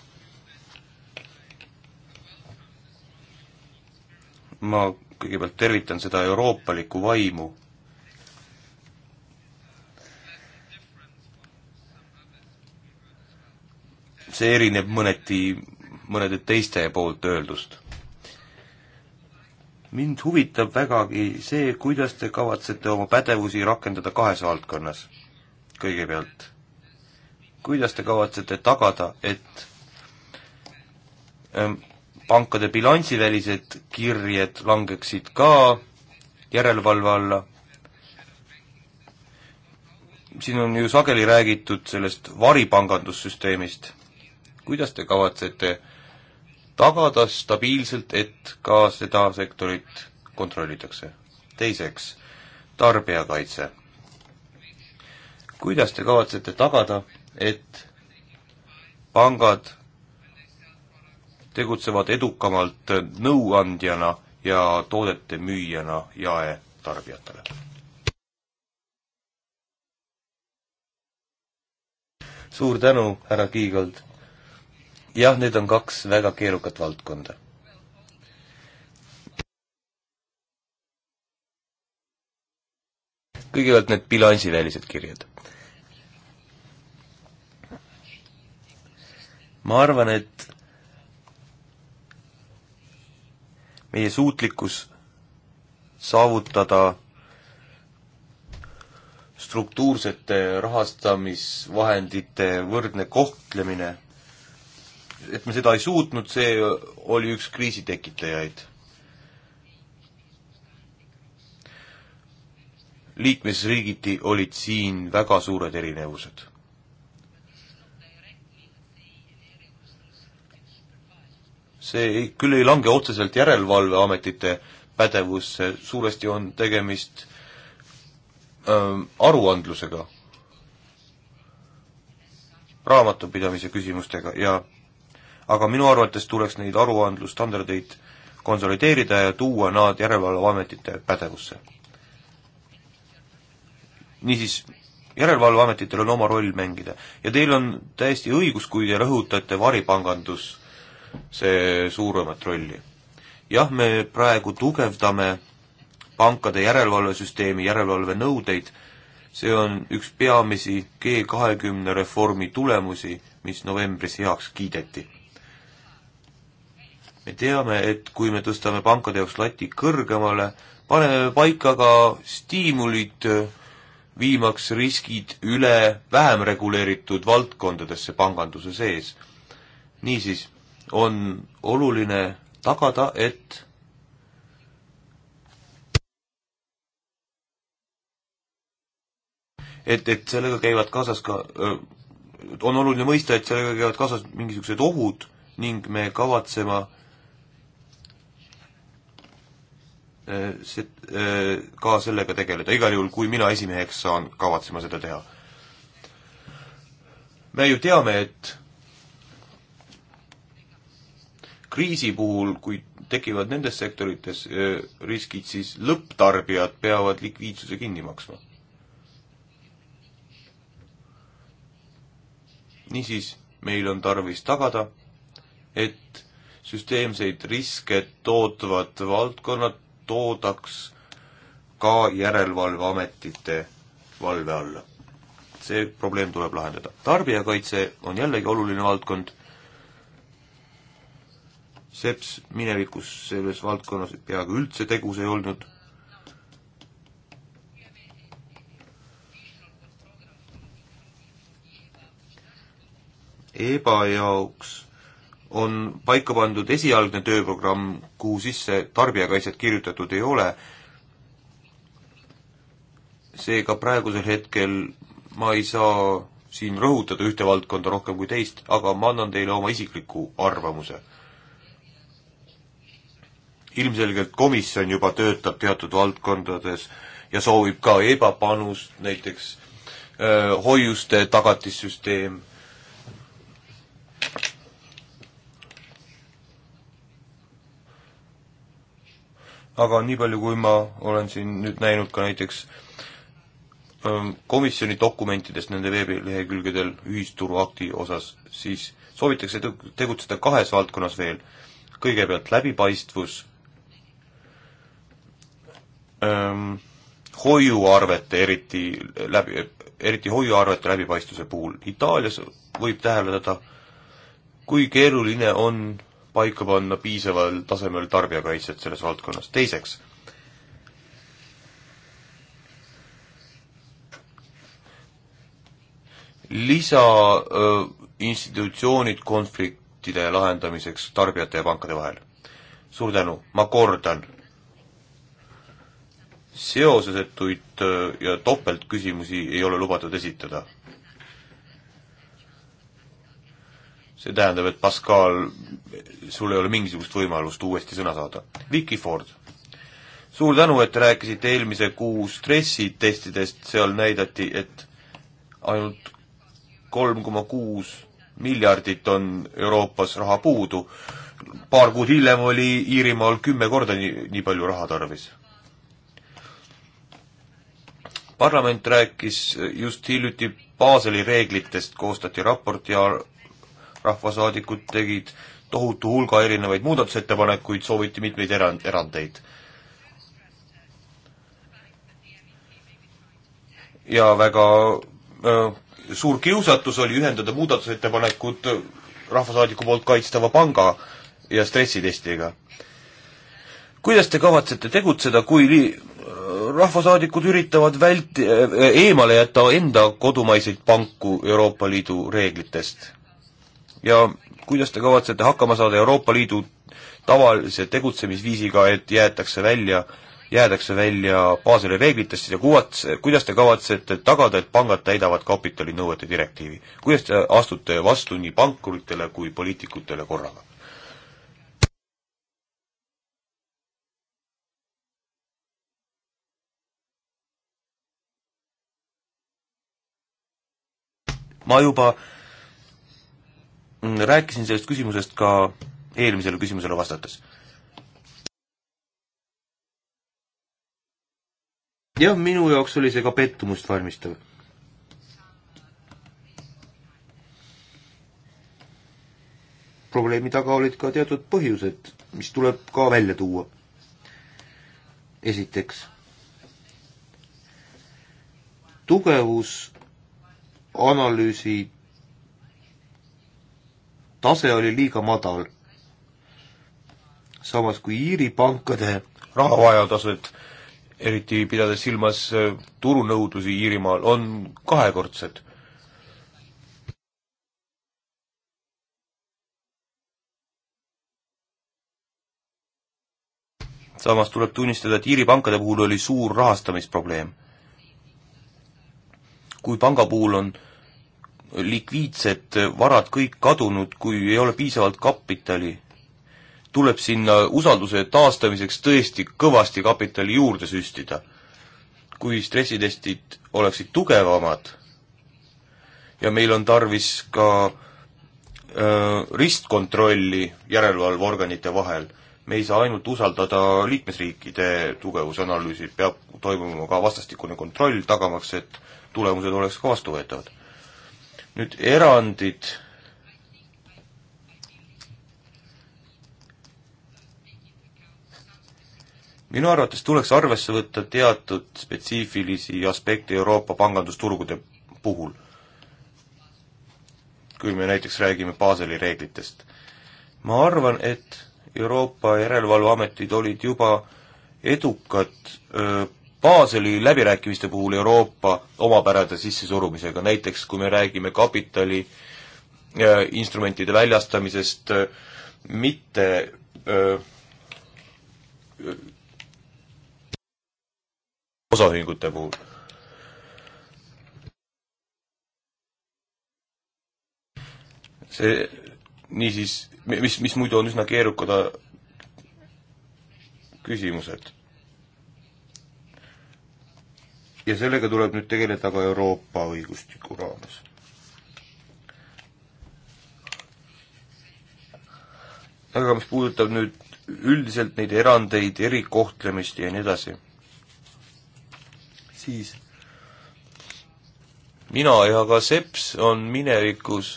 ma kõigepealt tervitan seda euroopalikku vaimu, see erineb mõneti mõnede teiste poolt öeldust. mind huvitab vägagi see, kuidas te kavatsete oma pädevusi rakendada kahes valdkonnas. kõigepealt kuidas te kavatsete tagada, et ähm, pankade bilansivälised kirjed langeksid ka järelevalve alla? siin on ju sageli räägitud sellest varipangandussüsteemist. kuidas te kavatsete tagada stabiilselt, et ka seda sektorit kontrollitakse? teiseks, tarbijakaitse. kuidas te kavatsete tagada, et pangad tegutsevad edukamalt nõuandjana ja toodete müüjana jaetarbijatele. suur tänu, härra Kiigold. jah, need on kaks väga keerukat valdkonda. kõigepealt need bilansivälised kirjad ma arvan, et meie suutlikkus saavutada struktuursete rahastamisvahendite võrdne kohtlemine, et me seda ei suutnud, see oli üks kriisi tekitajaid. liikmesriigiti olid siin väga suured erinevused see ei, küll ei lange otseselt järelevalveametite pädevusse, suuresti on tegemist ähm, aruandlusega, raamatupidamise küsimustega ja aga minu arvates tuleks neid aruandlusstandardeid konsolideerida ja tuua nad järelevalveametite pädevusse. niisiis, järelevalveametitel on oma roll mängida ja teil on täiesti õigus, kui te rõhutate varipangandus see suuremat rolli. jah, me praegu tugevdame pankade järelevalvesüsteemi järelevalvenõudeid, see on üks peamisi G kahekümne reformi tulemusi, mis novembris heaks kiideti. me teame, et kui me tõstame pankade jaoks lati kõrgemale, paneme paika ka stiimulid viimaks riskid üle vähem reguleeritud valdkondadesse panganduse sees. niisiis, on oluline tagada, et et, et sellega käivad kaasas ka, on oluline mõista, et sellega käivad kaasas mingisugused ohud ning me kavatsema see, ka sellega tegeleda, igal juhul kui mina esimeheks saan, kavatsema seda teha. me ju teame, et kriisi puhul, kui tekivad nendes sektorites äh, riskid, siis lõpptarbijad peavad likviidsuse kinni maksma. niisiis, meil on tarvis tagada, et süsteemseid riske tootvad valdkonnad toodaks ka järelevalveametite valve alla. see probleem tuleb lahendada. tarbijakaitse on jällegi oluline valdkond seps minevikus selles valdkonnas peaaegu üldse tegus ei olnud. EBA jaoks on paika pandud esialgne tööprogramm, kuhu sisse tarbijakaitset kirjutatud ei ole, seega praegusel hetkel ma ei saa siin rõhutada ühte valdkonda rohkem kui teist, aga ma annan teile oma isikliku arvamuse ilmselgelt komisjon juba töötab teatud valdkondades ja soovib ka ebapanust, näiteks öö, hoiuste tagatissüsteem. aga nii palju, kui ma olen siin nüüd näinud ka näiteks komisjoni dokumentidest nende veebilehekülgedel ühisturuakti osas, siis soovitakse tegutseda kahes valdkonnas veel. kõigepealt läbipaistvus ähm, hoiuarvete eriti läbi, eriti hoiuarvete läbipaistvuse puhul. Itaalias võib täheldada, kui keeruline on paika panna piisaval tasemel tarbijakaitset selles valdkonnas. teiseks, lisainstitutsioonid konfliktide lahendamiseks tarbijate ja pankade vahel. suur tänu, ma kordan, seosesetuid äh, ja topeltküsimusi ei ole lubatud esitada. see tähendab, et Pascal, sul ei ole mingisugust võimalust uuesti sõna saada. Vicky Ford, suur tänu, et te rääkisite eelmise kuu stressitestidest, seal näidati, et ainult kolm koma kuus miljardit on Euroopas raha puudu. paar kuud hiljem oli Iirimaal kümme korda nii, nii palju raha tarvis parlament rääkis just hiljuti Baseli reeglitest, koostati raport ja rahvasaadikud tegid tohutu hulga erinevaid muudatusettepanekuid, sooviti mitmeid erand, erandeid. ja väga äh, suur kiusatus oli ühendada muudatusettepanekud rahvasaadiku poolt kaitstava panga ja stressitestiga. kuidas te kavatsete tegutseda, kui li-, rahvasaadikud üritavad vält-, äh, eemale jätta enda kodumaiseid panku Euroopa Liidu reeglitest. ja kuidas te kavatsete hakkama saada Euroopa Liidu tavalise tegutsemisviisiga, et jäetakse välja, jäädakse välja Baseli reeglitest ja kuvat-, kuidas te kavatsete tagada, et pangad täidavad kapitalinõuete direktiivi? kuidas te astute vastu nii pankuritele kui poliitikutele korraga? ma juba mm, rääkisin sellest küsimusest ka eelmisele küsimusele vastates. jah, minu jaoks oli see ka pettumust valmistav. probleemi taga olid ka teatud põhjused, mis tuleb ka välja tuua. esiteks, tugevus analüüsi tase oli liiga madal. samas kui Iiri pankade rahavajadused, eriti pidades silmas äh, turunõudlusi Iirimaal, on kahekordsed. samas tuleb tunnistada, et Iiri pankade puhul oli suur rahastamisprobleem kui panga puhul on likviidsed varad kõik kadunud, kui ei ole piisavalt kapitali, tuleb sinna usalduse taastamiseks tõesti kõvasti kapitali juurde süstida. kui stressitestid oleksid tugevamad ja meil on tarvis ka öö, ristkontrolli järelevalveorganite vahel, me ei saa ainult usaldada liikmesriikide tugevusanalüüsi, peab toimuma ka vastastikune kontroll, tagamaks, et tulemused oleks ka vastuvõetavad. nüüd erandid minu arvates tuleks arvesse võtta teatud spetsiifilisi aspekte Euroopa pangandusturgude puhul. kui me näiteks räägime Baseli reeglitest. ma arvan, et Euroopa järelevalveametid olid juba edukad öö, Baseli läbirääkimiste puhul Euroopa omapärade sissesurumisega, näiteks kui me räägime kapitali äh, instrumentide väljastamisest äh, mitte öö, äh, öö, äh, osaühingute puhul. see niisiis, mis, mis muidu on üsna keerukad küsimused ja sellega tuleb nüüd tegeleda ka Euroopa õigustiku raames. aga mis puudutab nüüd üldiselt neid erandeid, erikohtlemist ja nii edasi, siis mina ja ka Seps on minevikus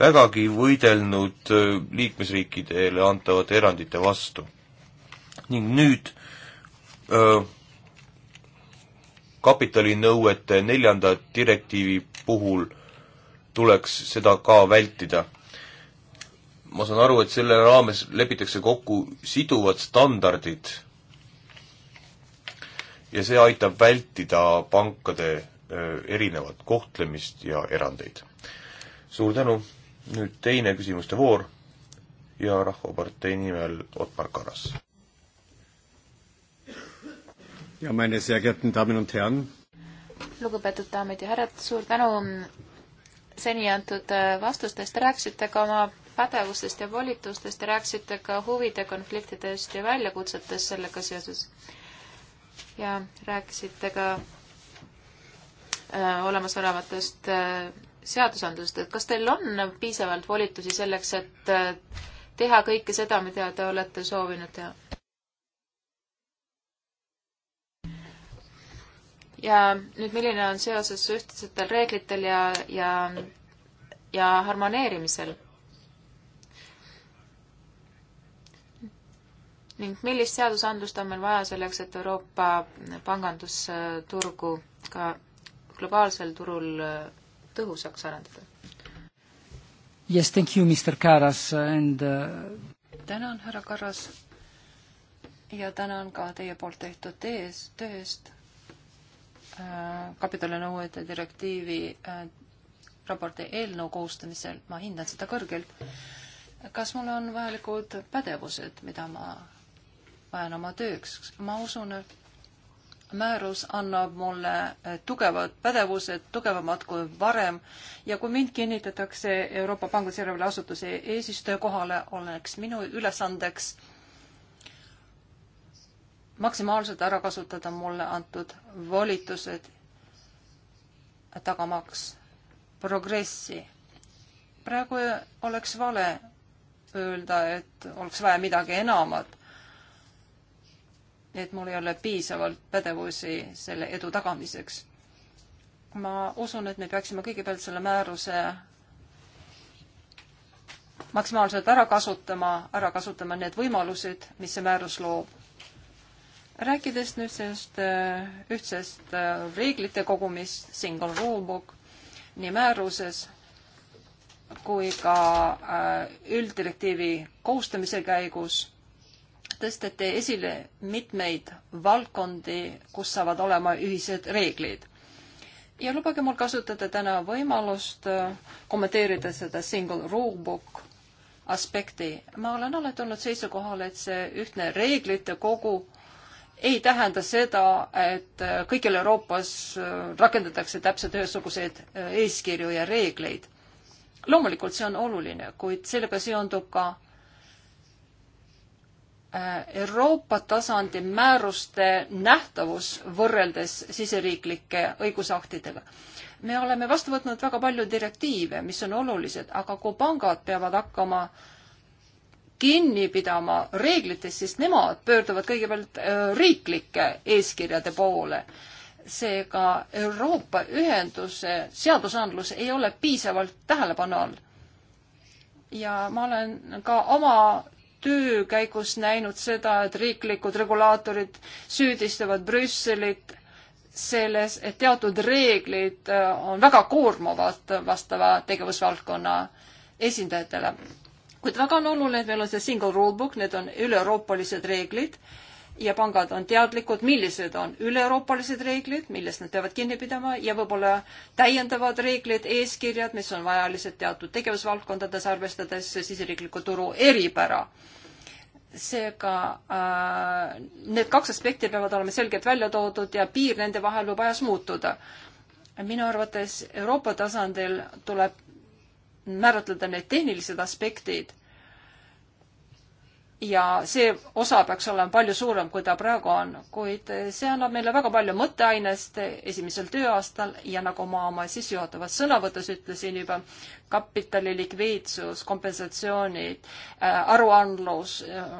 vägagi võidelnud äh, liikmesriikidele antavate erandite vastu. ning nüüd öö, äh, kapitalinõuete neljanda direktiivi puhul tuleks seda ka vältida. ma saan aru, et selle raames lepitakse kokku siduvad standardid ja see aitab vältida pankade erinevat kohtlemist ja erandeid. suur tänu, nüüd teine küsimuste voor ja Rahvapartei nimel Otmar Karas ja meine sehr geehrten Damen und Herren. lugupeetud daamid ja härrad, suur tänu seni antud äh, vastustest, rääkisite ka oma pädevustest ja volitustest ja rääkisite ka huvide konfliktidest ja väljakutsetest sellega seoses. ja rääkisite ka äh, olemasolevatest äh, seadusandlust, et kas teil on piisavalt volitusi selleks, et teha kõike seda, mida te olete soovinud teha? ja nüüd, milline on seoses ühtsetel reeglitel ja, ja, ja harmoneerimisel? ning millist seadusandlust on meil vaja selleks, et Euroopa pangandusturgu ka globaalsel turul äh, tõhusaks arendada? Yes, thank you, Mr Karas uh, and uh... tänan, härra Karas ja tänan ka teie poolt tehtud tees, töö eest Äh, kapitalinõuete direktiivi äh, raporti eelnõu koostamisel, ma hindan seda kõrgelt. kas mul on vajalikud pädevused, mida ma vajan oma tööks? ma usun, et määrus annab mulle äh, tugevad pädevused, tugevamad kui varem ja kui mind kinnitatakse Euroopa Pangandusjärelevalve Asutuse eesistuja kohale, oleks minu ülesandeks maksimaalselt ära kasutada mulle antud volitused, tagamaks progressi. praegu oleks vale öelda, et oleks vaja midagi enamat. et mul ei ole piisavalt pädevusi selle edu tagamiseks. ma usun, et me peaksime kõigepealt selle määruse maksimaalselt ära kasutama, ära kasutama need võimalused, mis see määrus loob rääkides nüüd sellest äh, ühtsest äh, reeglite kogumist, single rulebook nii määruses kui ka äh, ülddirektiivi koostamise käigus tõsteti esile mitmeid valdkondi, kus saavad olema ühised reeglid. ja lubage mul kasutada täna võimalust kommenteerida seda single rulebook aspekti. ma olen alati olnud seisukohal, et see ühtne reeglite kogu ei tähenda seda, et äh, kõikjal Euroopas äh, rakendatakse täpselt ühesuguseid äh, eeskirju ja reegleid. loomulikult see on oluline, kuid sellega seondub ka Euroopa tasandi määruste nähtavus võrreldes siseriiklike õigusaktidega. me oleme vastu võtnud väga palju direktiive, mis on olulised, aga kui pangad peavad hakkama äh, kinni pidama reeglitest, sest nemad pöörduvad kõigepealt äh, riiklike eeskirjade poole. seega Euroopa Ühenduse seadusandlus ei ole piisavalt tähelepanu all. ja ma olen ka oma töö käigus näinud seda, et riiklikud regulaatorid süüdistavad Brüsselit selles, et teatud reeglid äh, on väga koormavad vastava tegevusvaldkonna esindajatele kuid väga on oluline, et meil on see single rulebook, need on üle-euroopalised reeglid ja pangad on teadlikud, millised on üle-euroopalised reeglid, millest nad peavad kinni pidama ja võib-olla täiendavad reeglid, eeskirjad, mis on vajalised teatud tegevusvaldkondades, arvestades siseriikliku turu eripära seega äh, need kaks aspekti peavad olema selgelt välja toodud ja piir nende vahel võib ajas muutuda. minu arvates Euroopa tasandil tuleb määratleda need tehnilised aspektid. ja see osa peaks olema palju suurem, kui ta praegu on, kuid see annab meile väga palju mõtteainest esimesel tööaastal ja nagu ma oma sissejuhatavas sõnavõtus ütlesin juba, kapitali likviidsus, kompensatsioonid äh,, aruandlus äh,,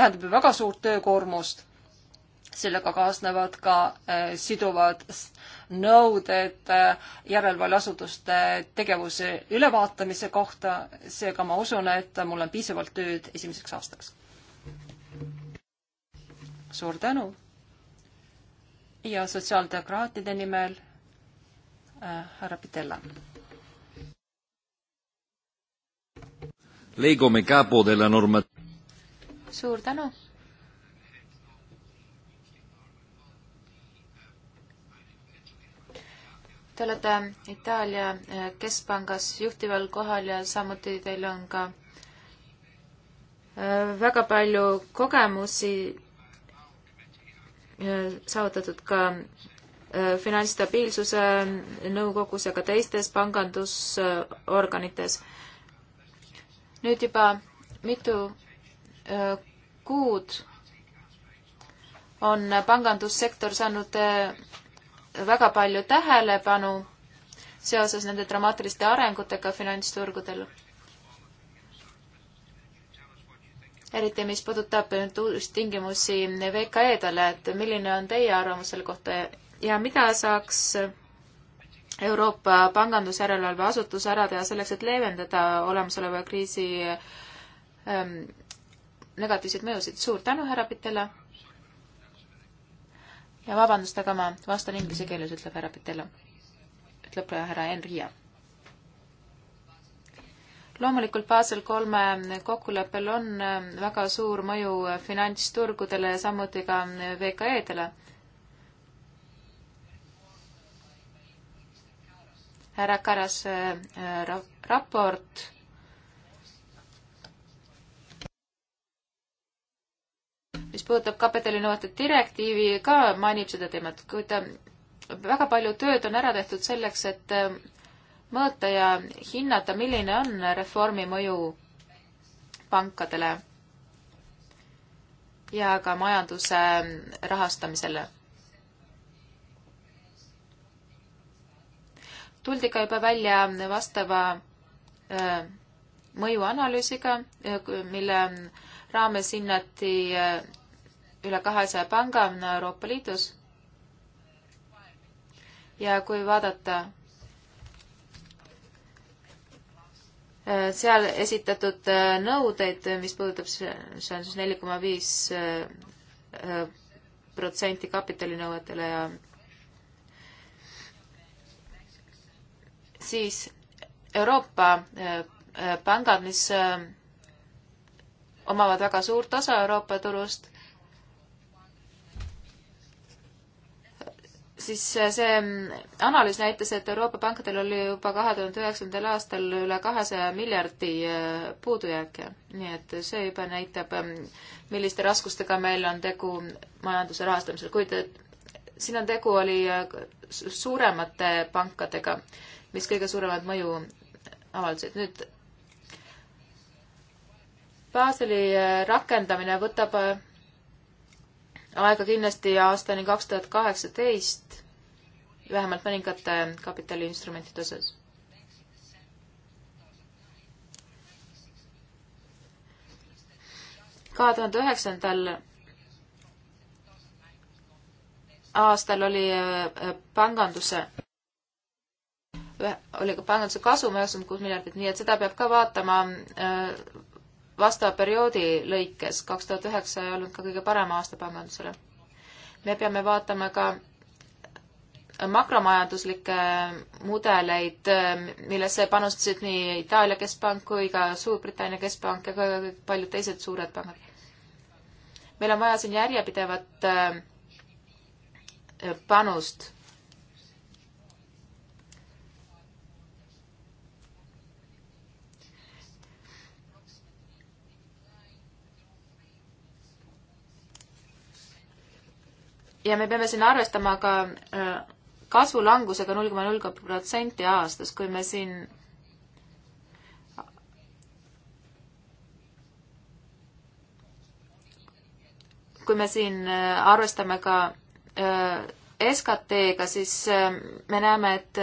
tähendab ju väga suurt töökoormust sellega kaasnevad ka äh, siduvad nõuded äh, järelevalveasutuste tegevuse ülevaatamise kohta, seega ma usun, et mul on piisavalt tööd esimeseks aastaks. suur tänu ja sotsiaaldemokraatide nimel äh, härra Pitella. suur tänu Te olete Itaalia eh, keskpangas juhtival kohal ja samuti teil on ka eh, väga palju kogemusi eh, saavutatud ka finantsstabiilsuse nõukogus ja ka teistes pangandusorganites. nüüd juba mitu kuud on pangandussektor saanud väga palju tähelepanu seoses nende dramaatiliste arengutega finantsturgudel. eriti, mis puudutab nüüd tingimusi VKE-dele, et milline on teie arvamus selle kohta ja mida saaks Euroopa pangandusjärelevalve asutus ära teha selleks, et leevendada olemasoleva kriisi ähm, negatiivseid mõjusid. suur tänu, härra Pitella! ja vabandust, aga ma vastan inglise keeles, ütleb härra Pitello. ütleb härra Enria. loomulikult Basel kolme kokkuleppel on äh, väga suur mõju äh, finantsturgudele ja samuti ka äh, VKE-dele. härra Karas raport mis puudutab kapitalinõuete direktiivi, ka mainib seda teemat, kuid äh, väga palju tööd on ära tehtud selleks, et äh, mõõta ja hinnata, milline on reformi mõju pankadele ja ka majanduse äh, rahastamisele. tuldi ka juba välja vastava mõjuanalüüsiga, mille raames hinnati üle kahesaja panga on Euroopa Liidus. ja kui vaadata äh, seal esitatud äh, nõudeid, mis puudutab, see on siis neli koma viis äh, protsenti kapitalinõuetele ja siis Euroopa pangad, mis omavad väga suurt osa Euroopa turust, siis äh, see mm, analüüs näitas, et Euroopa pankadel oli juba kahe tuhande üheksandal aastal üle kahesaja miljardi äh, puudujääke. nii et see juba näitab, mm, milliste raskustega meil on tegu majanduse rahastamisel, kuid äh, siin on tegu, oli suuremate pankadega, mis kõige suuremat mõju avaldasid. nüüd Baseli rakendamine võtab aega kindlasti aastani kaks tuhat kaheksateist, vähemalt mõningate kapitaliinstrumentide osas. kahe tuhande üheksandal aastal oli äh, panganduse, oli ka panganduse kasum üheksakümmend kuus miljardit, nii et seda peab ka vaatama äh, vastava perioodi lõikes. kaks tuhat üheksa ei olnud ka kõige parem aasta pangandusele. me peame vaatama ka makromajanduslikke mudeleid, millesse panustasid nii Itaalia keskpank kui ka Suurbritannia keskpank ja ka paljud teised suured pangad. meil on vaja siin järjepidevat äh, panust ja me peame siin arvestama ka äh, kasvulangusega null koma null protsenti aastas, kui me siin kui me siin äh, arvestame ka äh, SKT-ga, siis me näeme, et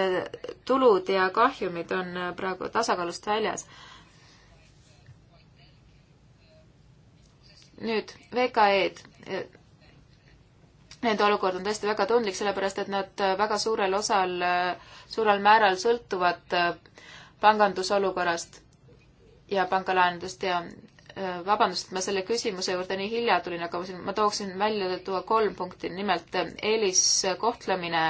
tulud ja kahjumid on praegu tasakaalust väljas. nüüd VKE-d Nende olukord on tõesti väga tundlik, sellepärast et nad äh, väga suurel osal, äh, suurel määral sõltuvad äh, pangandusolukorrast ja pangalaenudest ja vabandust, et ma selle küsimuse juurde nii hilja tulin, aga ma tooksin välja tuua kolm punkti, nimelt eeliskohtlemine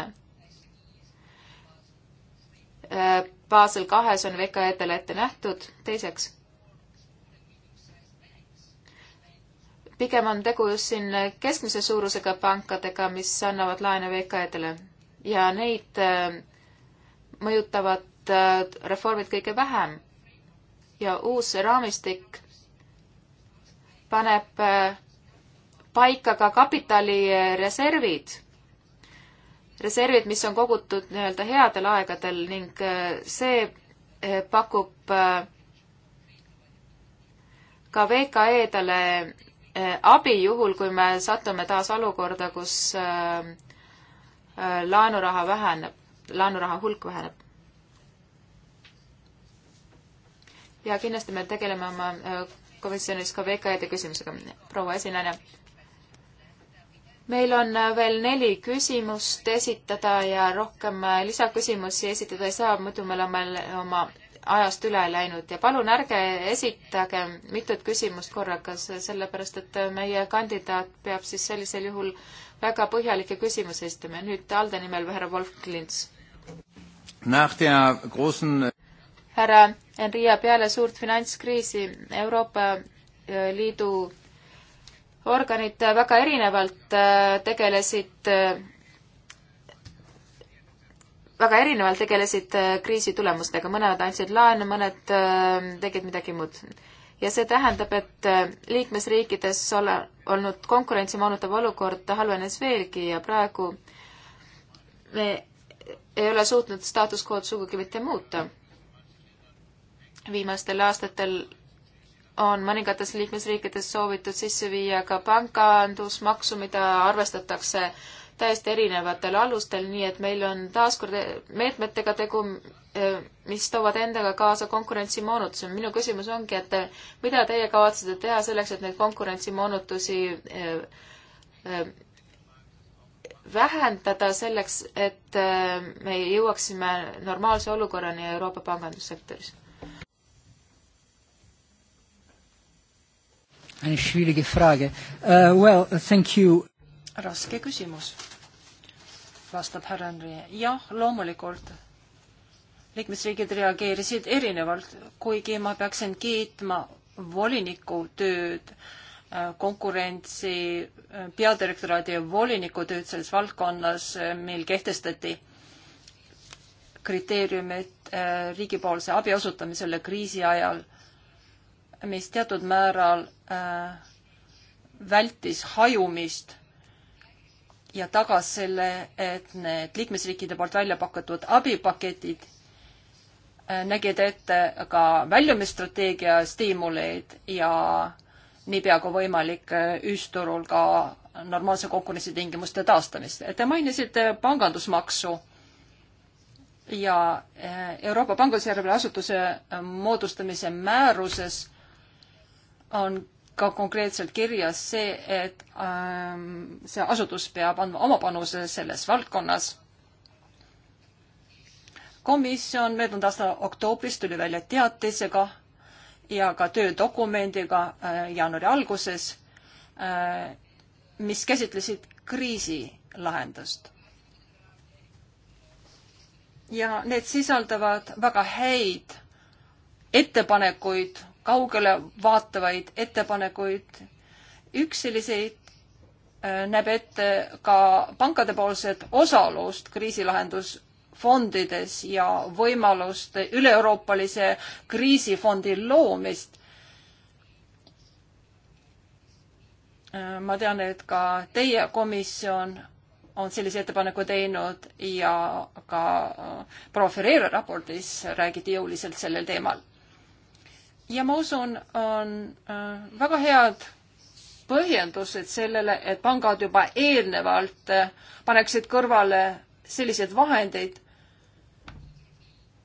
Basel kahes on VKE-dele ette nähtud, teiseks pigem on tegu just siin keskmise suurusega pankadega, mis annavad laene VKE-dele ja neid äh, mõjutavad äh, reformid kõige vähem. ja uus raamistik paneb äh, paika ka kapitalireservid, reservid, mis on kogutud nii-öelda headel aegadel ning see pakub ka VKE-dele Äh, abi juhul, kui me satume taas olukorda, kus äh, äh, laenuraha väheneb, laenuraha hulk väheneb. ja kindlasti me tegeleme oma komisjonis ka VKE-de küsimusega, proua esinaine. meil on veel neli küsimust esitada ja rohkem lisaküsimusi esitada ei saa, muidu me oleme oma ajast üle läinud ja palun ärge esitage mitut küsimust korraga, sellepärast et meie kandidaat peab siis sellisel juhul väga põhjalikke küsimusi esitama ja nüüd ALDE nimel härra Wolf Klints. Großen... härra Enria, peale suurt finantskriisi Euroopa äh, Liidu organid väga erinevalt äh, tegelesid äh, väga erinevalt tegelesid äh, kriisi tulemustega, mõned andsid laenu, mõned äh, tegid midagi muud. ja see tähendab, et äh, liikmesriikides ole, olnud konkurentsi moonutav olukord halvenes veelgi ja praegu me ei ole suutnud staatus quo'd sugugi mitte muuta. viimastel aastatel on mõningates liikmesriikides soovitud sisse viia ka pangandusmaksu, mida arvestatakse äh, täiesti erinevatel alustel, nii et meil on taaskord meetmetega tegu, eh, mis toovad endaga kaasa konkurentsimoonutusi. minu küsimus ongi, et mida teie kavatsete teha selleks, et neid konkurentsimoonutusi eh, eh, vähendada selleks, et me jõuaksime normaalse olukorrani Euroopa pangandussektoris? Eine schwierige Frage. Uh, well, thank you raske küsimus vastab härra Henri. jah, loomulikult. liikmesriigid reageerisid erinevalt, kuigi ma peaksin kiitma voliniku tööd, äh, konkurentsi äh, peadirektoraadi voliniku tööd selles valdkonnas, äh, mil kehtestati kriteeriumid riigipoolse abi osutamisele kriisi ajal, mis teatud määral vältis hajumist ja tagas selle, et need liikmesriikide poolt välja pakutud abipaketid äh, nägid ette ka väljumisstrateegia stiimuleid ja niipea kui võimalik äh, ühisturul ka normaalse konkurentsitingimuste taastamist. Te mainisite pangandusmaksu ja äh, Euroopa Pangandusjärelevalve Asutuse moodustamise määruses on ka konkreetselt kirjas see, et ähm, see asutus peab andma oma panuse selles valdkonnas. komisjon möödunud aasta oktoobris tuli välja teatisega ja ka töödokumendiga äh, jaanuari alguses äh,, mis käsitlesid kriisi lahendust. ja need sisaldavad väga häid ettepanekuid kaugele vaatavaid ettepanekuid. üks selliseid äh, näeb ette ka pankadepoolset osalust kriisilahendusfondides ja võimalust üle-euroopalise kriisifondi loomist. Äh, ma tean, et ka teie komisjon on sellise ettepaneku teinud ja ka äh, proua Ferreira raportis räägiti jõuliselt sellel teemal ja ma usun, on äh, väga head põhjendused sellele, et pangad juba eelnevalt äh, paneksid kõrvale selliseid vahendeid,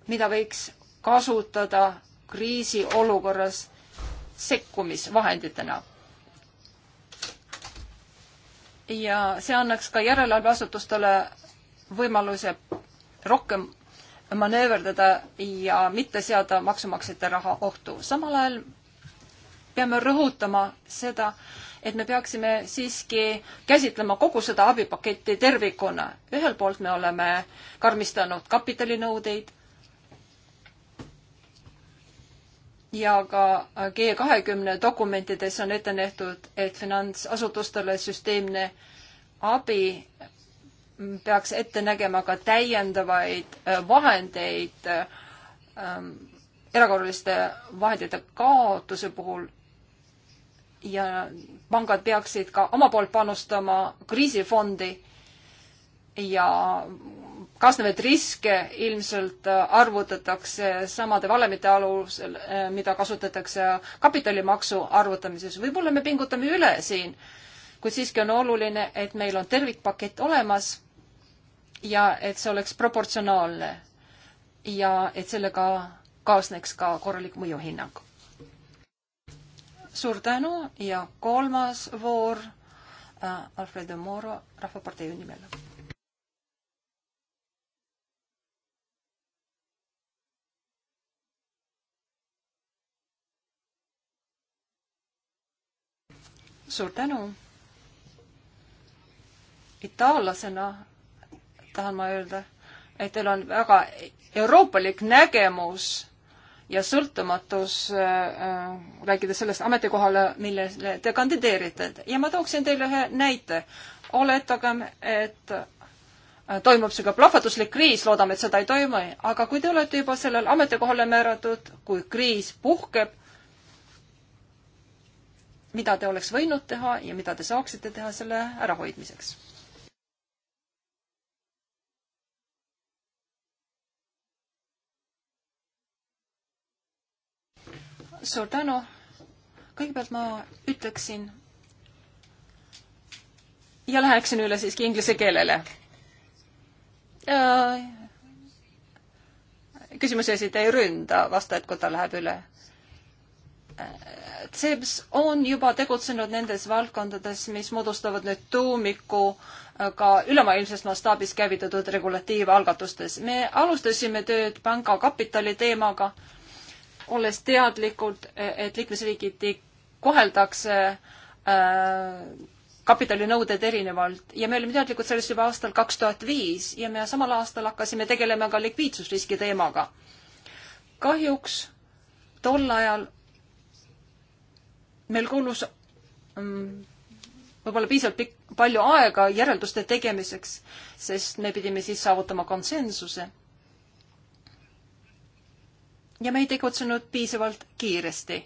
mida võiks kasutada kriisiolukorras sekkumisvahenditena. ja see annaks ka järelevalveasutustele võimaluse rohkem manööverdada ja mitte seada maksumaksjate raha ohtu. samal ajal peame rõhutama seda, et me peaksime siiski käsitlema kogu seda abipaketti tervikuna. ühelt poolt me oleme karmistanud kapitalinõudeid ja ka G kahekümne dokumentides on ette nähtud, et finantsasutustele süsteemne abi peaks ette nägema ka täiendavaid äh, vahendeid ähm, erakorraliste vahendite kaotuse puhul ja pangad peaksid ka oma poolt panustama kriisifondi ja kaasnevaid riske ilmselt äh, arvutatakse samade valemite alusel, äh, mida kasutatakse kapitalimaksu arvutamises. võib-olla me pingutame üle siin, kuid siiski on oluline, et meil on tervikpakett olemas ja et see oleks proportsionaalne ja et sellega kaasneks ka korralik mõjuhinnang. suur tänu ja kolmas voor äh, Alfredo Moro Rahvapartei nimel. suur tänu. itaallasena tahan ma öelda, et teil on väga euroopalik nägemus ja sõltumatus äh, äh,, rääkides sellest ametikohale, millele te kandideerite. ja ma tooksin teile ühe näite. oletagem, et äh, toimub niisugune plahvatuslik kriis, loodame, et seda ei toimu, aga kui te olete juba sellele ametikohale määratud, kui kriis puhkeb, mida te oleks võinud teha ja mida te saaksite teha selle ärahoidmiseks? suur tänu. kõigepealt ma ütleksin ja läheksin üle siiski inglise keelele. küsimuse esitaja ei ründa vastajat, kui ta läheb üle. CEBS on juba tegutsenud nendes valdkondades, mis moodustavad nüüd tuumiku ka ülemaailmses mastaabis käivitatud regulatiivalgatustes. me alustasime tööd pangakapitali teemaga äh, olles teadlikud, et liikmesriigiti koheldakse äh, kapitalinõuded erinevalt ja me olime teadlikud sellest juba aastal kaks tuhat viis ja me samal aastal hakkasime tegelema ka likviidsusriski teemaga. kahjuks tol ajal meil kulus mm, võib-olla piisavalt pikk, palju aega järelduste tegemiseks, sest me pidime siis saavutama konsensuse ja me ei tegutsenud piisavalt kiiresti.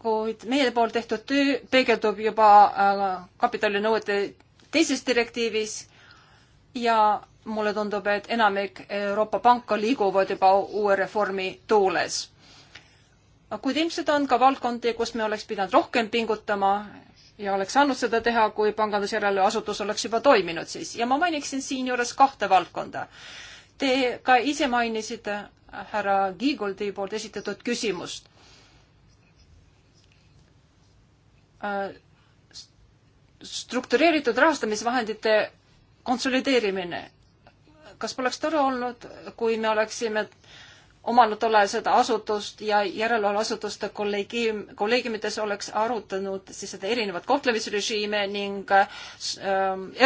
kuid meie poolt tehtud töö peegeldub juba äh, kapitalinõuete teises direktiivis ja mulle tundub, et enamik Euroopa panka liiguvad juba uue reformi tuules. kuid ilmselt on ka valdkondi, kus me oleks pidanud rohkem pingutama ja oleks saanud seda teha, kui pangandusjärelevalveasutus oleks juba toiminud siis. ja ma mainiksin siinjuures kahte valdkonda. Te ka ise mainisite härra Kiigoldi poolt esitatud küsimust. struktureeritud rahastamisvahendite konsolideerimine. kas poleks tore olnud, kui me oleksime omanud tol ajal seda asutust ja järelevalveasutuste kolleegium, kolleegiumites oleks arutanud siis seda erinevat kohtlemisrežiime ning äh,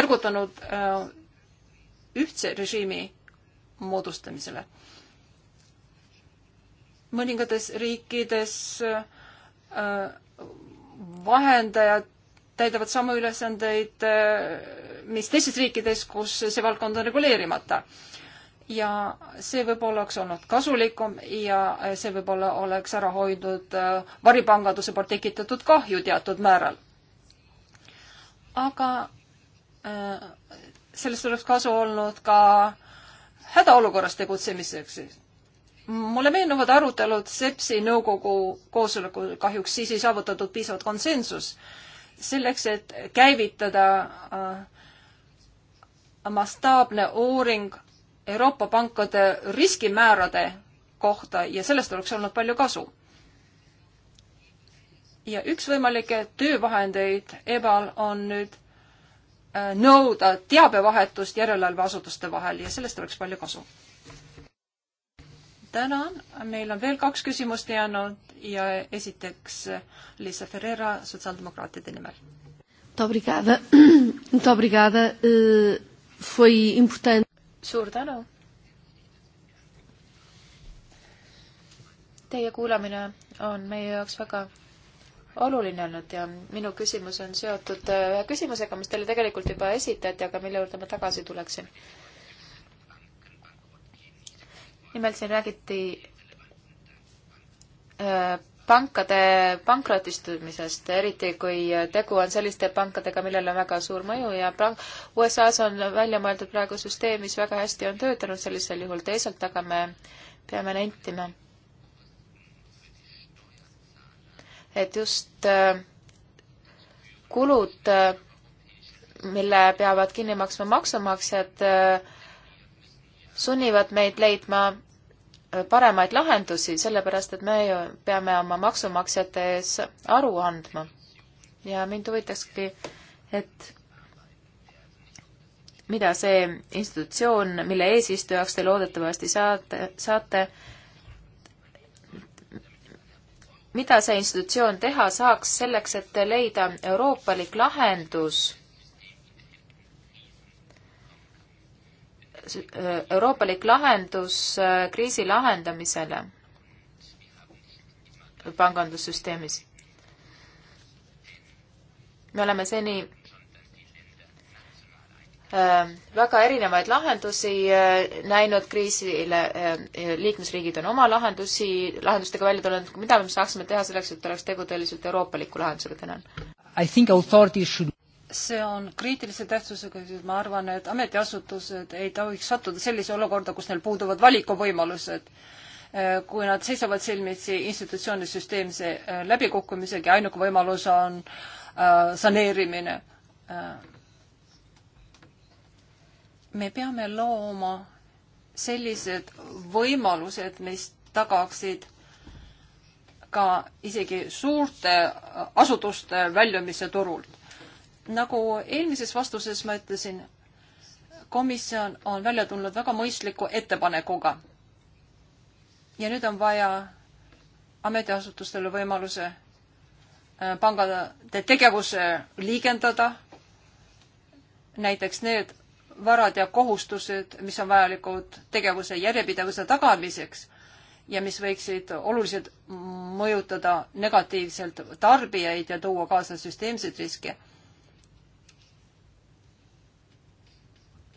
ergutanud äh, ühtse režiimi moodustamisele. mõningates riikides äh, vahendajad täidavad samu ülesandeid, äh, mis teistes riikides, kus see valdkond on reguleerimata. ja see võib-olla oleks olnud kasulikum ja see võib-olla oleks ära hoidnud äh, varipanganduse poolt tekitatud kahju teatud määral. aga sellest oleks kasu olnud ka hädaolukorras tegutsemiseks. mulle meenuvad arutelud SEPSi nõukogu koosolekul, kahjuks siis ei saavutatud piisavat konsensus, selleks, et käivitada äh, mastaapne uuring Euroopa pankade riskimäärade kohta ja sellest oleks olnud palju kasu. ja üks võimalikke töövahendeid EBA-l on nüüd Äh, nõuda teabevahetust järelevalveasutuste vahel ja sellest oleks palju kasu. tänan, meil on veel kaks küsimust jäänud ja esiteks Liisa Ferreira sotsiaaldemokraatide nimel. Eh, suur tänu. Teie kuulamine on meie jaoks väga oluline olnud ja minu küsimus on seotud ühe äh, küsimusega, mis teile tegelikult juba esitati, aga mille juurde ma tagasi tuleksin. nimelt siin räägiti äh, pankade pankrotistumisest, eriti kui tegu on selliste pankadega, millel on väga suur mõju ja USA-s on välja mõeldud praegu süsteem, mis väga hästi on töötanud sellisel juhul, teisalt aga me peame nentima, et just äh, kulud, äh, mille peavad kinni maksma maksumaksjad, äh, sunnivad meid leidma paremaid lahendusi, sellepärast et me ju peame oma maksumaksjate ees aru andma. ja mind huvitakski, et mida see institutsioon, mille eesistujaks te loodetavasti saate, saate, mida see institutsioon teha saaks selleks, et leida euroopalik lahendus, äh, euroopalik lahendus äh, kriisi lahendamisele pangandussüsteemis? me oleme seni Äh, väga erinevaid lahendusi äh, näinud kriisile, äh, liikmesriigid on oma lahendusi, lahendustega välja tulnud, mida me saaksime teha selleks, et oleks tegu tõeliselt euroopaliku lahendusega, tänan. see on kriitilise tähtsusega, sest ma arvan, et ametiasutused ei tohiks sattuda sellise olukorda, kus neil puuduvad valikuvõimalused kui nad seisavad silmitsi institutsiooni süsteemse läbikukkumisega ja ainuke võimalus on saneerimine me peame looma sellised võimalused, mis tagaksid ka isegi suurte asutuste väljumise turult. nagu eelmises vastuses ma ütlesin, komisjon on välja tulnud väga mõistliku ettepanekuga. ja nüüd on vaja ametiasutustele võimaluse äh, pangade tegevuse liigendada. näiteks need varad ja kohustused, mis on vajalikud tegevuse järjepidevuse tagamiseks ja mis võiksid oluliselt mõjutada negatiivselt tarbijaid ja tuua kaasa süsteemseid riske.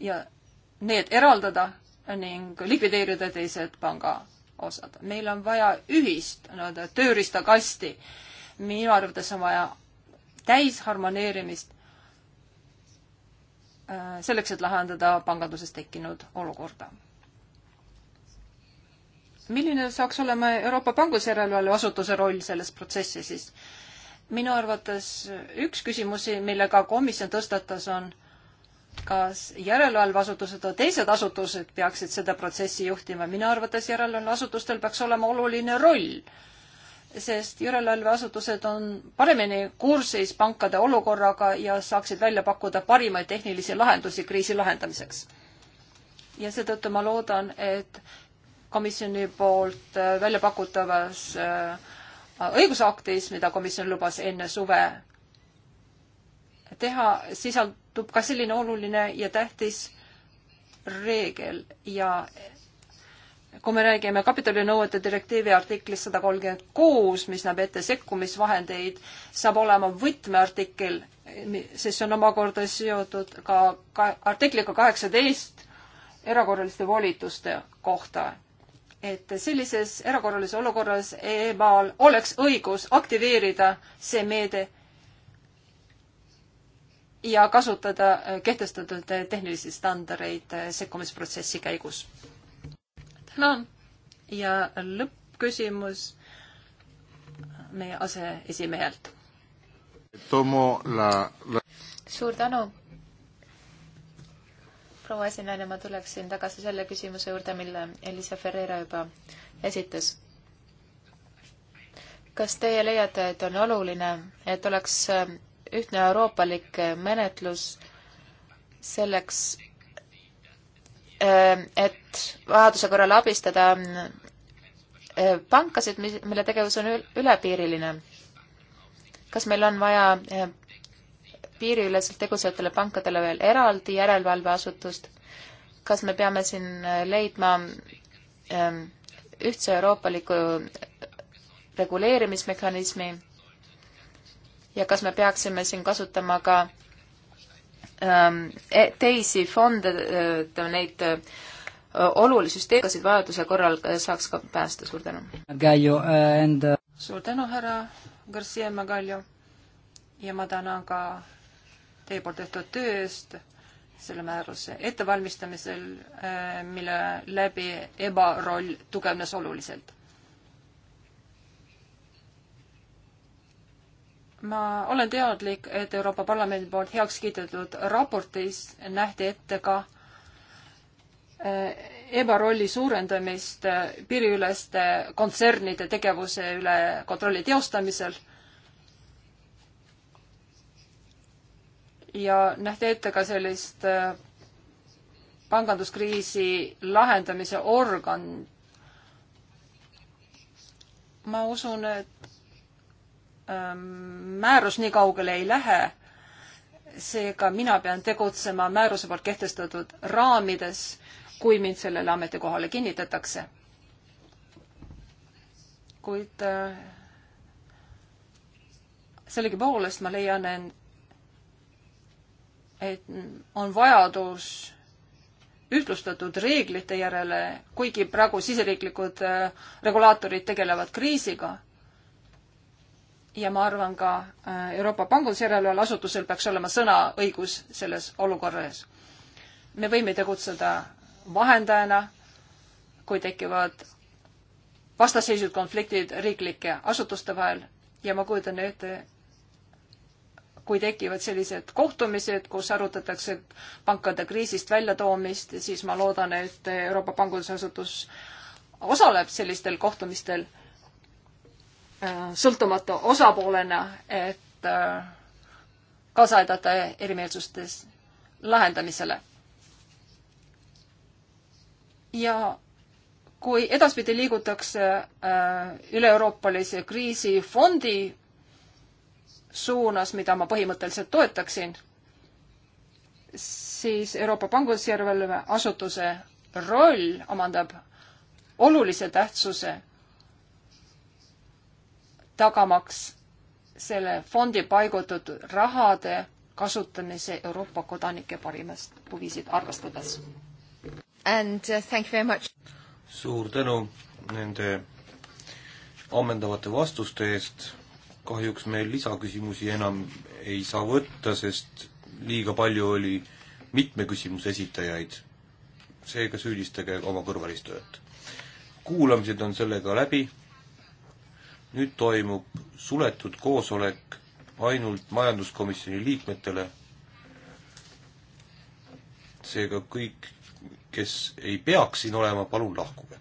ja need eraldada ning likvideerida teised pangaosad. meil on vaja ühist nii-öelda tööriistakasti. minu arvates on vaja täisharmoneerimist Äh, selleks, et lahendada panganduses tekkinud olukorda. milline saaks olema Euroopa Pangandusjärelevalve asutuse roll selles protsessis siis? minu arvates üks küsimusi, millega komisjon tõstatas, on kas järelevalveasutused või teised asutused peaksid seda protsessi juhtima. minu arvates järelevalveasutustel peaks olema oluline roll äh, sest järelevalveasutused on paremini kursis pankade olukorraga ja saaksid välja pakkuda parimaid tehnilisi lahendusi kriisi lahendamiseks. ja seetõttu ma loodan, et komisjoni poolt äh, välja pakutavas äh, õigusaktis, mida komisjon lubas enne suve teha, sisaldub ka selline oluline ja tähtis reegel ja kui me räägime kapitalinõuete direktiivi artiklist sada kolmkümmend kuus, mis näeb ette sekkumisvahendeid, saab olema võtmeartikkel, sest see on omakorda seotud ka, ka artikliga kaheksateist erakorraliste volituste kohta. et sellises erakorralises olukorras EMA-l oleks õigus aktiveerida see meede ja kasutada kehtestatud tehnilisi standardeid sekkumisprotsessi käigus plaan ja lõppküsimus meie aseesimehelt. Tomo la, la... suur tänu. proua esinaine, ma tuleksin tagasi selle küsimuse juurde, mille Elisa Ferreira juba esitas. kas teie leiate, et on oluline, et oleks ühtne euroopalik menetlus selleks, Äh, et vajaduse korral abistada äh, pankasid, mille tegevus on ülepiiriline. kas meil on vaja äh, piiriüleselt tegutsevatele pankadele veel eraldi järelevalveasutust? kas me peame siin leidma ähm, ühtse euroopaliku reguleerimismehhanismi ja kas me peaksime siin kasutama ka Ähm, e, teisi fonde, äh, neid äh, olulisi süsteemikasid vajaduse korral äh, saaks ka päästa, suur tänu. And... suur tänu, härra Garcia Magallo ja ma tänan ka teie poolt tehtud töö eest selle määruse ettevalmistamisel, mille läbi EBA roll tugevnes oluliselt. ma olen teadlik, et Euroopa Parlamendi poolt heaks kiidetud raportis nähti ette ka eh, ebarolli suurendamist eh, piiriüleste kontsernide tegevuse üle kontrolli teostamisel. ja nähti ette ka sellist eh, panganduskriisi lahendamise organ. ma usun, et Ähm, määrus nii kaugele ei lähe. seega mina pean tegutsema määruse poolt kehtestatud raamides, kui mind sellele ametikohale kinnitatakse. kuid äh, sellegipoolest ma leian, et on vajadus ühtlustatud reeglite järele, kuigi praegu siseriiklikud äh, regulaatorid tegelevad kriisiga ja ma arvan ka äh, Euroopa Pangandusjärelevalve asutusel peaks olema sõnaõigus selles olukorras. me võime tegutseda vahendajana, kui tekivad vastasseisud, konfliktid riiklike asutuste vahel ja ma kujutan ette, kui tekivad sellised kohtumised, kus arutatakse pankade kriisist väljatoomist, siis ma loodan, et Euroopa Pangandusasutus osaleb sellistel kohtumistel Äh, sõltumatu osapoolena, et äh, kaasa aidata erimeelsustes lahendamisele. ja kui edaspidi liigutakse äh, üle-euroopalise kriisifondi suunas, mida ma põhimõtteliselt toetaksin, siis Euroopa Pangandusjärelevalve Asutuse roll omandab olulise tähtsuse tagamaks selle fondi paigutatud rahade kasutamise Euroopa kodanike parimast huvisid arvestades. And uh, thank you very much. suur tänu nende ammendavate vastuste eest. kahjuks me lisaküsimusi enam ei saa võtta, sest liiga palju oli mitme küsimuse esitajaid. seega süüdistage oma kõrvalistujat. kuulamised on sellega läbi nüüd toimub suletud koosolek ainult majanduskomisjoni liikmetele. seega kõik, kes ei peaks siin olema, palun lahkuge.